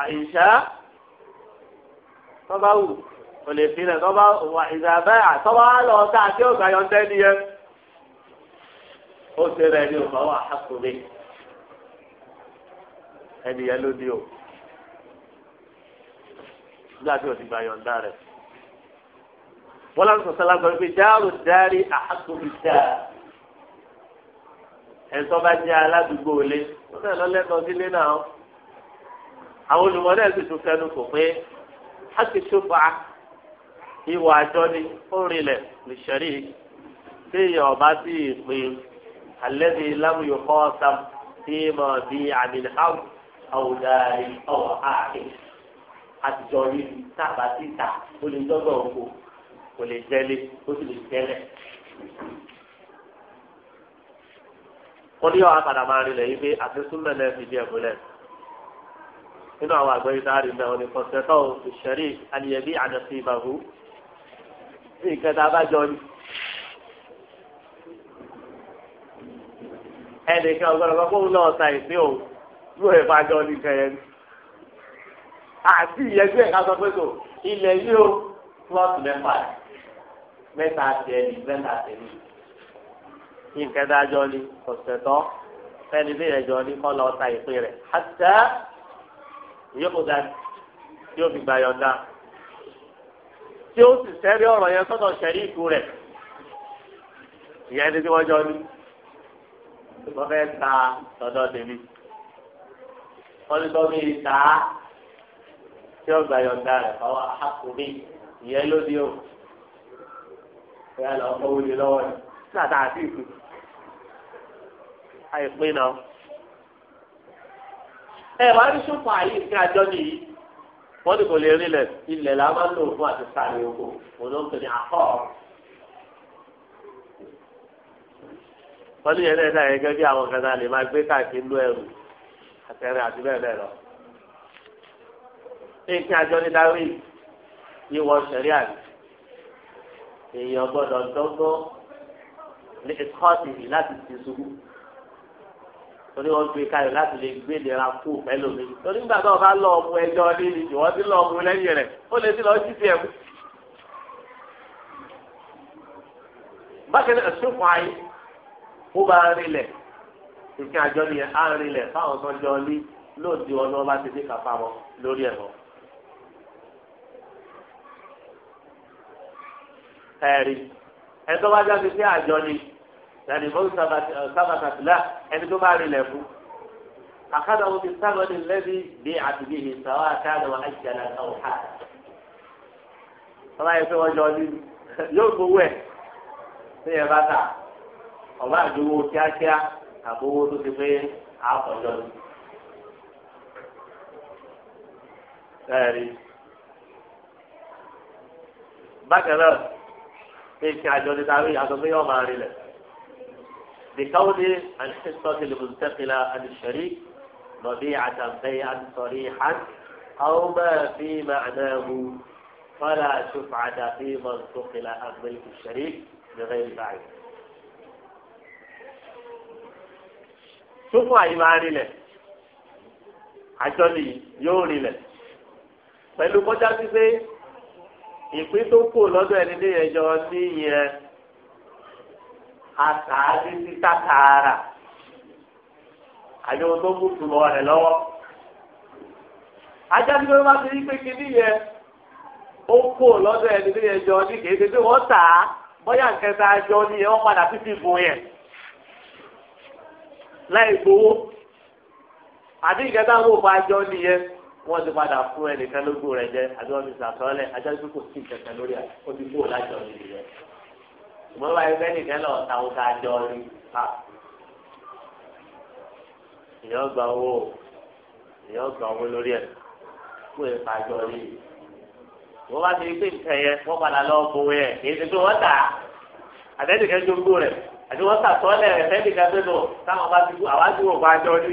àyíṣà tọ́ba wù o lè fi lẹ̀ tọ́ba wà ìdàbẹ́ àtọ́ba lọ tá tí ó gbà yọ̀ ń tẹ́ nìyẹn ó ṣe rẹ̀ ní ọ̀pá wà á kò bẹ́ẹ̀ ẹni yẹn ló ní o nígbà tí o ti gba yọ̀ǹda rẹ̀ wọ́n lọ́nà sọ̀tàn lágbàá wípé dáàrú dárí àhàtòbí dáa ẹ̀sọ́ bá jẹ́ aládùúgbò ilé wọ́n náà lọ́lẹ́tọ̀ọ́ sílé náà àwọn olùmọ̀ náà sì tún fẹnu kò pé a ti ṣòfò a ìwà àjọ ni ó rinlẹ̀ lùsẹ̀rí téèyàn ọba sì pé alẹ́ ni lámùyò sam tí mo di àmì hàn àwòdáre ọ̀wọ̀ ààrẹ àtijọ́ rí tábà títà ó lè dọ́gbọ̀n oko kò lè tẹ́lẹ̀ ó sì lè tẹ́lẹ̀. wọ́n ní ọ̀hán padà máa rinlẹ̀ yìí pé àti súnmọ̀ náà fi díẹ̀ múlẹ̀ nínú àwọn àgbẹ̀ yìí dárí mẹ́wọ́n ní kọ̀ǹtẹ́tọ̀ ìṣẹ̀rí aliyẹ̀bí àdàsí ìbàhú ní ìkẹta abájọ ni. ẹnìkan kó ń lọ ọ̀sà ìpín òun yóò ẹ̀ máa jọ ní kẹyẹ ni.
àti ìyẹjú ẹ̀ ká
sọ pé kò ilẹ̀ yìí o plọ́ọ̀tù mẹ́fà mẹ́ta tiẹ̀ ní mẹ́ta tiẹ̀ ní. kí nǹkan tá a jọ ní ọ̀sẹ̀ tán fẹ́ni bí ẹ̀jọ̀ ní kọ́ lọ ta ìpín rẹ̀ àtẹ yóò da yóò fi gbà yọ̀ǹda tí ó sì sẹ́rí ọ̀rọ̀ yẹn sọ́dọ̀ sẹ́rí ìkú rẹ̀ ìyẹn ní tí wọ́n jọ ní wọ́n ta sọ́dọ̀ tèmi wọ́n ní tọ́ bíi ta tí ọgbà yọ̀ǹda rẹ̀ fọwọ́ àkùnrin ìyẹn ló dé o ìyá lọ́wọ́ owó lé lọ́wọ́ ni nígbà tá a ti kú àìpé náà. ẹ wàá rí sọ́kọ̀ àyè ìpín àjọ nìyí wọ́n ní kò lè rí lẹ̀ ilẹ̀ la máa ń lò fún àti sáré oko òun ló ń pè ní wọ́n ní yẹn náà yẹn bí àwọn kan náà lè máa gbé káàkiri lú ẹrù àtẹrẹ àti bẹ́ẹ̀ bẹ́ẹ̀ lọ. ní àjọ ní dárí ìwọ sẹ̀ríà èèyàn gbọ́dọ̀ dọ́gbọ́n ní ìkọ́ọ̀tì láti ti ṣubú torí wọn gbé káyọ̀ láti lè gbé ìlera kú ẹlòmíì torí nígbà tó o bá lọ ọmú ẹjọ́ níbi ìwọ ti lọ ọmú lẹ́yìn rẹ̀ ó lè ti lọ sí tiẹ̀ mú. bákan náà ṣùkọ́ ayé ó bá rí lẹ̀ ìpín àjọ nìyẹn á rinlẹ̀ fáwọn tó jọ ní lóòdì wọn ni wọ́n bá ti dé kàfá wọn lórí ẹ̀rọ. ẹ̀rí ẹni tó bá jáde sí àjọ ni yàrá ìbọn sábàtàtìlá ẹni tó bá rinlẹ̀ fún akada wo ti sábà ní lẹ́bi bí àtìbí ìsàwọ́ àtàlẹ́ wọn àjàlá àwọn ha. ọba yẹn fẹ́ wọ́n jọ ní yóò gbowó ẹ̀ ní ẹ̀ bá ta ọba àdúgbò kíákíá. àbówó tó ti pé àkọjọ ni. ẹ̀rí bákan náà pé kí بكون الحصة المنتقلة عن الشريك مبيعة بيعا صريحا أو ما في معناه فلا شفعة في من انتقل عن الشريك بغير بعيد sókò àyè máa rinlẹ̀ àjọlì yóò rinlẹ̀ pẹ̀lú kọjá pípé ìpín tó kù lọ́dọ̀ ẹni ní ẹjọ́ ní yẹn àtàlí sí tàkàrà àjọ tó kù tùmọ̀ rẹ̀ lọ́wọ́ ajá tí bá ti pé kíní yẹn ó kù lọ́dọ̀ ẹni ní ẹjọ́ ní kéde pé wọ́n tà á nkẹta ẹjọ́ ní yẹn wọ́n padà yẹn. láì gbowó àti ìkẹta àwọn òkú àjọ nìyẹn wọ́n ti padà fún ẹnìkan lógbó rẹ̀ jẹ́ àti wọ́n ti sàtọ́lẹ̀ ajáde kò sí ìkẹta lórí ẹ̀ lájọ nìyẹn ìmọ̀ báyìí pa èèyàn gba owó èèyàn gba owó lórí ẹ̀ kó e pa jọ rí wọ́n bá ti rí pé yẹn wọ́n padà lọ bọ̀ wẹ̀ kì í ti àti wọ́n sàtọ́lẹ̀ rẹ̀ fẹ́ẹ́ nìkan pé lọ táwọn bá ti kú àwa ti wò wá jọ ní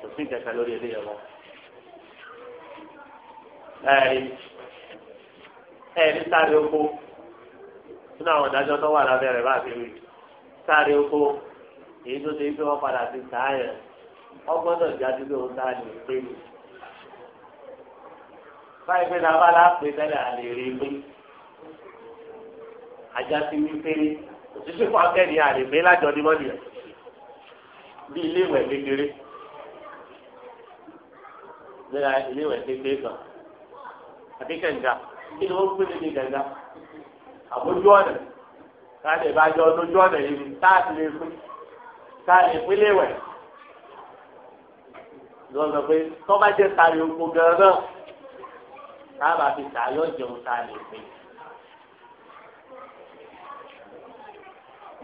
kò sí ìjẹta lórí ilé yẹn lọ. ẹ̀rí ẹ̀rí sáré oko nínú àwọn ìdájọ́ tó wà lábẹ́ rẹ̀ bá ti rí sáré oko èyí tó ṣe pé wọ́n padà ti tà á yẹn wọ́n gbọ́dọ̀ jáde pé òun tá a lè pé mi. báyìí pé làwọn aláàpẹ tẹ́lẹ̀ àlè rí pé ajá ti wí pé òṣìṣẹ́ fún akẹ́ni àlèmé lájọ ní mọ́nì rẹ̀ bí ilé ìwẹ̀ kékeré nígbà ilé ìwẹ̀ kékeré kan àti kí ni wọ́n gbé ní kẹ̀ǹgà àbójú ọ̀nà káàdì ìbájọ́ lójú ọ̀nà yìí ni táàtì lè pín táàtì pín lè wẹ̀ sọ pé tọ́ tààrí oko gan-an náà táàbà fi tààrí ọ̀jẹun tààrí pín.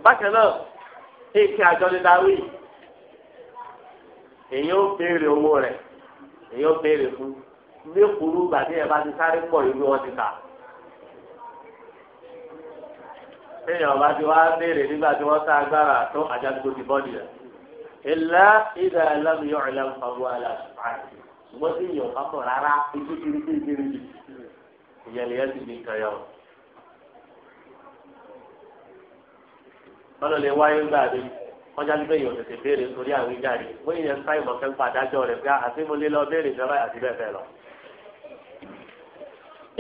bákan náà èké àjọnidáwì èyí ó béèrè owó rẹ̀ èyí ó béèrè fún ní kúrú gbàdé ẹ bá ti sáré pọ̀ ìlú wọn ti tà téèyàn bá ti wá béèrè nígbà tí wọ́n sá agbára tó àjàdúgbò ti bọ́ọ̀dì rẹ̀ ìlà ìdá ẹlẹ́mìíyàn ẹlẹ́mìíyàn fagbo aláṣùpáàtì wọ́n ti yàn kápọ̀ rárá ikú kiri kiri kiri ìyẹn lè yẹ ti di nǹkan wọn lọ lè wáyé ńgbà mi wọn jáde pé yóò tètè béèrè nítorí àwọn ìjà rẹ wọn yẹn sáyé mọ̀kẹ́ ń padàjọ rẹ pé ah, àti mo lè lọ béèrè ìjọba àti bẹ́ẹ̀ bẹ́ẹ̀ lọ.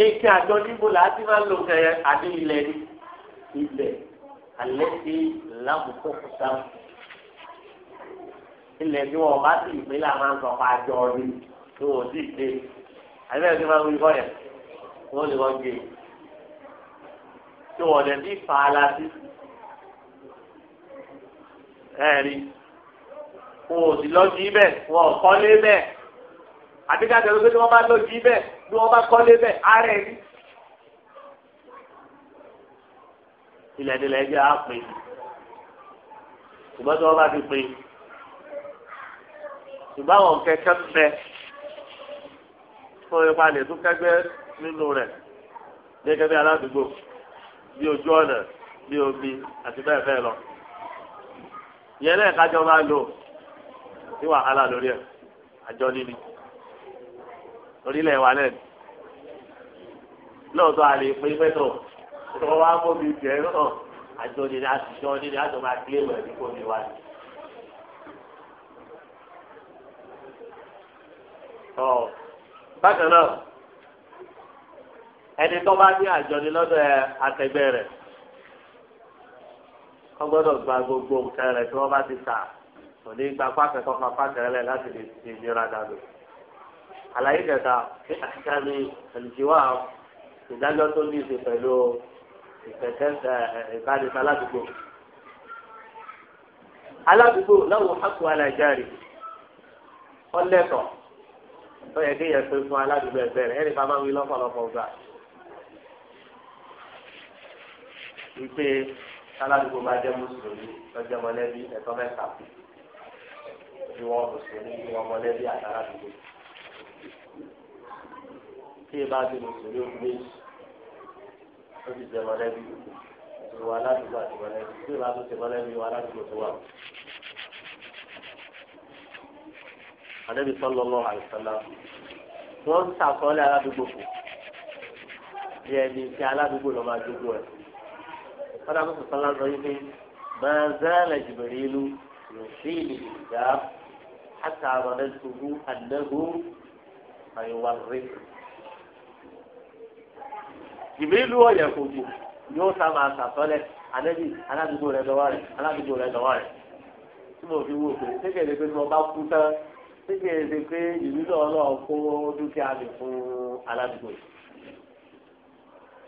èké àjọ níbo làásì máa lo kẹyẹ àdé ilẹ̀ ni ilẹ̀ alẹ́ ti lámùkó kúta ilẹ̀ tí wọn bá sì ìpínlẹ̀ máa ń sọ pa àjọ rí tí wọn ò sì gbé àbí ẹ̀ ti máa ń wí kọ́ yẹn wọn ẹ̀rí wọn ò sì lọ́jì bẹ́ẹ̀ wọn ò kọ́lé bẹ́ẹ̀ àti ká tẹ̀lé pé tí wọ́n bá lọ́jì bẹ́ẹ̀ bí wọ́n bá kọ́lé bẹ́ẹ̀ ara ẹ̀rí. ilẹ̀ nílẹ̀ ẹgbẹ́ á pè é ṣùgbọ́n tí wọ́n bá ti pè é ṣùgbọ́n àwọn kẹ̀kẹ́ bẹ fún ipa lè tún kẹgbẹ́ nínú rẹ̀ gẹ́gẹ́ bí aládùúgbò bí ojú ọ̀nà bí omi àti bẹ́ẹ̀ bẹ́ẹ̀ lọ ìyẹn náà kájọ máa lò sí wàhálà lórí ẹ̀ àjọ níní orílẹ̀ wa náà lóòótọ́ àlè pé pẹ́tọ̀ tó wá mọ́bi jẹ́ náà àjọ níní àtijọ́ níní àjọ máa kílé wẹ̀ ní kò ní wá ní. bákan náà ẹni tó bá ní àjọ ní lọ́dọ̀ akẹgbẹ́ rẹ̀ wọ́n gbọ́dọ̀ gba gbogbo nǹkan rẹ̀ tí wọ́n bá ti tà kò ní gba pákẹ́kọ̀ọ́ kan pákẹ́rẹ́ lẹ̀ láti lè ti nira dànù. àlàyé kẹta ní àṣìṣe ni ẹnìjíwá ìdájọ́ tó ní ìṣe pẹ̀lú ìfẹ̀kẹ́sẹ̀ ìbánisá aládùúgbò. aládùúgbò láwọn hàkú aláìjáre ọlẹ́tọ̀ tó yẹ kéèyàn pé fún aládùúgbò ẹgbẹ́ rẹ̀ ẹ̀rí bàbá mi lọ́pọ̀lọpọ̀ gbà. wípé aládùúgbò bá jẹ́ mùsùlùmí lọ́jọ́ mọ̀lẹ́bí ẹ̀tọ́ mẹ́ta ìwọ mùsùlùmí ìwọ mọ̀lẹ́bí àtàládùúgbò tí ẹ bá ti mùsùlùmí ó gbé ó ti jẹ mọ̀lẹ́bí ìwọ aládùúgbò àti mọ̀lẹ́bí tí ẹ bá tó ti mọ̀lẹ́bí ìwọ aládùúgbò tó wà. àdébí sọlọ lọ àìsàlá wọn ń sàkọọ́lẹ̀ aládùúgbò kù bí ẹni tí aládùúgbò lọ máa dúgbò ẹ̀ kọ́dà kó sọ̀tàn lásán yìí pé máa zálà jìbìrìlù yòṣìlì ìjà hàtà àrọ̀lẹ́ tuhu àdẹ́hu àyẹ̀wò rẹ̀. jìbìrìlù ọ̀yẹ̀ kò jù yóò sá máa sàtọ́lẹ̀ àdẹ́bí aládùúgbò rẹ̀ lọ́wọ́ rẹ̀ aládùúgbò rẹ̀ lọ́wọ́ rẹ̀ tí mo fi wò pé sékèlè pé mo bá kú tán sékèlè pé ìlú náà náà kó dúkìá mi fún aládùúgbò yìí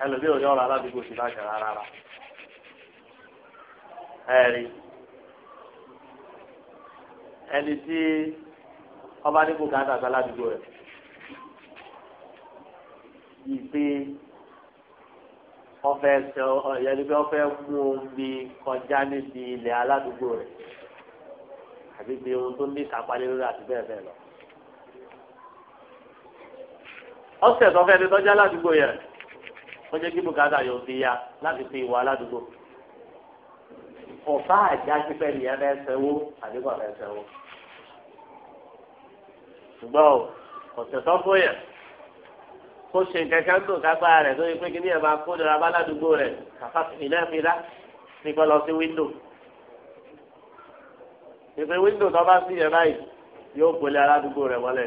ẹlòmíràn yọ̀ọ̀rọ̀ aládùúgbò sí láṣẹ rárá rárá. ẹ̀rí ẹni tí ọba nípò kan tàbí aládùúgbò rẹ̀ ìpè ọfẹ ṣe ọyẹni pé ọfẹ mú omi kọjá níbi ilẹ̀ aládùúgbò rẹ̀ àbí bí ohun tó ní lórí àti bẹ́ẹ̀ bẹ́ẹ̀ lọ. ọ̀sẹ̀ tó fẹ́ẹ́ ní tọ́jú aládùúgbò yẹn ó jẹ́ kí bùkátà ya láti fi ìwà aládùúgbò. ọ̀fà àjàgbẹ́fẹ́ nìyẹn fẹ́ sẹ́wó àdínkù fẹ́ sẹ́wó. ṣùgbọ́n o ọ̀sẹ̀ tó bóyá kó ṣe kẹ̀kẹ́ ń dùn kápá rẹ̀ tó yẹ pé kí ní ẹ̀ máa kó nira báládùúgbò rẹ̀ kàfá iná fi rá nípa lọ sí wíńdò. ìpè wíńdò tó bá sí yẹn báyìí yóò gbélé aládùúgbò rẹ̀ wọlé.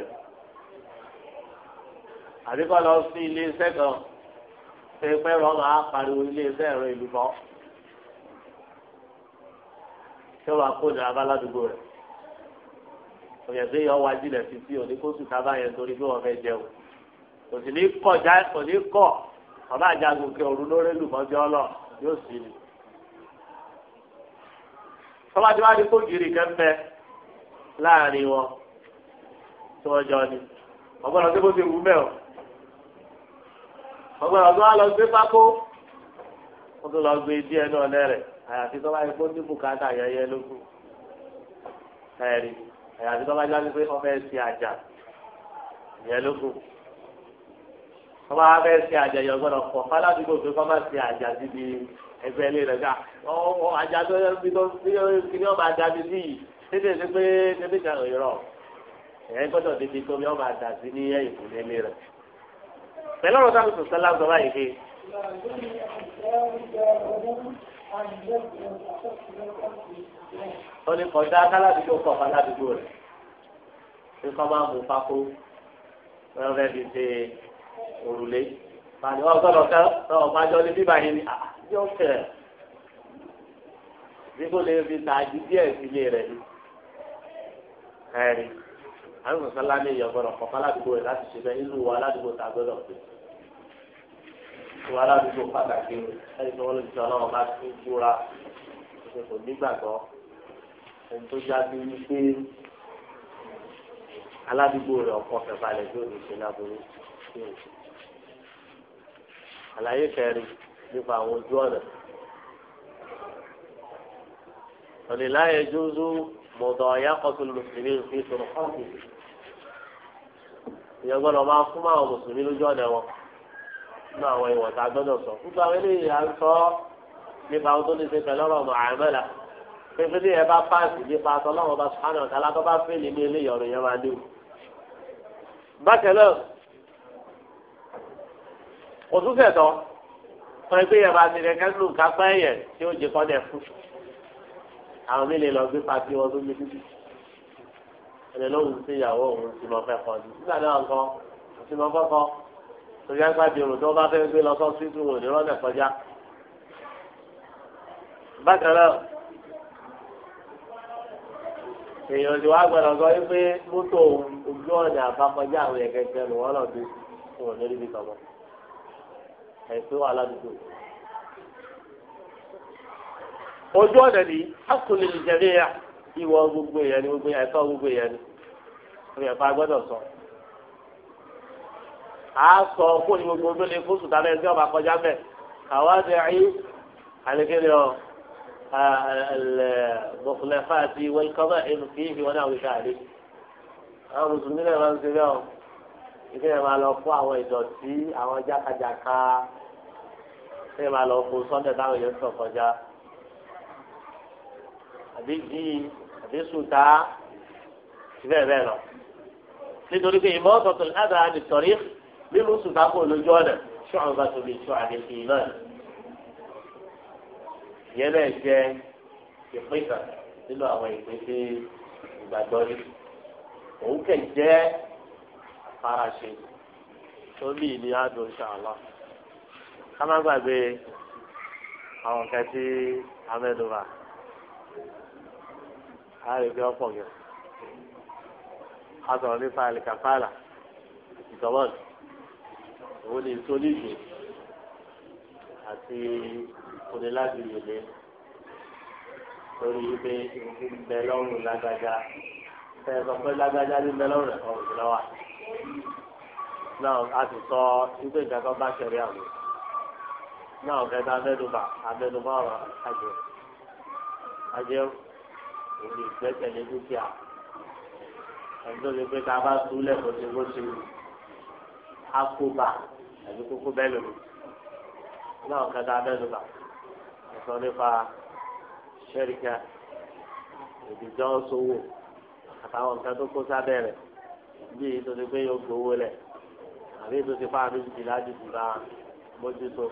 àdínkù lọ sí ilé iṣẹ́ kan ṣe pẹ́ rọ́ máa pariwo ilé iṣẹ́ ẹ̀rọ ìlú kan tí wọ́n bá rẹ̀ òyìn yọ wá jìnà títí òní kó yẹn torí pé wọ́n fẹ́ jẹun kò ní kọ̀ já kò kọ̀ ọba àjagun kí ọ̀run lórí lùmọ́jọ́ lọ yóò sì ní. tọ́ba tí wọ́n kó gírì kẹ́ńpẹ́ láàrin wọn tí wọ́n jọ ni ọgbọ́n ọdún bó ti wù mẹ́ o ọgbọ́n ọdún lọ gbé pákó wọ́n tún lọ gbé díẹ̀ náà lẹ́rẹ̀ẹ́ àyàfi tó bá yẹ kó ní bùkátà yẹyẹ lókun ẹ̀rí àyàfi tó bá yẹ pé ọmọ ẹ ṣe àjà yẹ lókun ọmọ abẹ ṣe àjà yẹ gbọ́dọ̀ kọ fàlàdúgbò pé kọmá ṣe àjà síbi ẹgbẹ́ ilé rẹ ká ọ àjà tó yẹ kí ni ọmọ àjà mi sí yìí tètè ṣe pé tètè ṣe àròyìn rọ ẹ gbọ́dọ̀ tètè tó mi ọmọ àjà sí ní ìkùnlé ilé rẹ pẹ̀lú ọ̀rọ̀ sáà tó sọlá gbọ báyìí pé ó ní kọjá káládùúgbò kọ̀ káládùúgbò rẹ̀ pé kọ́ máa mú fako wọ́n fẹ́ fi ṣe òrùlé pàdé wọn gbọ́dọ̀ kẹ́ ọ máa jọ ní bíbá yìí ni ah, yóò kẹ̀ dípò lè fi tààjú díẹ̀ sílé rẹ̀ ni ẹ̀rí àwọn sọ̀sọ́ lámì ìyọ̀ gbọ́dọ̀ kọ̀ káládùúgbò rẹ̀ láti ṣe bẹ́ẹ̀ nínú wa aládùúgbò tá a gbọ́dọ̀ pè ìwà aládùúgbò pàtàkì o ẹni tí wọ́n lè ti ọlọ́run bá tún búra ṣe kò nígbàgbọ́ ẹni tó jáde wípé aládùúgbò rẹ̀ ọkọ̀ fẹ̀balẹ̀ tí ò ní ṣe láboyún. àlàyé kẹrin nípa àwọn ojú ọ̀nà. ọ̀nìlá yẹn józó mọ̀tọ̀ ọ̀yá kọ́tún fi sọ̀rọ̀ kọ́ọ̀tù. ìyẹn gbọ́dọ̀ máa fún àwọn mùsùlùmí lójú ọ̀nà wọn nínú àwọn ìwọ̀n tá a gbọ́dọ̀ sọ gbogbo àwọn eléyìí à ń sọ nípa ohun tó ní ṣe pẹ̀lú ọ̀rọ̀ mọ̀ọ́mọ́lá pépé ní ẹ bá páàsì nípa aṣọ ọlọ́run bá sùpánà ọ̀tàlá tó bá fèlè ní eléyìí ọ̀rọ̀ yẹn máa léwu. bákan náà kò tún fẹ̀ tán wọ́n gbé yẹn máa tẹ̀lé kẹ́lù kápẹ́ yẹn tí ó jẹ kọ́dẹ̀ fún àwọn mi lè lọ gbé pàtí wọn tó lébi bí lóhùn sí ìyàwó òun ti lọ fẹ́ kọ́ ni torí agbábi òrùn tí bá fẹ́ gbé lọ sọ sí ìdúró ní rọ́lẹ̀ kọjá.
bákan náà èèyàn ti wá gbọ́dọ̀ sọ wípé
mọ́tò ojú ọ̀nà àbákọjá àwọn ẹ̀kẹ́ tẹ lù wọ́n lọ́dún fún òun lórí bíkan mọ́ ẹ̀sìn wà ládùúgbò. ojú ọ̀nà ni akùnrin ìwọ gbogbo èèyàn ni gbogbo ẹ̀kọ́ gbogbo èèyàn ni. ìyẹn fa gbọ́dọ̀ sọ a sọ fún ní gbogbo tó lè fún sùtàlẹ̀ ẹgbẹ́ ọba kọjá bẹ̀ àwádìí ayé àlekele ọ bọ̀kùlẹ̀fà àti wẹ́lkọ́mà ẹnu kì í fi wọn àwùjọ àlè àwọn mùsùlùmí náà máa ń ṣe bẹ́ẹ̀ ọ ìdí ẹ̀ máa lọ fún àwọn ìdọ̀tí àwọn jákàjàká ṣé ẹ̀ máa lọ fún sọ́ndẹ̀ táwọn èèyàn sọ kọjá àbí bíi àbí sùtà bẹ́ẹ̀ bẹ́ẹ̀ lọ nítorí pé ìmọ̀ ọ̀tọ̀tọ̀ ní àdáhà ní tọ̀rí nínú sùtàkù lójú ọ̀nà ṣọ́ọ̀bà tóbi ṣọ́ àdéhùn náà yẹn náà jẹ́ ìpínsà nínú àwọn ìpín tí ìgbàgbọ́ rí òun kẹ̀ jẹ́ faraṣe tó bí ní adùn ṣàlọ́ ká má gbàgbé àwọn nǹkan tí amẹ́dùnmá a lè ọ̀pọ̀ yẹn a sọ̀rọ̀ nípa àlìkàfàlà ìtọ́wọ́sì òun ni ìtòlíjì àti ìkónilágbèlè lórí wípé ìbẹ lọ́rùn lágbájá fẹ́ẹ́ sọ pé lágbájá ní bẹ lọ́rùn ẹ̀kọ́ òun lọ́wọ́ náà a sì sọ wípé nǹkan kan bá ṣẹlẹ̀ àwọn náà ọ̀fẹ́ tá abẹ́nubà abẹ́nubà àjẹ àjẹ òun ni ìgbẹ́kẹ̀lé dúkìá ẹ̀dọ́ ni pé ká bá túlẹ̀ kó ṣe bó ṣe akóbà àbí kókó bẹ́ẹ̀ lòmí náà kẹta abẹ́nuba sọ nípa ṣẹ́ríkà ìdìjọ́ sówó àtàwọn nǹkan tó kó sábẹ́ rẹ̀ bíi tó ti pé yóò gbowó lẹ̀ àbí tó ti fáwọn méjì láti dùnà mójútó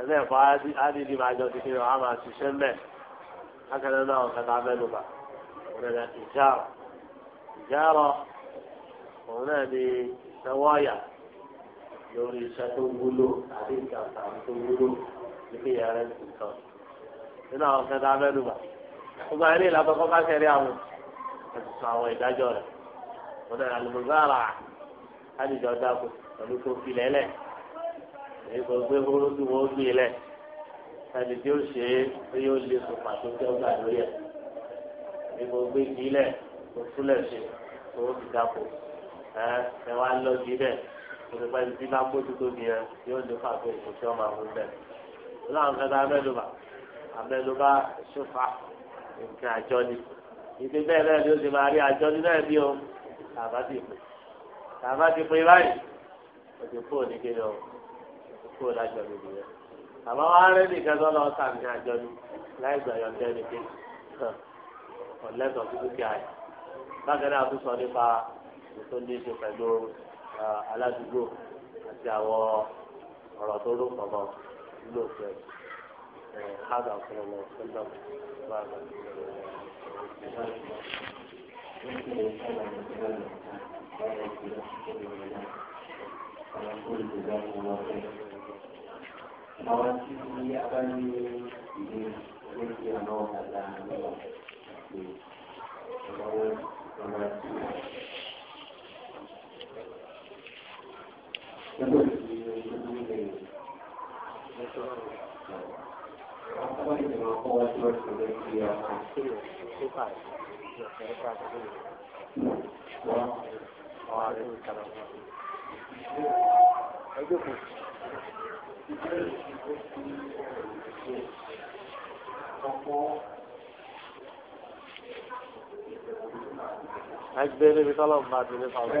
ẹgbẹ́ ẹ̀fọ́ ádìdì máa jọ títí rẹ̀ wọ́n á máa ṣiṣẹ́ mẹ́ akẹ́lẹ́ náà kẹta abẹ́nuba òun náà ìjárọ̀ ìjárọ̀ òun náà ni ìṣẹ́wọ́ ọ̀yà lórí iṣẹ́ tó wúlò àti ìjàmbá tó wúlò níbi ìyàrá ìtàn nínú àwọn kẹta abẹ́dùbà gbogbo àwọn eléyìí lábẹ́kọ́ bá kẹrí àwọn ẹ̀sùn àwọn ìdájọ́ rẹ̀ wọ́n dẹ̀ alùpùpù àdìjọ dáko pẹ̀lú tó fi lẹ́lẹ̀ èyí kò gbé horo tí wọ́n gbé lẹ̀ ẹni tí ó ṣe é pé yóò lé sùn pàtó tí ó gbà lórí ẹ̀ èyí kò gbé kí lẹ̀ kò túlẹ̀ ṣe kò ó ti dáko ẹ ẹ wá lọ sí bẹ́ẹ̀ òṣèpá ibi máa mójú tó ní ẹ yóò ní fàgbé ìṣòṣì ọmọ àwọn ọmọ ẹ láwọn kan náà mẹ́lòmá àmẹ́lòmá ṣùfà nǹkan àjọ ni ìdí bẹ́ẹ̀ náà ni ó ti máa rí àjọ ní náà ní o tàbá ti pè tàbá ti pè báyìí o ti kúrò ní kéde o ti kúrò lájọ ní ìdíyẹ àmọ́ wọn arẹ́ nìkan tó lọ sàmì àjọ ni láì gbà yọ̀ ǹdẹ́ ni kéde ọ̀lẹ́tọ̀ dúkìá yìí bákan náà aládùúgbò àti àwọn ọ̀rọ̀ tó ló pọ̀ mọ́ ló fẹ́
hádà ọ̀sán lọ sọ́dọ̀ bá a Àwọn Ẹgbẹ́
níbi tọ́lọ̀ ń bá ti ní fàwọn.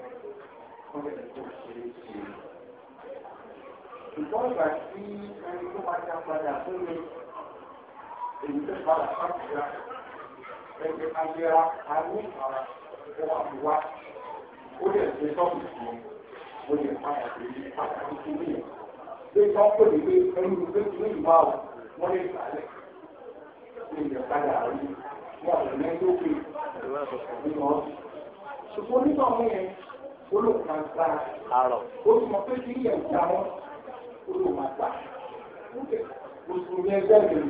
kọ́lẹ̀ ìgbà tí ẹni tó máa dá padà fún mi, èyí tó padà pàtìlá, ẹgbẹ́ agbẹ́ra, ayé ìfara, ó wà fún wa. Ó lè ṣe sọ́ọ̀bù fún mi, ó lè padà sí pàtàkì sí mi. Ṣé sọ pé ìwé ẹni ìwé ti ní ìwà o, wọ́n lè gbà lẹ̀. Ṣé ìyẹn padà rí? Wọ́n lè mẹ́tò pé ìwé ọ̀sán. Ṣùgbọ́n nígbà wọ́n yẹn olùkàgbà àrọ̀ olùmọ̀ pé kí yẹ̀ ìjà wọn olùmọ̀gbà mùsùlùmí ẹgbẹ́ mi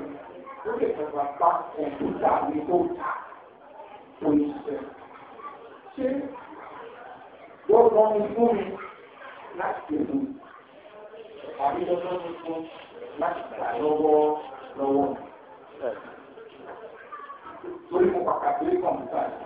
ó lè kàgbà pa kọ̀ǹpútà mi tó ta oníṣẹ́ ṣé wọ́n rán mi fún mi láti mú àbí lọ́dọ́ mi fún láti gbà lọ́wọ́ lọ́wọ́ torí mo pàkàtúrí kọ̀ǹpútà yìí.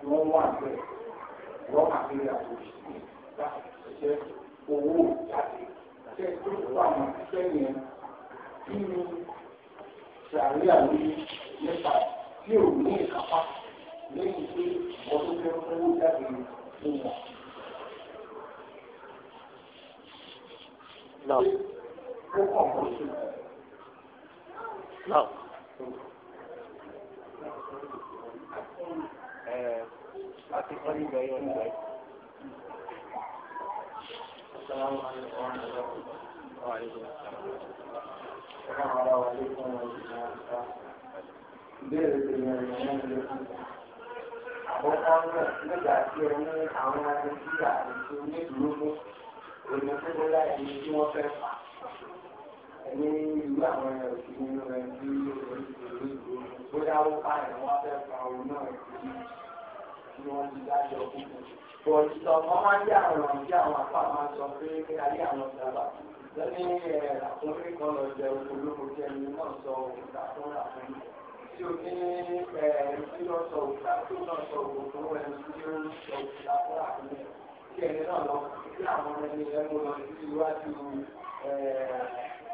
tí wọ́n wà bẹ́ẹ̀ wọ́n máa fi àtò ìṣẹ̀lẹ̀ láti ṣiṣẹ́ owó jáde ṣe tó wà ní iṣẹ́ yẹn kí ni ṣàrí àwọn nípa tí ò ní ìkápá lẹ́yìn pé ọdún fẹ́ owó jáde fún wọn. Now. Now àti sọ́yìn ìgbà yóò nígbà yìí.
السلام عليكم ورحمة الله
وعليكم السلام السلام عليكم ورحمة الله ìbéèrè tó yẹ ẹ̀yẹ náà ló kù. àkọ́kọ́ náà nígbà tí ẹ ẹni tí wọ́n fẹ́ fà ẹni ìlú àwọn ẹ̀rọ sí inú rẹ̀ ní ìlú bóyá ó ká ẹ̀rọ wá fẹ́ fa òun náà tí wọ́n ti dájọ́ kú. Bọ̀dùsọ̀ ọmọ máa ń jẹ́ àwọn ọ̀rọ̀ àwọn àpá máa sọ pé kí ayé àwọn sábà. Lẹ́ni àkúnrí kan lọ jẹ olówó jẹ ẹni náà sọ òkúta tó rà fún mi. Tí o ní tí lọ sọ òkúta tó lọ sọ òkúta tó ẹni sọ òkúta tó rà fún mi. Kí ẹni náà lọ sí àwọn ẹni ẹnu lọ sí iwájú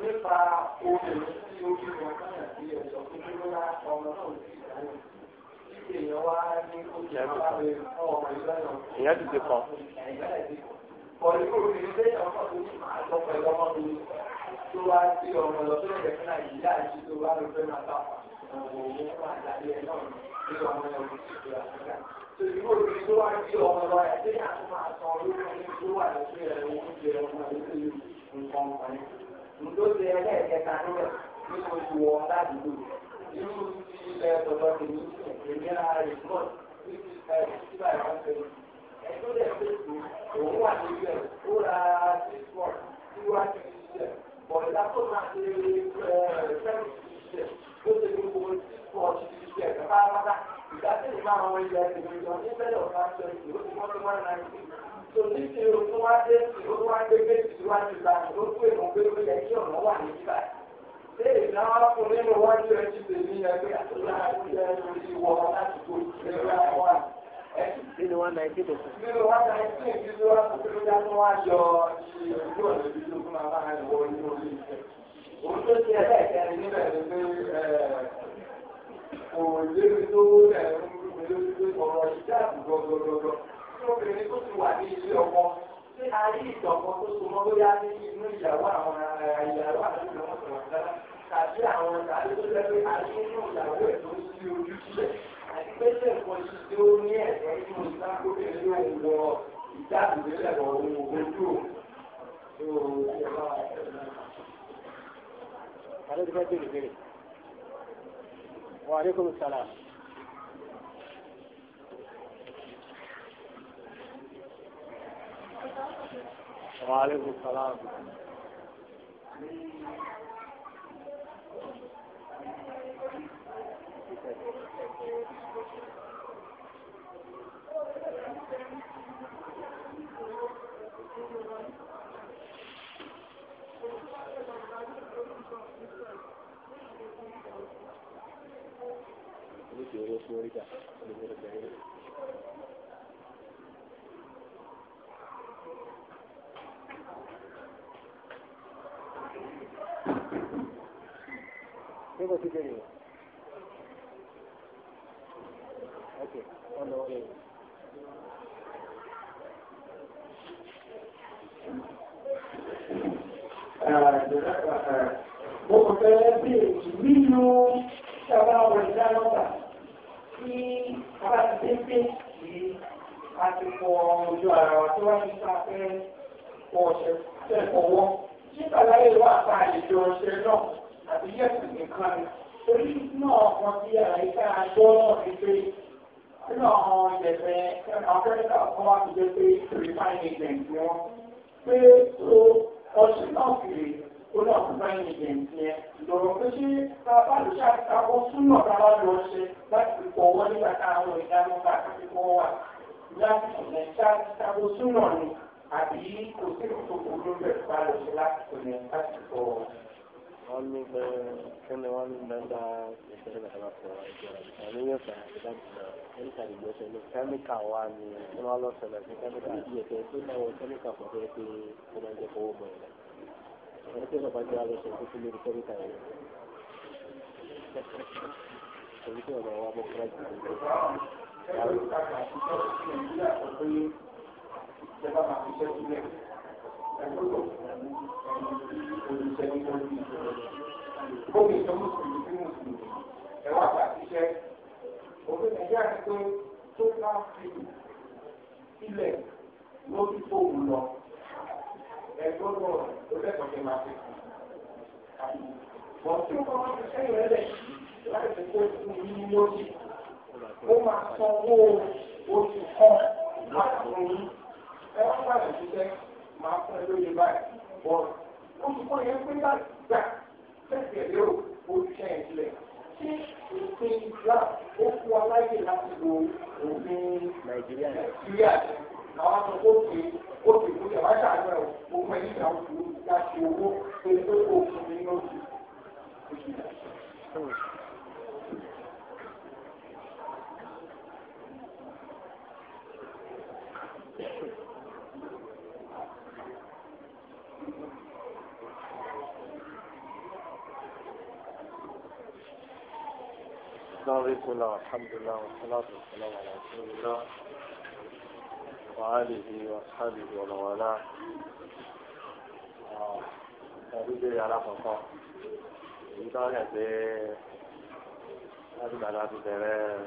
nípa obìnrin tí ó bí wọn kọ́nà sí ẹ̀sọ́ tó dúró lá ọmọ náà sí ìdáhùn. Èèyàn wá ní oṣù àbáwẹ̀ ọmọ ìlànà. Ìyá ti ti kọ. Ọ̀rẹ́ obìnrin lẹ́yìn ọmọ tó ní màá sọ pẹ̀lú ọmọ mi tó wá sí ọmọ lọ tó lẹ̀ fún àyíká àti tó wá lọ fẹ́ máa bá ọ̀wọ̀ owó fún àdáyé ẹ̀ náà ní ọmọ ẹ̀ òkú sí ìjọba àgbà. Tòjú obìnrin tó wá sí ọmọ lọ ẹ̀ lẹ́yìn àti máa sọ olóògùn tó wà lọ́sẹ̀ ẹ̀ owó jẹ ọmọ ẹ̀ lórí nǹkan kan ńdó ṣe ẹlẹ́ẹ̀kẹta níbẹ̀ nínú oṣù wọn ládùúgbò nínú ti ilẹ̀ tọ̀dọ̀ tèmi èmi ara rẹ̀ pọ̀ ní ti síbà ìwọ̀n tẹ̀lé ẹ̀tọ́ dẹ̀ ṣe tó òun wà níbẹ̀ ó ra six one two one two six bọ̀ máa ṣe seven six six ó ṣe gbogbo six one six six ẹ̀ka pátápátá ìdásílẹ̀ máa wọ ilẹ̀ tèmi lọ níbẹ̀ lọ́ọ́ bá ṣe ìlú tí wọ́n ti wọ́n náà ń tòní ti o tó wá dé o tó wá dé gbé síwájú ta ló pé mo gbé ó yẹ kí ọ̀nà wà ní bíbá ṣé ìná wa fún nínú wájú ẹ ti lè ní ẹgbẹ́ àtúnlá àti ẹnu ìwọ láti kó ìlera wà nínú wa náà ìdílé fún. nínú wa náà ìdílé fún ìdílé wa fún kí dá fún wa yọ ìlú ọ̀nà ìdílé fún bàbá rẹ̀ wọ inú orí ìfẹ́. òun tó ti ẹlẹ́ẹ̀kẹrin níbẹ̀ ni pé kò lébi tó rẹ̀ ń lórí pé ọ̀rọ̀ ìjà àbúgbọ̀gbọ̀gbọ̀ tí obìnrin tó ti wà ní ilé ọkọ tí a rí ìtọ̀kọ́ tó so mọ́ bóyá ní inú ìyàwó àwọn eh, ìyàwó àdúgbò wọn sọ̀rọ̀ sára tàbí àwọn tàbí tó jẹ́ pé a rí inú ìyàwó ẹ̀ tó sí ojú sílẹ̀ àti pé ṣe nǹkan ṣe tí ó ní ẹ̀sẹ̀ tí mo sá lóbìnrin ló ń wọ ìdáàbòbò lẹ́wọ̀ ojú òun. Aleykum salaam. وعليكم السلام Thank you. Tengo que tener. Ok, cuando voy a ir. Mo kò fẹ́ bèèrè nínú sábà ọ̀rọ̀ ìdánọ́gbà tí a bá ti dé pé kí a ti fọ ojú ara wa tó wá ní sáfẹ́ ọ̀sẹ̀ tẹ̀ fọwọ́. Ṣé kàlàyé wà fún àlejò ọ̀sẹ̀ náà? àbí yẹ̀sùn nìkan ni torí inú ọkàn tí àyíká àjọ náà ti pé nínú àwọn ìdẹ̀fẹ́ afẹ́ríkà kan wá ti jẹ́ pé rìfáìnì ìdẹ̀ǹtì wọn pé tó ọṣù náà kiri ó náà rìfáìnì ìdẹ̀ǹtì yẹn lọ́rọ̀ pé ṣé bàbá ló ṣàkóso súnà bàbá lọ ṣe láti fọwọ́ nígbà táwọn ìdáná bá ti fọwọ́ wà láti ṣẹlẹ̀ ṣàkóso súnà ni àbí kò sí òkòkò ló bẹ̀rẹ̀ bá lọ ṣe láti ṣẹlẹ̀ láti wọ́n ní
pé kí ni wọ́n ń dẹ́gbà ìṣẹ́lẹ̀ kàkàlà fún ọ ní yóò fẹ́ àtìdájọ́ ní ìtàdìgbò ṣẹlẹ̀ kẹ́míkà wa ni kí wọ́n lọ ṣẹlẹ̀ sí kẹ́míkà yìí ẹ̀kẹ́ tó náwó kẹ́míkà
fún ọ pé kó máa jẹ́ kówó bọ̀ ẹ̀rẹ̀ ẹni tí bàbá jẹ́ alẹ́ ṣẹlẹ̀ tó lórí kẹ́míkà yẹn èyí tí ọ̀nà wa mọ̀ kúrẹ́ jù lọ. Gómìnà ìjọ mùsùlùmí sí mùsùlùmí ẹ̀wọ̀n àtàkìṣẹ́ òfin nàìjíríà ti pé tó bá fi ilẹ̀ lórí fóònù lọ ẹ̀gbọ́n náà ló lẹ́tọ̀ọ́ máa fi kù. Wọ́n tí ó bá rẹ̀ lẹ̀ láti fi kó fún yín ní lójì. Ó máa sanwó oṣù kan láti fún yín. Ẹ wá máa fún ẹ lóye báyìí bọ́ olùkọ́ yẹn pé láti gbà fẹ́ẹ̀fẹ́ lérò olùṣẹ́ yẹn sílẹ̀ ṣé òfin ìgbà ó fún aláyè láti lo òfin nàìjíríà àwọn àti òkè òkè òkè wá ṣàgbẹ̀ òfin ẹ̀yìn náà kú láti owó pé ó kó òfin nínú òfin.
بسم الله والحمد لله والصلاة
والسلام على رسول الله وآله
وأصحابه ومن والاه àdúgbò yàrá kọ̀ọ̀kan èyí tó rẹ̀ pé láti gbàdá ti bẹ̀rẹ̀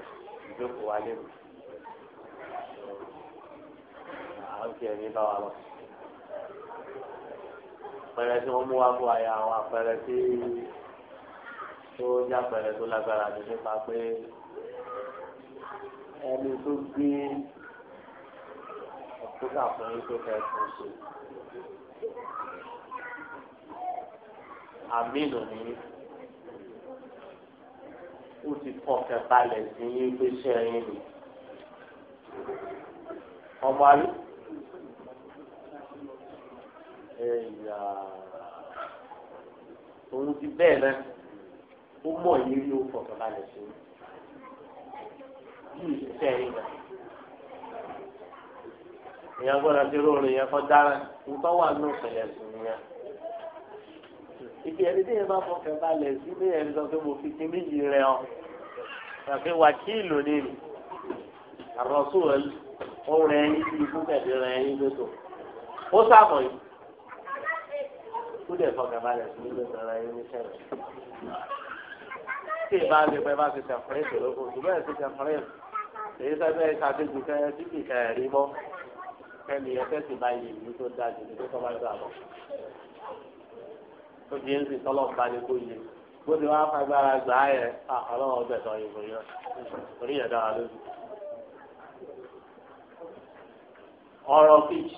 ìjókòó wáyé mi à ń fi ẹ̀mí bá wa lọ. pẹ̀lẹ́ tí wọ́n mú wá fún wa yà àwọn àpẹẹrẹ tí tó jápẹrẹ tó lágbára jù nípa pé
ẹni tó gbé ọ̀pọ̀lọpọ̀ àfọyín tó fẹ́ fún ṣe.
àmínú ni
ó ti fọkàn balẹ̀ sí gbèsè ẹyin ni ọmọ àlù ẹ̀yà òun ti bẹ́ẹ̀ náà ó mọ̀ yín ló fọ̀tọ̀ balẹ̀ sí i yìí ṣiṣẹ́ yín náà èèyàn gbọ́dọ̀ ti róòrùn yẹn kọ́ dára nǹkan wà ní òṣèlè sùn yẹn ibi ẹni tí yẹn bá fọkàn balẹ̀ sí ní ẹni sọ pé mo fi ti méjì rẹ ọ àfi wàkíìlù ni àròsù ọ̀hún rẹ yín ti ikú tẹ̀lé rẹ yín lóto ó sàmọ̀ yìí kúdẹ̀ fọkàn balẹ̀ sí ní lóto rẹ yín sẹ́yìn
tí ìbá lè pẹ́ bá ti tẹ̀fúnrẹ́ ìṣòro
kò jù bẹ́ẹ̀ ti tẹ̀fúnrẹ́
èyí sábẹ́ ìṣàdéjù kẹrẹ títì kẹrẹ rí mọ́ kẹ́mi ẹ̀fẹ́ sì
bá yẹ ìlú tó dájú ní tó tọ́ba gbà lọ. ó di ẹ̀sìn tọ́lọ̀ ń bá ní kó yẹ bó ti wá fagbára gbà á yẹ ọlọ́wọ́ ọgbẹ̀ tọ́ ìbò yẹn orí yẹn dára lójú. ọ̀rọ̀ kejì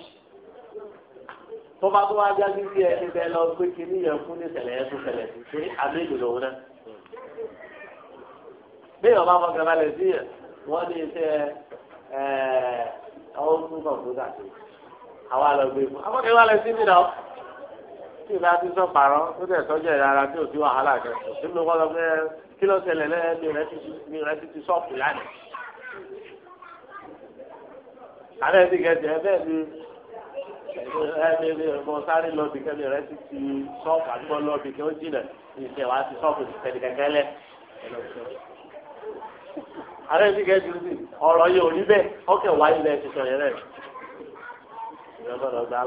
tó bá tó wá jáde sí ẹ bí ìyọ̀bá fọkàn balẹ̀ sí yẹn wọ́n ní iṣẹ́ ọwọ́ fún kọ̀ǹpútà sí àwọn àlọ́gbé fún afọkàn balẹ̀ sí mi náà tí ìlà ti sọ pààrọ̀ tó tẹ̀ sọ́jà ìlara tí ò sí wàhálà kẹ nínú wọn lọ pé kí ló ṣẹlẹ̀ lẹ́yìn mi rẹ ti ti sọ́ọ̀pù lánàá.
alẹ́ ti kẹ̀jẹ̀ bẹ́ẹ̀ ni
ẹni mo sáré lọ́ọ̀bì kẹ́mi rẹ ti ti sọ́ọ̀pù àdúgbò lọ́ọ̀bì kẹ́ ó jìnà ìṣẹ̀wá ti sọ́ọ̀pù ti tẹ̀lé kẹ́kẹ́ lẹ̀ ààrẹ ti kẹ́ ju sí ọ̀rọ̀ yìí ò ní bẹ́ẹ̀ ọkẹ́ wá ilẹ̀ ti yẹn rẹ̀. ìyẹn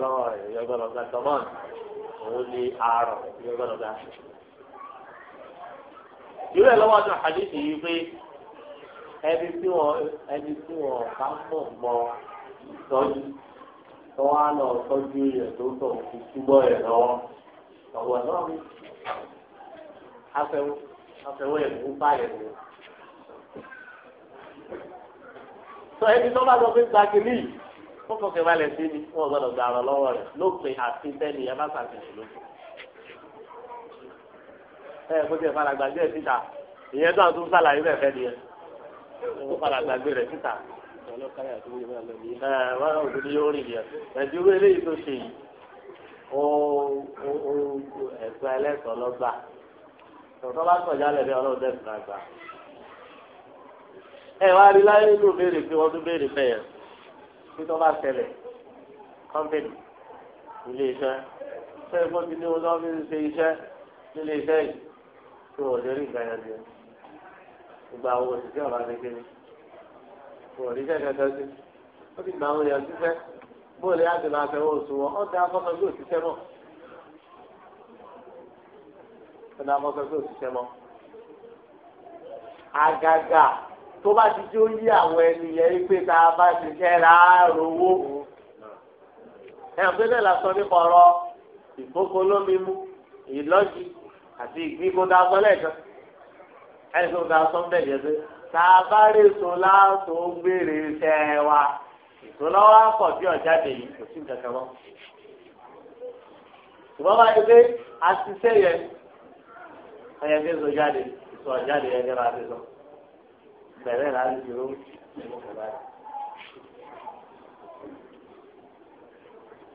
lọ́wọ́ rẹ̀ ìyẹn gbọ́dọ̀ òun ni àárọ̀ ìyẹn gbọ́dọ̀ gba. ìrẹ̀ lọ́wọ́ àti àdìsí yìí pé ẹni tí wọ́n
ẹni tí wọ́n bá mọ̀ mọ́ ìtọ́jú
tó wá lọ tọ́jú rẹ̀ tó tọ̀ fi túbọ̀ rẹ̀ lọ́wọ́ ọ̀wọ̀ náà afẹ́wọ́ sọ ẹni tó bá sọ pé gbàgìrì ó fọkàn balẹ̀ sí ni wọn gbọdọ̀ gba ọ̀rọ̀ lọ́wọ́ rẹ̀ lópin àti bẹ́ẹ̀ni ẹ bá sàtìlẹ̀ lóko. ẹ kó tiẹ̀ fara gbàgbé ẹ̀ síta ìyẹn tó àtúntò sàlàyé bẹ́ẹ̀ fẹ́ ni ẹ kó fara gbàgbé rẹ̀ síta. ẹ wọn ò ní yóò rìn yẹn nàìjíríà eléyìí tó ṣe yìí ó ẹ̀sọ́ ẹlẹ́sọ̀ lọ́gbà tọ́tọ́ bá sọ̀jà lẹ́bẹ̀ẹ́ ọlọ́run ẹ wá rí láyé nínú béèrè pé wọ́n tún béèrè fẹ́ yẹn kí tó bá ṣẹlẹ̀ kọ́mpẹ́nì ilé iṣẹ́ ṣé ẹ gbọ́dọ̀ ní wọn lọ́wọ́ fi ṣe iṣẹ́ nílé iṣẹ́ yìí tó wọ́n lè rí nǹkan yẹn jẹ ìgbà wo òṣìṣẹ́ ọ̀la ti kiri wọ́n ò ní iṣẹ́ kẹta sí ó ti gbà àwọn èèyàn ṣiṣẹ́ bóòlù yá ti máa fẹ́ oṣù wọn ọ̀dà afọ́fẹ́ bí òṣìṣẹ́ mọ̀ ọ̀dà afọ́fẹ́ bí òṣìṣẹ́ mọ̀ àgàgà tó bá ti tí ó yí àwọn ènìyàn yìí pé tá a bá ti kẹ́ra rówó. ẹ̀yàn pé la sọ nípa ọ̀rọ̀ ìkókó lómi mú ìlọ́jì àti ìgbígbó tá a sọ lẹ́ẹ̀kan ẹni tó ta sọ bẹ́ẹ̀ yẹn pé tá a bá rí èso láàtò gbére iṣẹ́ wa èso lọ́wọ́ àpọ̀ bí ọ̀jáde yìí kò sí nǹkan mọ́. ṣùgbọ́n bá yẹ pé a ti ṣe yẹn fi sọ jáde ìsọ̀ jáde ẹ̀yẹ bá sọ bẹ̀rẹ̀ láti fi owó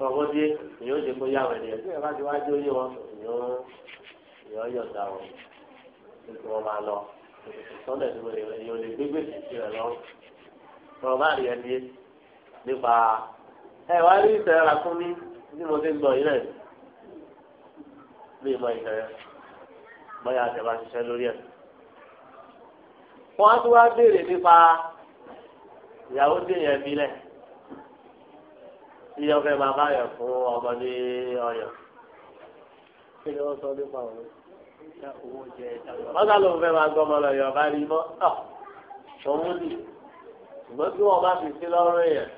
ọkọ dé èyí ó ṣe kó yá wẹ̀lẹ̀ ẹ̀ bá ti wájú ó yé wọn èyí ó yọ̀ǹda wọn nítorí wọn máa lọ sọ́dọ̀ tí mo èyí ò lè gbégbé sí rẹ̀ lọ sọ̀rọ̀ bá rí ẹ nípa ẹ wá rí ìṣẹ̀lẹ̀ ràkúnmí bí mo ti ń gbọ́ yìí náà bí mo ìṣẹ̀lẹ̀ bóyá àti ẹ̀ bá ṣiṣẹ́ lórí ẹ̀ wọn tún wá béèrè nípa ìyàwó dèèyàn bílẹ̀ tí ọkẹ bàbá yẹ fún ọmọ ní ọyọ. kí ni wọ́n sọ nípa òun? wọ́n sá lóun fẹ́ máa gbọ́ ọmọ lọ bá rí mọ́ ọ̀ òun ṣùgbọ́n tí wọ́n bá fi sí lọ́rùn yẹn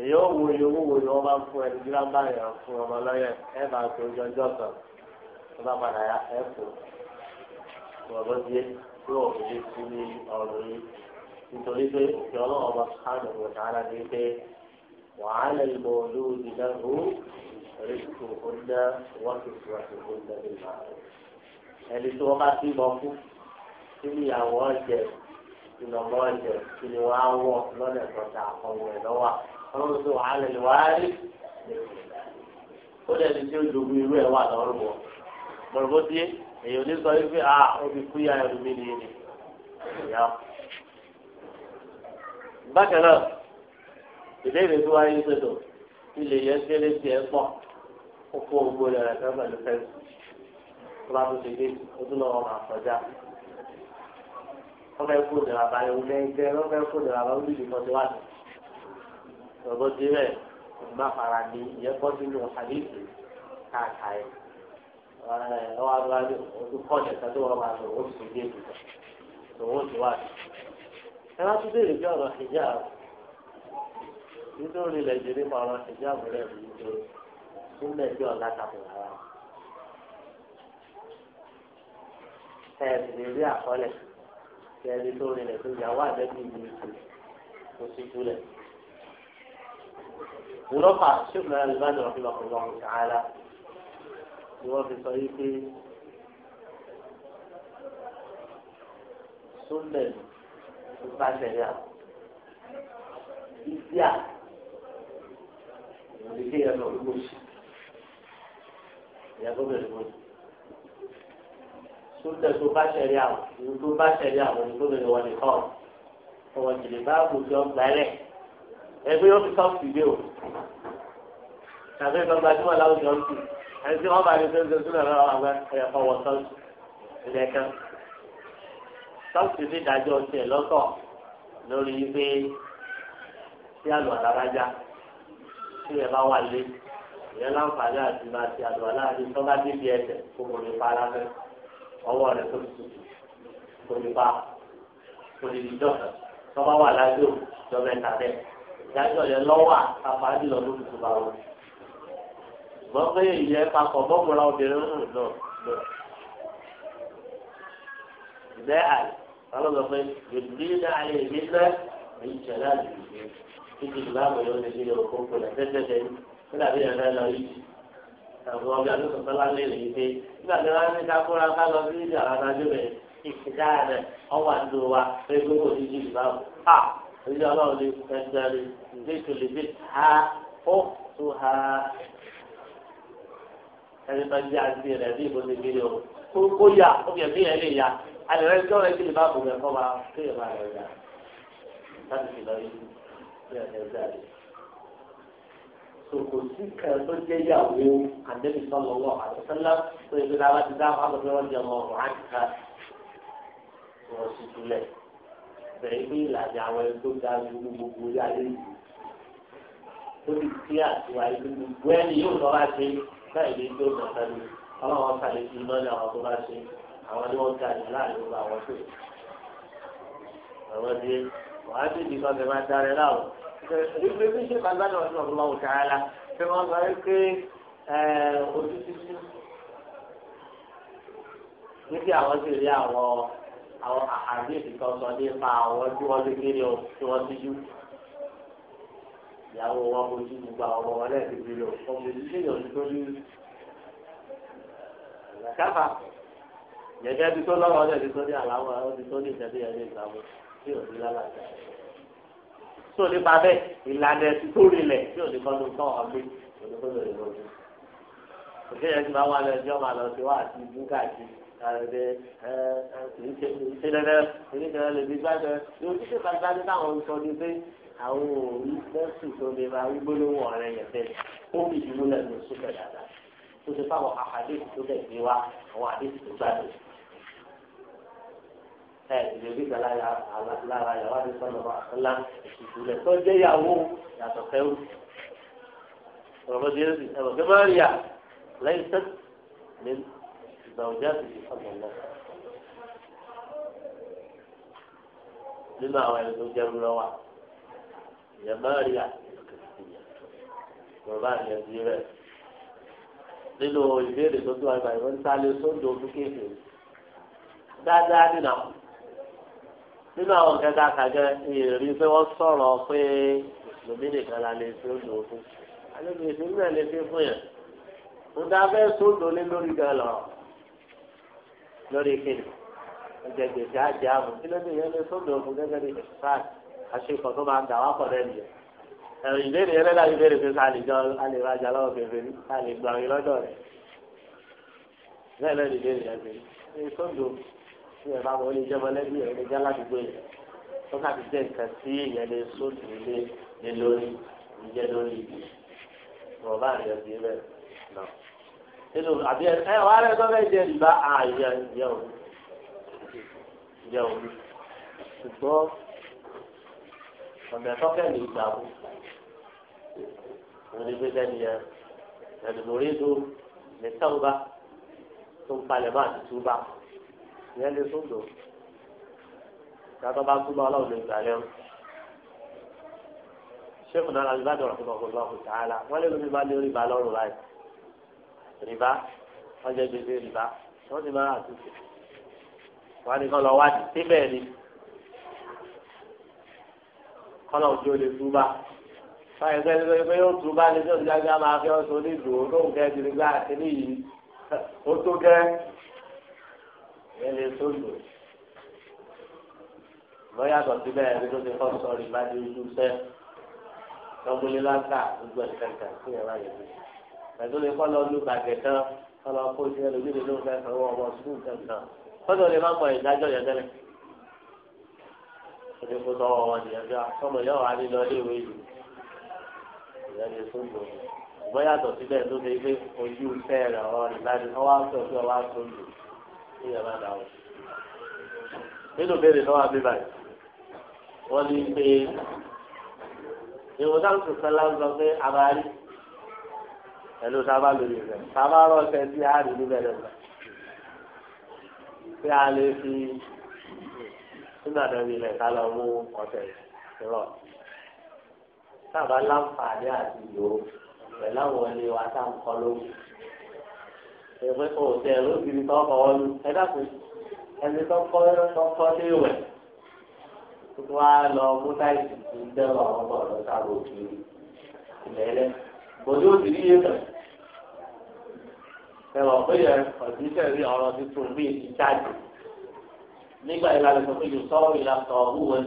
èyí ó wo iye wo ni wọ́n bá ń fún ẹni gíga bá yẹn fún ọmọ lọ́yẹ̀ ẹ bá tó jọjọ́ kan tó bá padà yá ẹ fún ọmọ díẹ̀ tí ò ní sí ní ọ̀rọ̀ yìí nítorí pé ìfẹ́ ọlọ́run ọba sùhánù ọ̀tá ara ní pé wàhálà ìmọ̀ olóòdì lẹ́hu rísìkò ọ̀nà wọ́pẹ̀sì wàṣẹ̀kọ̀ ọ̀nà ìgbà ẹni tí wọ́n bá ti mọ fún kí ni ìyàwó ọ̀jẹ̀ ìlọ́mọ ọ̀jẹ̀ kí ni wọ́n á wọ̀ lọ́nà ìtọ́jà àkọ́wọ́ ẹ̀ lọ́wọ́ ọlọ́run tó wàhálà ìwárí ó dẹ̀ ti tí ó jogún irú ẹ̀ wà lọ́rùn bọ̀ bọ̀rọ̀ bó dé èyí ò ní sọ wípé a omi kú ya ẹrù mi nìyí ni ìyá bákan náà ìbéèrè tó wáyé sọdọ ilé yẹn kéré tiẹ̀ pọ̀ ó kó gbogbo rẹ̀ rẹ̀ kẹfà ló fẹẹ tó bá tó ṣe dé ó tún lọ́wọ́ máa kọjá wọ́n fẹẹ kó ìdèrà bá yẹn wọlé ẹgbẹ́ wọ́n fẹẹ kó ìdèrà bá wọlé ìdìbò tó wà ní ọgbọ́n tí bẹ́ẹ̀ ìgbà fara ní ìyẹn kọ́ sínú àdéhùn káàkiri lọ́wọ́ agbájú ojú kọ́ọ̀dù ẹ̀ka wọ́n máa lò ó sì dé ìlú tó wọ́n ti wá sí. ẹ má tún béèrè bí ọ̀rọ̀ hijab nítorí ilẹ̀ ìjẹ́rí pa ọ̀rọ̀ hijab rẹ̀ ní ìjọ sílẹ̀ bí ọ̀la tàbí rárá. ẹ rí àkọọ́lẹ̀ kí ẹni tó rinlẹ̀ tó yà wá àdẹ́bí ìlú ìlú tó sì júlẹ̀. ìlọ́pàá ṣùgbọ́n àlùbáàdì ọ̀fìn ọ̀fìn ọ̀hún ni wọ́n fi sọ yí pé súnlẹ̀ nípa
ṣẹ̀yà ìdíà ìdílé yẹn lọ lóko sí
ìyá gómìnà lóko sí
súnlẹ̀ tó bá ṣẹ̀yà ìlú tó bá ṣẹ̀yà òní gómìnà wọn nìkan ọmọ jìnnì bá kù sí ọgbà ẹlẹ ẹgbẹ́ yóò fi sọ́ọ̀tì gbé o tàbí ìgbàgbọ́ àti wọn làwọn yọ̀ tù ẹni tí wọ́n bá ní sẹ́ńsẹ́ sínú ẹ̀rọ àwọn ẹ̀yẹ fọwọ́ sọ́ọ̀sì ilẹ̀ kan sọ́ọ̀sì ní ìdájọ́ tiẹ̀ lọ́tọ̀ lórí pé tí àlọ́ àdárájá tí ẹ bá wà lé ìyẹn láǹfààní àti máa ti àlọ́ aláàbí tó bá débi ẹsẹ̀ kó mo lè pa ara rẹ̀ ọwọ́ rẹ̀ tó tutù kò lè pa kò lè dìjọ́ tó bá wà lájò jọ mẹ́ta bẹ́ẹ̀ ìdájọ́ yẹn lọ́wọ́ àtàfà jùlọ lórí tó bá wọlé ṣùgbọ́n pé ìyẹ papọ̀ mọ́múra obìnrin hàn náà náà. ìbẹ́ àlè ọlọ́dọ̀ pé yòdì ní àlè mi náà mi ń jẹ láti ìgbé títí ìgbàgbọ́ yóò lè gbé òkú kúlẹ̀ tẹ́tẹ́tẹ́ nígbà tí yàrá lọ yìí àwọn ọbẹ̀ àdókò sọ́lá lè rí i pé nígbà tí wọ́n á ní ká ká lọ sí ìjà àwọn adájọ́ rẹ̀ ìdáàdẹ̀ ọwọ́ àdó wa pé gbogbo òjijì ìbáwò. a ìjọba ọlọ́run ní ẹgbẹ́ rẹ̀ ìdí ìtòlẹ́bí ha ó tó ha ẹni tó jẹ́ àti rẹ̀ bí ìbò ti gbélé o kó yà ó yẹ bí yẹn lè yà alẹ́ rẹ̀ tó rẹ̀ kí lè bá bò mẹ́kọ́ máa tó yẹ máa rẹ̀ yà láti fi lọ yìí bí ẹ̀ ẹ̀ jáde. Sòkò sí kan tó jẹ́ yàwó àdébí sọ́lọ́ wọ̀ àdébísọ́lá tó yẹ kí lára ti dá àwọn àgbẹ̀fẹ́ wọn jẹ ọmọ ọ̀rọ̀ àyíká wọn sì túlẹ̀. Bẹ̀rẹ̀ pé ìlànà àwọn ẹni tó ga ju gbogbo yà lé yìí. Ó ti kí àtiwáyé gbogbo ẹni yóò lọ́ra ṣe é láì lè gbé ọ̀nà sáré ọlọ́wọ́ sáré sí iná ní àwọn tó bá ṣe àwọn ni wọ́n ga jù láàrin gbogbo àwọn tó àwọn ti wàá ti di kan fẹ́ máa darí láwọ̀ ìgbé bí ṣe máa gbádùn ọdún ọ̀gbọ́n ọ̀tá ara fẹ́ máa sọ pé ojú títí níbi àwọn sì rí àwọn àwọn àdéhùn kan sọ nípa àwọn tí wọ́n ti kéré o tí wọ́n ti yú ìyàwó wa ojú gbogbo àwọn ọmọ rẹ̀ ti gbèrò ọmọ ìlú ṣèyàn tó ní káfà gẹ́gẹ́ bí tó lọ́wọ́ ọdẹ ti tó ní àláwọ̀ ọdẹ tó ní ìjẹ́bí ẹ̀ ní ìgbàmù tí ò ní lálàjà. tó nípa bẹ́ẹ̀ ìlànà ẹ̀sìn tó rinlẹ̀ tí ò ní kọ́ ló ń tọ́ ọ̀gbẹ́ òdòdó rẹ̀ lọ́jọ́. òkè yẹn ti máa wà lọ́jọ́ máa lọ sí wá àti búkà àti àrẹ̀dẹ̀ ìṣẹ̀lẹ̀ ìṣẹ̀lẹ̀ lè fi gbàgbẹ́ àwọn òun fẹ́sùn tó lè ra gbólóhùn ọ̀rẹ́ yẹn bẹ́ẹ̀ ó fi ìdúró lẹ́nu sókè dáadáa tó ti fáwọn àhàdéhùn tó bẹ̀ gbé wá àwọn àdéhùn tó gbàdé. ẹ ìdílé gbígbà lára yàrá ní sọ́nà àkọlá ìdúlẹ̀ tó jẹ́ ìyàwó yàtọ̀ fẹ́rù. ọ̀rọ̀mọdé ẹ̀sìn ẹ̀rọ̀ kẹ́ máa rí à lẹ́yìn sẹ́t ní ìgbàwọ̀já ti fi sọ̀rọ̀ nínú àwọn ẹ̀rọ tó jẹ́ yamaria yorùbá yẹn ti rẹ nínú ìbéèrè tó tó àgbà ìwọ ń sálẹ sóńdò fún kéèké dáadáa nínú àwọn nínú àwọn kẹta kàjẹ ìrírí pé wọn sọ̀rọ̀ pé lómi nìkan la lè sóńdò fún alẹ́bí ìṣèlú náà lè fi fún yẹn ń dá fẹ́ sóńdò lé lórí gan lọ lórí kéèké ọjà gbèsè àjẹ àbò kí ló yẹn lè sóńdò fún gẹ́gẹ́ bí ìṣèlú àṣekọ̀ tó máa ń dà wá pọ̀ lẹ́nu yẹn ẹ̀rù ìbéèrè yẹn lẹ́la ìbéèrè pé sáà lè jọ alẹ́ rajà lọ́wọ́ bèbè ní sáà lè gba àwọn lọ́dọ̀ rẹ̀ bẹ́ẹ̀ lẹ́nu ìbéèrè yẹn pé ní sọ́dọ̀ ní ẹ̀ bá wọn lè jẹ́ mọ́lẹ́bí ẹ̀ lè jẹ́ aládùúgbò yẹn tó ká ti jẹ́ nǹkan tí ìyẹn lè sóòtù lé lé lórí ìjẹ́ lórí ìwọ̀n bá àyẹ̀ bí bẹ́ẹ̀ náà nínú àbí ẹ wàá rẹ tó ọ̀nà tọ́kẹ́ lè gbà wò òun ni gbẹdẹ nìyẹn ẹnìmọ̀rí tó lè tẹ́wọ́ba tó ń palẹ̀ máa ti túbà ìyẹn lè tó dò ìyàtọ̀ bá túbà ọlọ́run lè gbà lẹ́wọ̀n sẹ́kù náà láti bá dọ̀rọ̀ fún ọkọ̀ lọ́kùn tààlà wọ́n lé lómi bá lé orí ba báyìí rìbá wọ́n jẹ́ gbèsè rìbá wọ́n ti máa àtúntò wọ́n á ní lọ wá síbẹ̀ ni kọ́nà òjò lè túbà báyìí pẹ́ẹ́lú pé pé yóò túbà ní sọ́dún dájú á máa fi ọ̀sán onídùú olóhùn kẹ́ẹ́ ti ní gbà kíní yìí ó tó kẹ́ ẹ lè tó lò lọ́yà tó ti ẹni tó ti kọ́ sọ̀rọ̀ ìbádìí ojú sẹ́ lọ́gbọ́lé láńkà gbogbo ẹ̀ kẹ̀kẹ́ sí ẹ̀ láyé mi ẹ̀dùn lè kọ́ lọ kan kọ́ kó sí ẹlòmíràn ló ń fẹ́ fẹ́ wọ́n ọmọ sùkúù ojú kó tọwọ́ wọn nìyẹn bí sọmọ yóò wá nílọ iléèwé yìí ìyẹn lè fún mi ṣùgbọ́n yàtọ̀ síbẹ̀ tó ṣe pé ojú fẹ́ rẹ̀ ọ̀rọ̀ rẹ̀ láti wọ́n wá sọ pé ọwá tó lù kí ìyẹn dà o. nínú béèrè náà wà bíbà yìí wọ́n ní pé ìwọ̀n táwọn sọ̀tàn láwùjọ pé abárí pẹ̀lú sábà lórí rẹ̀ sábà rọ̀ ṣẹ́ àárín níbẹ̀ rẹ̀ pé a lè fi nígbà tó rí ilẹ̀ ká lọ mú ọ̀sẹ̀ rọ̀ sábà láǹfààní àti ìlò pẹ̀lú àwọn ilé wa tá à ń kọ́ lóhùn. ẹ̀fẹ́ kò tẹ̀ lóbìrì tó kọ́ wọn lu ẹ dákun ẹni tó kọ́ tó kọ́ dé ìwẹ̀ tuntun wa lọ mú táìsì tó ń dẹ́rọ àwọn ọmọ ọ̀dọ́ sábà òkè ilẹ̀ ẹlẹ́ kò ní òsì níye tẹ̀. ẹ̀wọ̀n pé yẹn ọ̀dí tẹ̀lé ọ̀rọ̀ tuntun bíi ìjáde nígbà yìí lálẹ́ sọ pé yóò sọ̀rọ̀ yìí lásán ọ̀hún wọn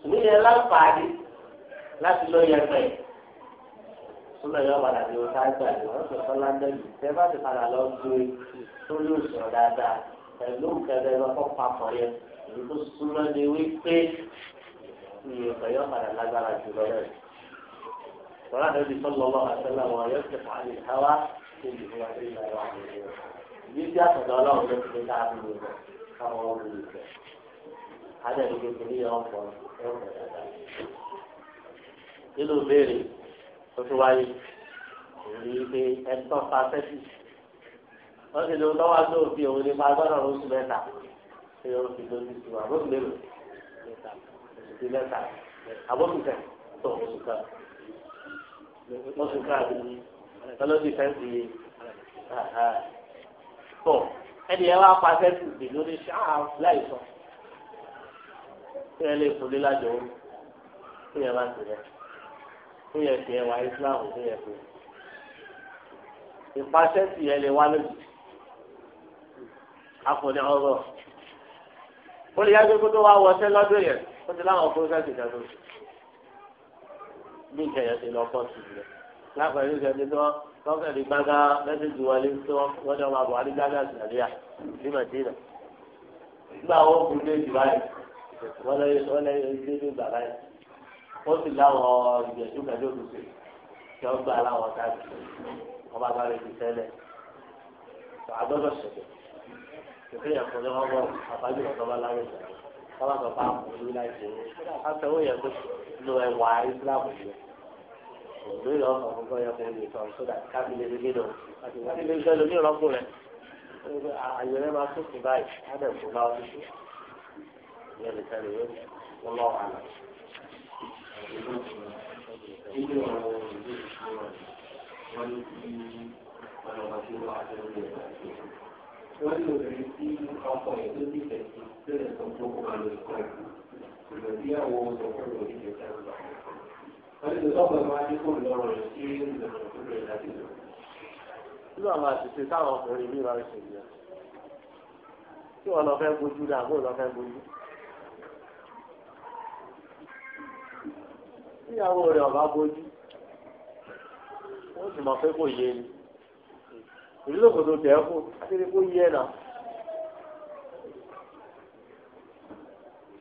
ṣùgbọ́n yẹn láǹfààní láti lọ yẹn pẹ̀ sọlá yóò padà di ọ̀tá gbà yìí wọ́n sọ sọ́lá dẹ́yìn tẹ́ bá ti padà lọ gbé sórí òṣùwọ̀n dáadáa pẹ̀lú kẹlẹ́ lọ́kọ́ papọ̀ yẹn èyí tó súnmọ́ ni wípé ìyẹ̀pẹ̀ yóò padà lágbára jù lọ rẹ̀ sọlá dẹ́yìn sọ́lá ọlọ́run àtẹ́lẹ̀ wọn yóò ti pàdé káwá tó yìí fún wa káwọn ọmọ mi fẹ́ adẹ́nu kékeré yẹn ọ̀pọ̀ ẹ̀kọ́ dáadáa nínú béèrè tó fi wáyé òní pé ẹ̀tọ́ fa sẹ́sì wọ́n ti lo lọ́wọ́ tó fi òun nípa gbọ́dọ̀ oṣù mẹ́ta ṣé o fi lójú sí wa lóṣù mélòó oṣù tí mẹ́ta àbóṣù tó oṣù kan oṣù kan àbí ọlọ́dún fẹ́ǹsì yìí tó ẹni ẹ wá pa sẹ́sì ìgbè lórí ṣáà ah, láì sọ kí ẹ lè fòlé lájọ ó kí ẹ bá ti rẹ kí ẹ fi ẹwà Islam kí ẹ fi ìpasẹ́sì ẹ lè wá lójú àfọ̀nì ọ̀rọ̀ ó lè yájú kó tó wá wọṣẹ́ lọ́dún yẹn ó ti láwọn fúrúkẹ́sì kan lóṣù bí ìkẹyẹ ti lọ pọ̀ sí i rẹ̀ lápẹ̀lú ìṣẹ́ni tí tọ́kẹ̀ ní gbága mẹ́sẹ̀jì wọlé tí wọ́n ní ọmọ àbúrò gbága ní màdínà
nígbà wọn kú
ní ìdìbò ayé wọ́n lé ilé ní bàbá yìí ó sì láwọn ìgbẹ̀jú pẹ̀lú olùsè tí wọ́n gbà láwọn káàkiri wọ́n bá bá rẹ̀ ti tẹ́lẹ̀ tó agbọ́dọ̀ ṣẹ̀dẹ̀ ìpín ẹ̀kọ́ ní wọ́n bọ̀ àbájú ọ̀tọ́ bá láyé ìṣẹ̀lẹ̀ wọ́n bá sọ fún àwọn olùláyé òǹdó yọ ọmọ ọmọ yọ kó lè sọ sódà kábílẹ̀ nílé lọ àti wọ́n nílé iṣẹ́ lómi ìrọ́pò rẹ̀ àyẹ̀rẹ́ máa tó kù
báyìí ádẹ̀ kó bá ọdún tó yẹ lè tẹ̀lé yóò wọ́n lọ́wọ́ àná. lọ sí Nínú àwọn àṣìṣe táwọn ọkùnrin mi máa ń ṣe nìyẹn.
Tí wọ́n lọ fẹ́ bójú dáa, bóun lọ fẹ́ bójú. Níyàwó rẹ̀ ọ̀bá bójú. Wọ́n sì mọ̀ pé kò yé ni. Ìlú lòkòtò tẹ̀ ẹ́ kù, àti ní kò yé náà.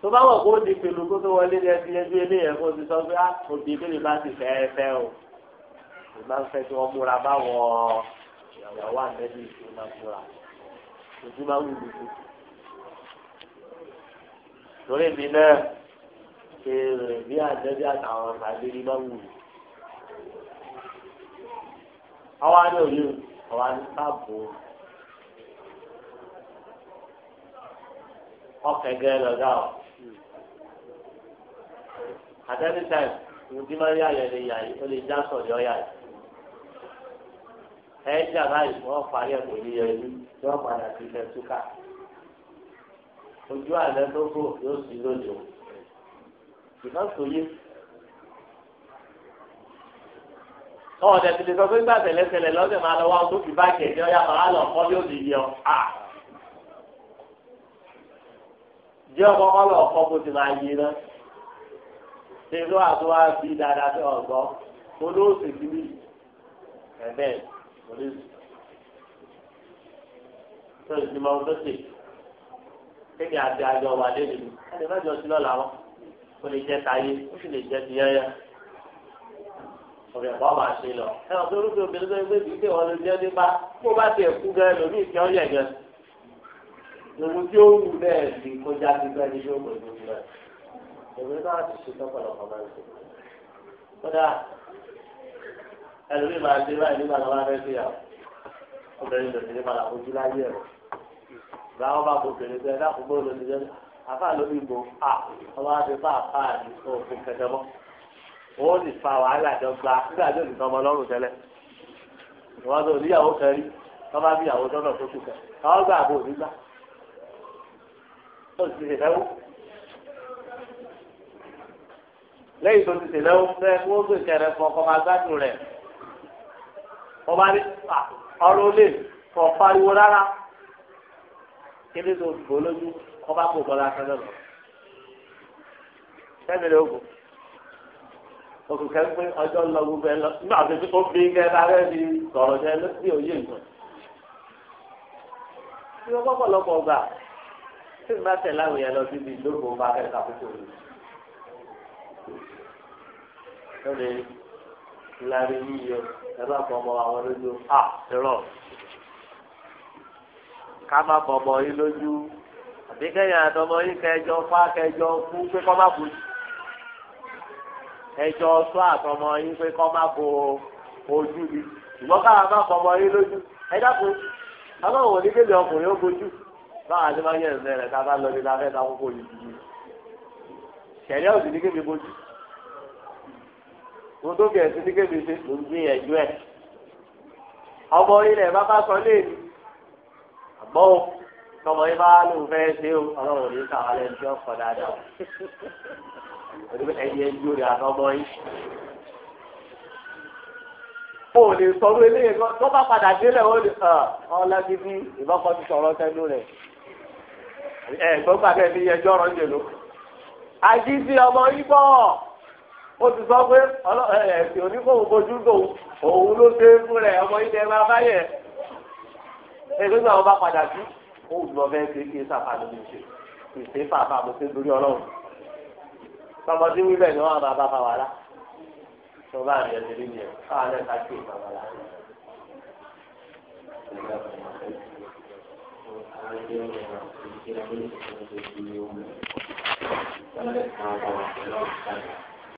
tó bá wọ̀ kó di pẹ̀lú kó tó wọlé ní ẹbí ẹbí eléyẹ kó ti sọ pé á ah, òbí ìbéèrè bá ti fẹ́ fẹ́ o kò máa ń fẹ́ kí wọ́n múra báwọ̀ ìyàwó àmẹ́bí tó máa múra ojú máa wù lùkù. torí mi náà ṣe rìn bí àjẹbí àtàwọn ìpàdé ní máa wù lù. àwa òye àwa ní sáàbù ọkẹ gẹ lọgá o at any time tí máa ń yà lè yà ó lè já sọ̀ ní ọ̀yà yìí. ẹ jà báyìí wọ́n parí ẹ̀ pẹ̀lú yẹnu yóò padà sí ilẹ̀ túkà. ojú àlẹ́ tó kù yóò sí lóde o. ìfọ́sọ̀ yé. ọ̀dẹ̀ ti lè sọ pé gbà tẹ̀lẹ́tẹ̀lẹ́ lọ́sẹ̀ máa lọ wá tó fi báàkì ẹ̀jẹ̀ ọ̀yà máa lọ kọ́ yóò di yẹ ọ́ jẹ́ ọkọ̀ kọ́ bó ti máa yé náà ṣe ló àtúwá bí dáadáa sí ọ̀gbọ́n mo ló sì ti bí ẹ̀bẹ̀ mo lè sùn. tó o ti mọ ohun tó ṣe kéde àti àjọ wà lẹ́nu ẹni mẹ́jọ sí lọ́la wọn ó lè jẹ́ táyé ó sì lè jẹ́ tiyẹ́yẹ́ ọ̀rẹ́ bá máa ṣe lọ. ẹ ọ̀dọ́ orúkọ obìnrin tó ń gbé bíi wọn ló jẹ́ nípa bó bá ti ẹ̀kú gan lómi ìfẹ́ ọ̀yẹ̀ gan. lòun tí ó wù bẹ́ẹ̀ ni kó já sí bẹ́ẹ̀ ní yóò pẹ̀lú èmi náà ti ṣe tọ́pọ̀lọpọ̀ máa ń ṣe. kódà ẹlòmíì máa dé báyìí nígbà tó bá fẹ́ sí yàrá obìnrin lòdì ní padà fojú láyé rẹ̀ báwọn bá bo obìnrin bẹ́ẹ̀ dákun bó lòdì jẹ́ àfáà lórí ìbò à ọba ti bá àfáà ní òfin kẹtẹ wọ́n sì fa wàhálà jọ gba nígbà tó nìkan ọmọ lọ́rùn tẹ́lẹ̀ ìwọ́n tó níyàwó kan rí bá bí ìyàwó tọ́nà tó kù kan àwọn gbà àbò nígbà tó sì ṣe fẹ́ wò. lẹ́yìn tó ti tẹ́lẹ̀ ń fẹ́ kó gbé kẹrẹ fún ọkọ máa gbádùn rẹ̀ ọba ní ọ̀rọ̀ olè kọ pariwo rárá kíni tó gbó lójú ọba kò bọlá sẹlẹ lọ sẹmi lè ogun ogun kẹ pé ọjọ́ ń lọ gbogbo ẹ lọ nígbà tó ti kó bí kẹ bá rẹ di sọ̀rọ̀ jẹ lórí òye nǹkan tí wọn kọkọ gbà tí n bá láwùjọ lọ síbi ìdókòwò bá kẹ lónìí lárí yíyọ ẹ bá àwọn lójú à irọ́ ká má bọ̀bọ̀ yín lójú àbí kẹ́yìn àtọmọ yín kẹjọ fá kẹjọ kú pé kọ́ má bójú ẹjọ sọ àtọmọ yín pé kọ́ má bo ojú mi ṣùgbọ́n káwa má bọ̀bọ̀ yín lójú ẹ dákun ọlọ́run ò ní kéde ọkùnrin ó bojú báwa ti máa yẹ ẹ̀sẹ̀ rẹ̀ ká bá lọ nílá fẹ́ kókó yìí ṣẹ̀lẹ́ òsì ní kéde bojú mo tó kẹ̀ sí ṣe ló ń gbìyànjú ẹ̀ ọmọ ilẹ̀ bá bá sọ léèrè àmọ́ o tọmọ yín bá lóun fẹ́ ṣe o ọlọ́run ní sàwọn alẹ́ ní ọkọ̀ dáadáa ẹ̀yẹ ń lórí àtọmọ yín o lè sọ̀rọ̀ eléyè tó bá padà délẹ̀ ó lè ọlọ́dí bí ìbọ́kọ̀ ti sọ̀rọ̀ tẹnu rẹ̀ ẹ̀ gbọ́gbàgbẹ́ mi yẹjọ́ ọ̀rọ̀ ń jèlò àjíṣe ọmọ yín bọ̀ ó ti sọ pé ẹ̀sìn oníkòwò bojú lòun òun ló ṣe fún rẹ̀ ọmọ ilẹ̀ máa bá
ẹgbẹ́
náà bá padà sí òun lọ bẹ́ẹ̀ ṣe kí sáfà ló ti ṣe ìṣe fàfà mo ṣe lórí ọlọ́run. tọmọdé wíbẹ̀ ni wọ́n á máa bá fa wàhálà. tó bá rìn ẹ̀sìn nínú ẹ̀ káwọn ẹ̀ ká kí ìgbà wàhálà
rẹ̀.